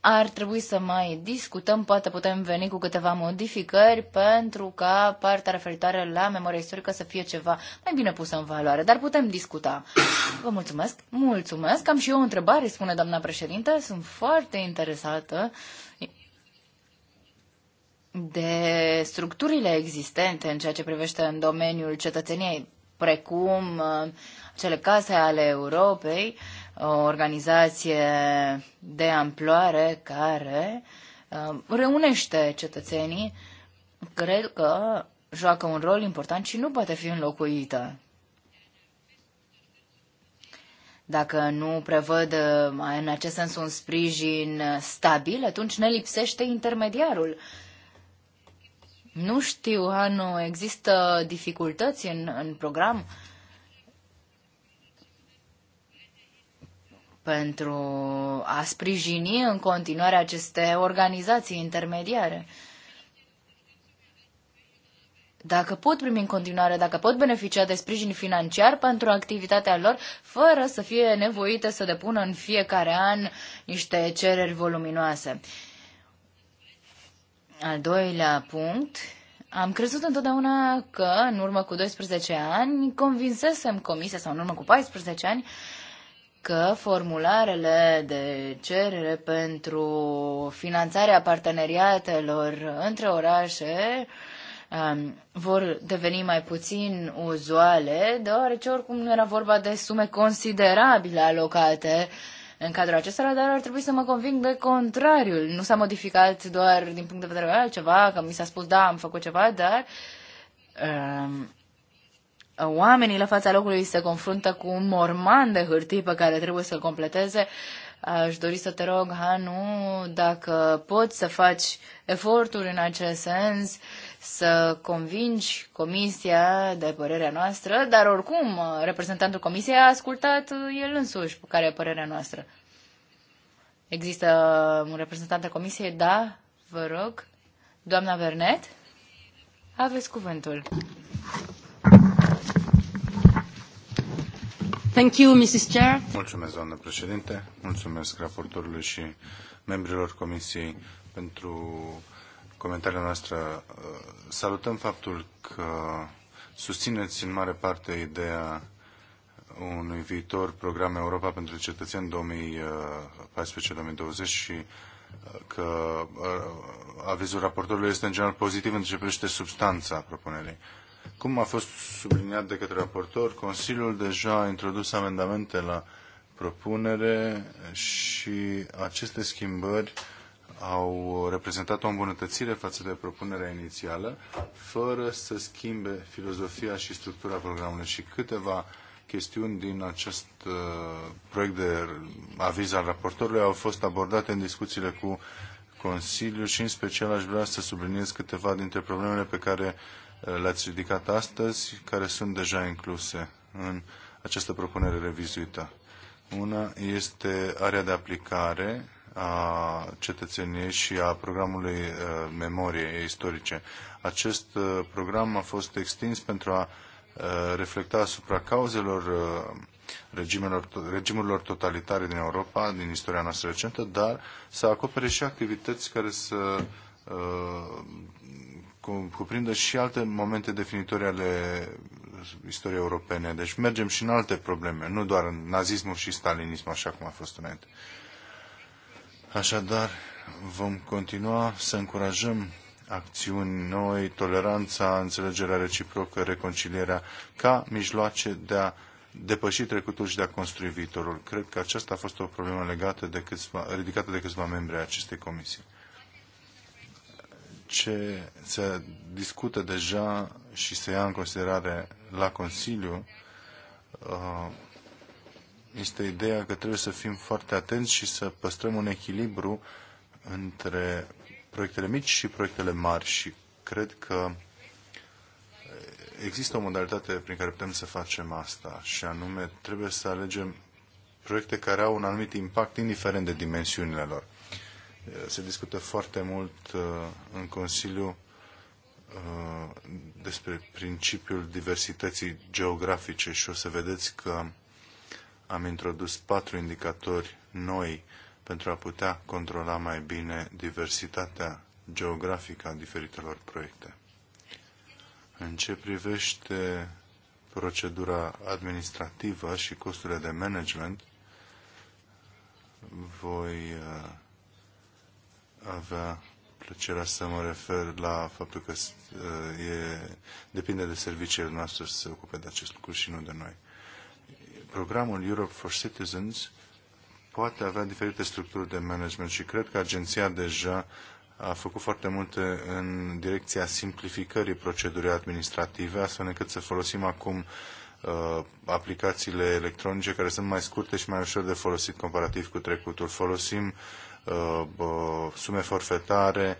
ar trebui să mai discutăm, poate putem veni cu câteva modificări pentru ca partea referitoare la memoria istorică să fie ceva mai bine pusă în valoare, dar putem discuta. Vă mulțumesc, mulțumesc, am și eu o întrebare, spune doamna președinte, sunt foarte interesată uh, de structurile existente în ceea ce privește în domeniul cetățeniei, precum uh, cele case ale Europei, o organizație de amploare care uh, reunește cetățenii, cred că joacă un rol important și nu poate fi înlocuită. Dacă nu prevăd uh, în acest sens un sprijin stabil, atunci ne lipsește intermediarul nu știu, Hanu, există dificultăți în, în program? pentru a sprijini în continuare aceste organizații intermediare. Dacă pot primi în continuare, dacă pot beneficia de sprijin financiar pentru activitatea lor, fără să fie nevoite să depună în fiecare an niște cereri voluminoase. Al doilea punct, am crezut întotdeauna că în urmă cu 12 ani convinsesem comisia sau în urmă cu 14 ani că formularele de cerere pentru finanțarea parteneriatelor între orașe um, vor deveni mai puțin uzuale, deoarece oricum nu era vorba de sume considerabile alocate uh, în cadrul acestora, dar ar trebui să mă conving de contrariul. Nu s-a modificat doar din punct de vedere al ceva, că mi s-a spus da, am făcut ceva, dar um, oamenii la fața locului se confruntă cu un morman de hârtii pe care trebuie să-l completeze. Aș dori să te rog, Hanu, dacă poți să faci eforturi în acest sens, uh, să convingi comisia de părerea noastră, dar oricum uh, reprezentantul comisiei a ascultat uh, el însuși care e părerea noastră. Există un reprezentant al comisiei? Da, vă rog. Doamna Vernet, aveți cuvântul. Thank you, Mrs. Chair. Mulțumesc, doamnă președinte. Mulțumesc raportorului și membrilor comisiei pentru comentariile noastre. Uh, salutăm faptul că susțineți în mare parte ideea unui viitor program Europa pentru cetățeni 2014-2020 și uh, că uh, avizul raportorului este în general pozitiv în ce privește substanța propunerii. Cum a fost subliniat de către raportor, Consiliul deja a introdus amendamente la propunere și aceste schimbări uh, au reprezentat o îmbunătățire față de propunerea inițială, fără să schimbe filozofia și structura programului. Și câteva chestiuni din acest uh, proiect de aviz al raportorului au fost abordate în discuțiile cu Consiliul și în special aș vrea să subliniez câteva dintre problemele pe care uh, le-ați ridicat astăzi, care sunt deja incluse în această propunere revizuită. Una este area de aplicare a cetățeniei și a programului memoriei istorice. Acest program a fost extins pentru a reflecta asupra cauzelor regimelor, regimurilor totalitare din Europa, din istoria noastră recentă, dar să acopere și activități care să cuprindă și alte momente definitorii ale istoriei europene. Deci mergem și în alte probleme, nu doar în nazismul și stalinismul, așa cum a fost înainte. Așadar, vom continua să încurajăm acțiuni noi, toleranța, înțelegerea reciprocă, reconcilierea, ca mijloace de a depăși trecutul și de a construi viitorul. Cred că aceasta a fost o problemă legată de câțiva, ridicată de câțiva membri ai acestei comisii. Ce se discută deja și se ia în considerare la Consiliu uh, este ideea că trebuie să fim foarte atenți și să păstrăm un echilibru între proiectele mici și proiectele mari și cred că există o modalitate prin care putem să facem asta și anume trebuie să alegem proiecte care au un anumit impact indiferent de dimensiunile lor. Se discută foarte mult uh, în Consiliu uh, despre principiul diversității geografice și o să vedeți că am introdus patru indicatori noi pentru a putea controla mai bine diversitatea geografică a diferitelor proiecte. În ce privește procedura administrativă și costurile de management, voi uh, avea plăcerea să mă refer la faptul că uh, e, depinde de serviciile noastre să se ocupe de acest lucru și nu de noi programul Europe for Citizens poate avea diferite structuri de management și cred că agenția deja a făcut foarte multe în direcția simplificării procedurii administrative, astfel încât să folosim acum uh, aplicațiile electronice care sunt mai scurte și mai ușor de folosit comparativ cu trecutul. Folosim uh, uh, sume forfetare,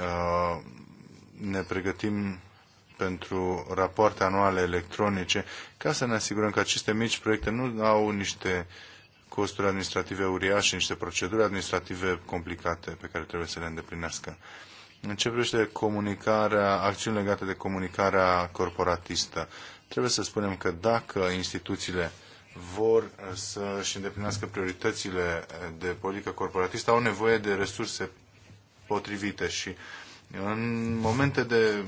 uh, ne pregătim pentru rapoarte anuale electronice, ca să ne asigurăm că aceste mici proiecte nu au niște costuri administrative uriașe, niște proceduri administrative complicate pe care trebuie să le îndeplinească. În ce privește comunicarea, acțiuni legate de comunicarea corporatistă, trebuie să spunem că dacă instituțiile vor să-și îndeplinească prioritățile de politică corporatistă, au nevoie de resurse potrivite și în momente de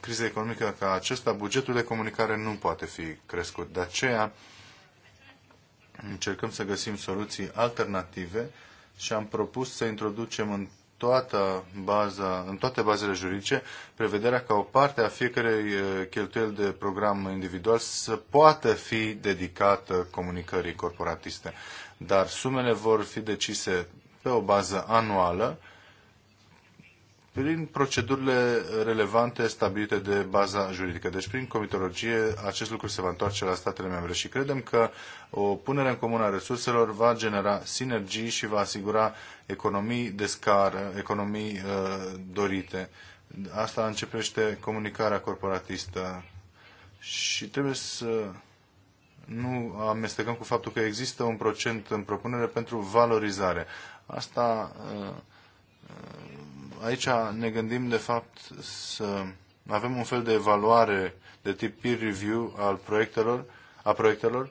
crizei economică ca acesta, bugetul de comunicare nu poate fi crescut. De aceea încercăm să găsim soluții alternative și am propus să introducem în toată baza, în toate bazele juridice, prevederea ca o parte a fiecărei cheltuieli de program individual să poată fi dedicată comunicării corporatiste. Dar sumele vor fi decise pe o bază anuală prin procedurile relevante stabilite de baza juridică. Deci, prin comitologie, acest lucru se va întoarce la statele membre și credem că o punere în comun a resurselor va genera sinergii și va asigura economii de scară, economii uh, dorite. Asta începește comunicarea corporatistă și trebuie să nu amestecăm cu faptul că există un procent în propunere pentru valorizare. Asta uh, uh aici ne gândim de fapt să avem un fel de evaluare de tip peer review al proiectelor, a proiectelor.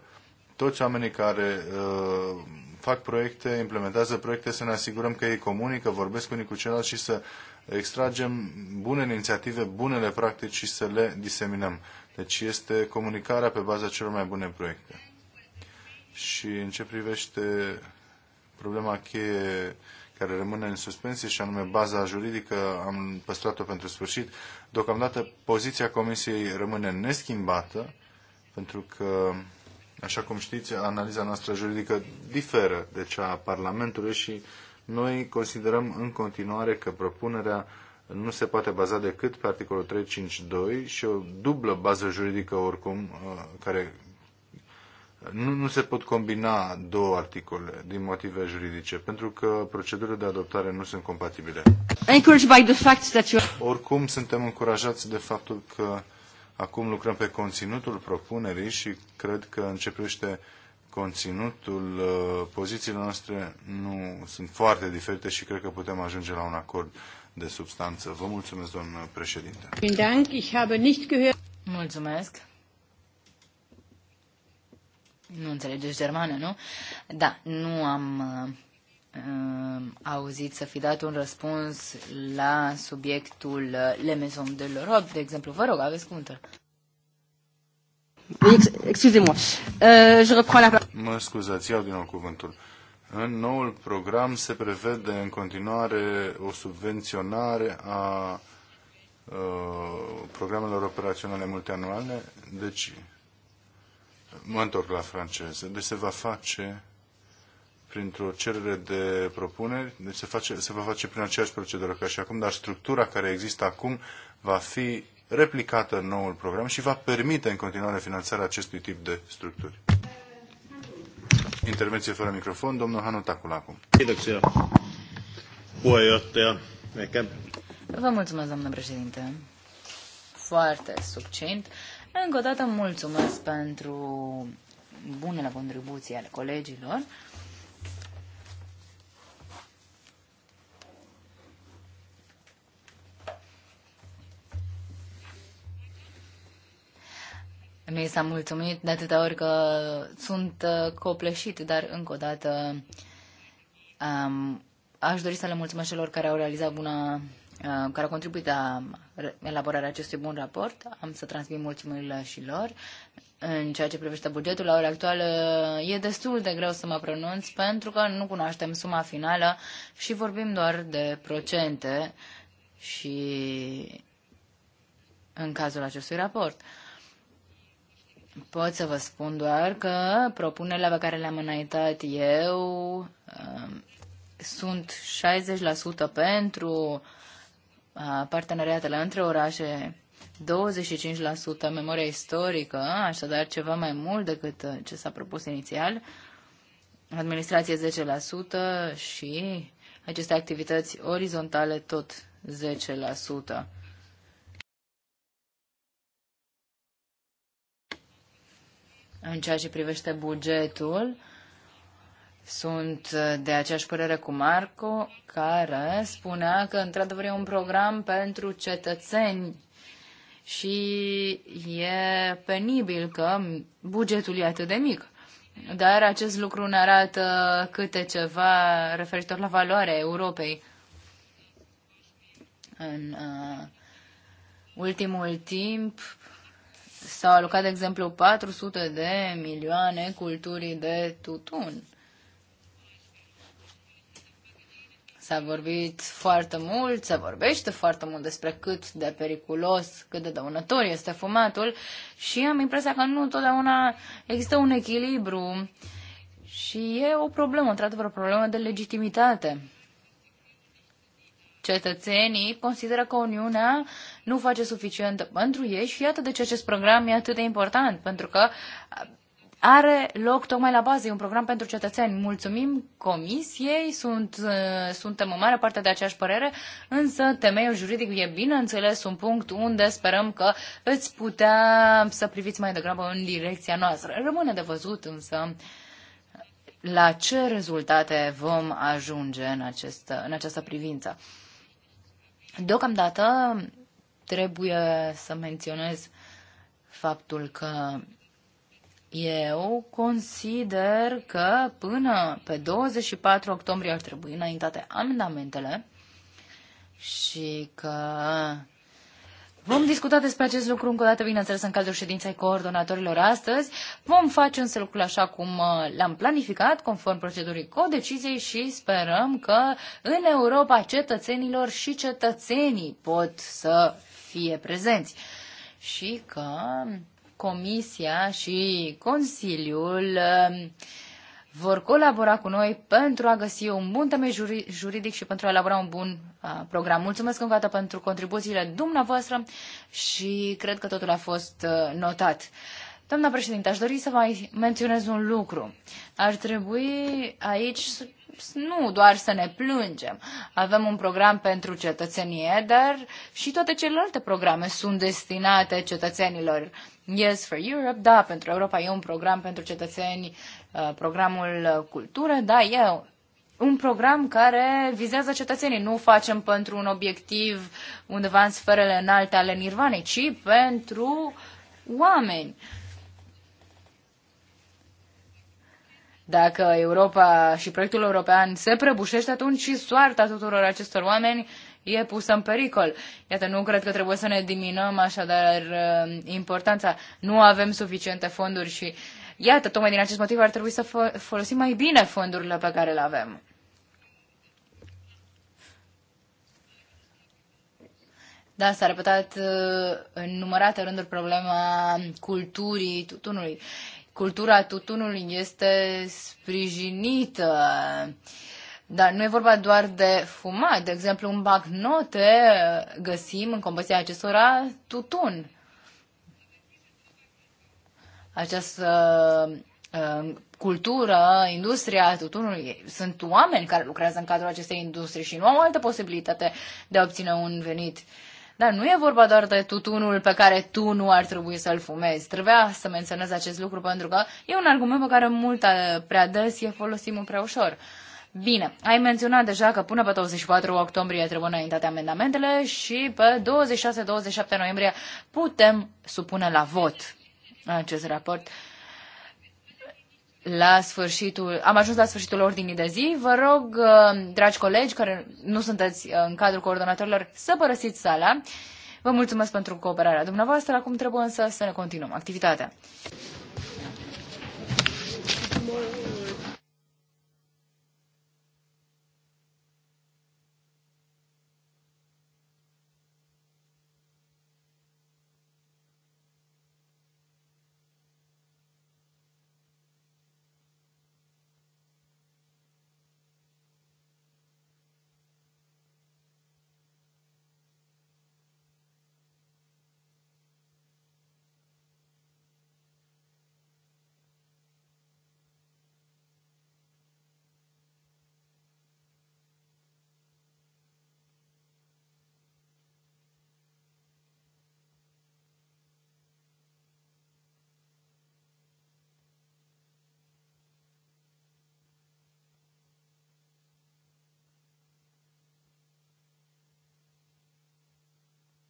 Toți oamenii care uh, fac proiecte, implementează proiecte, să ne asigurăm că ei comunică, vorbesc unii cu ceilalți și să extragem bune inițiative, bunele practici și să le diseminăm. Deci este comunicarea pe baza celor mai bune proiecte. Și în ce privește problema cheie care rămâne în suspensie și anume baza juridică, am păstrat-o pentru sfârșit. Deocamdată poziția Comisiei rămâne neschimbată, pentru că, așa cum știți, analiza noastră juridică diferă de cea a Parlamentului și noi considerăm în continuare că propunerea nu se poate baza decât pe articolul 352 și o dublă bază juridică oricum uh, care nu, nu se pot combina două articole din motive juridice, pentru că procedurile de adoptare nu sunt compatibile. By the fact that you... Oricum, suntem încurajați de faptul că acum lucrăm pe conținutul propunerii și cred că începește conținutul, uh, pozițiile noastre nu sunt foarte diferite și cred că putem ajunge la un acord de substanță. Vă mulțumesc, domnul președinte. Mulțumesc. Nu înțelegeți germană, nu? Da, nu am uh, auzit să fi dat un răspuns la subiectul uh, Le Maison de l'Europe, de exemplu. Vă rog, aveți cuvântul. Excusez-moi. Uh, je reprends la Mă scuzați, iau din nou cuvântul. În noul program se prevede în continuare o subvenționare a uh, programelor operaționale multianuale, deci Mă întorc la franceză. Deci se va face printr-o cerere de propuneri, deci se, face, se va face prin aceeași procedură ca și acum, dar structura care există acum va fi replicată în noul program și va permite în continuare finanțarea acestui tip de structuri. Intervenție fără microfon, domnul Hanu Tacul acum. Vă mulțumesc, doamnă președinte. Foarte succint. Încă o dată mulțumesc pentru bunele contribuții ale colegilor. Mi s-a mulțumit de atâtea ori că sunt uh, copleșit, dar încă o dată um, aș dori să le mulțumesc celor care au realizat bună Uh, care au contribuit la elaborarea acestui bun raport. Am să transmit mulțumirile și lor. În ceea ce privește bugetul, la ora actuală e destul de greu să mă pronunț pentru că nu cunoaștem suma finală și vorbim doar de procente și în cazul acestui raport. Pot să vă spun doar că propunerile pe care le-am înaintat eu um, sunt 60% pentru parteneriatele între orașe 25% memoria istorică, așadar ceva mai mult decât uh, ce s-a propus inițial, administrație 10% și aceste activități orizontale tot 10%. În ceea ce privește bugetul, sunt uh, de aceeași părere cu Marco, care spunea că, într-adevăr, e un program pentru cetățeni și e penibil că bugetul e atât de mic. Dar acest lucru ne arată câte ceva referitor la valoarea Europei. În uh, ultimul timp s-au alocat, de exemplu, 400 de milioane culturii de tutun. S-a vorbit foarte mult, se vorbește foarte mult despre cât de periculos, cât de dăunător este fumatul și am impresia că nu totdeauna există un echilibru și e o problemă, într-adevăr, o problemă de legitimitate. Cetățenii consideră că Uniunea nu face suficient pentru ei și iată de ce acest program e atât de important, pentru că are loc tocmai la bază. E un program pentru cetățeni. Mulțumim comisiei, sunt, uh, suntem în mare parte de aceeași părere, însă temeiul juridic e bineînțeles un punct unde sperăm că veți putea să priviți mai degrabă în direcția noastră. Rămâne de văzut însă la ce rezultate vom ajunge în, acest, în această privință. Deocamdată trebuie să menționez faptul că eu consider că până pe 24 octombrie ar trebui înaintate amendamentele și că vom discuta despre acest lucru încă o dată, bineînțeles, în cadrul ședinței coordonatorilor astăzi. Vom face însă lucrul așa cum uh, l-am planificat, conform procedurii codeciziei și sperăm că în Europa cetățenilor și cetățenii pot să fie prezenți și că Comisia și Consiliul um, vor colabora cu noi pentru a găsi un bun temei juridic și pentru a elabora un bun uh, program. Mulțumesc încă o dată pentru contribuțiile dumneavoastră și cred că totul a fost uh, notat. Doamna președinte, aș dori să mai menționez un lucru. Ar trebui aici nu doar să ne plângem. Avem un program pentru cetățenie, dar și toate celelalte programe sunt destinate cetățenilor. Yes for Europe, da, pentru Europa e un program pentru cetățeni, uh, programul cultură, da, e un program care vizează cetățenii. Nu facem pentru un obiectiv undeva în sferele înalte ale nirvanei, ci pentru oameni. Dacă Europa și proiectul european se prăbușește, atunci și soarta tuturor acestor oameni uh, e pusă în pericol. Iată, nu cred că trebuie să ne diminuăm așadar uh, importanța. Nu avem suficiente fonduri și, iată, tocmai din acest motiv ar trebui să folosim mai bine fondurile pe care le avem. Da, s-a repetat uh, în numărate rânduri problema culturii tutunului. Cultura tutunului este sprijinită. Uh, dar nu e vorba doar de fumat. De exemplu, în bagnote uh, găsim în compoziția acestora tutun. Această uh, cultură, industria tutunului, sunt oameni care lucrează în cadrul acestei industrie și nu au altă posibilitate de a obține un venit. Dar nu e vorba doar de tutunul pe care tu nu ar trebui să-l fumezi. Trebuia să menționez acest lucru pentru că e un argument pe care mult uh, prea des e folosim prea ușor. Uh, Bine, ai menționat deja că până pe 24 octombrie trebuie înaintate amendamentele și pe 26-27 noiembrie putem supune la vot acest raport. La sfârșitul, am ajuns la sfârșitul ordinii de zi. Vă rog, uh, dragi colegi care nu sunteți uh, în cadrul coordonatorilor, să părăsiți sala. Vă mulțumesc pentru cooperarea dumneavoastră. Acum trebuie însă să ne continuăm activitatea.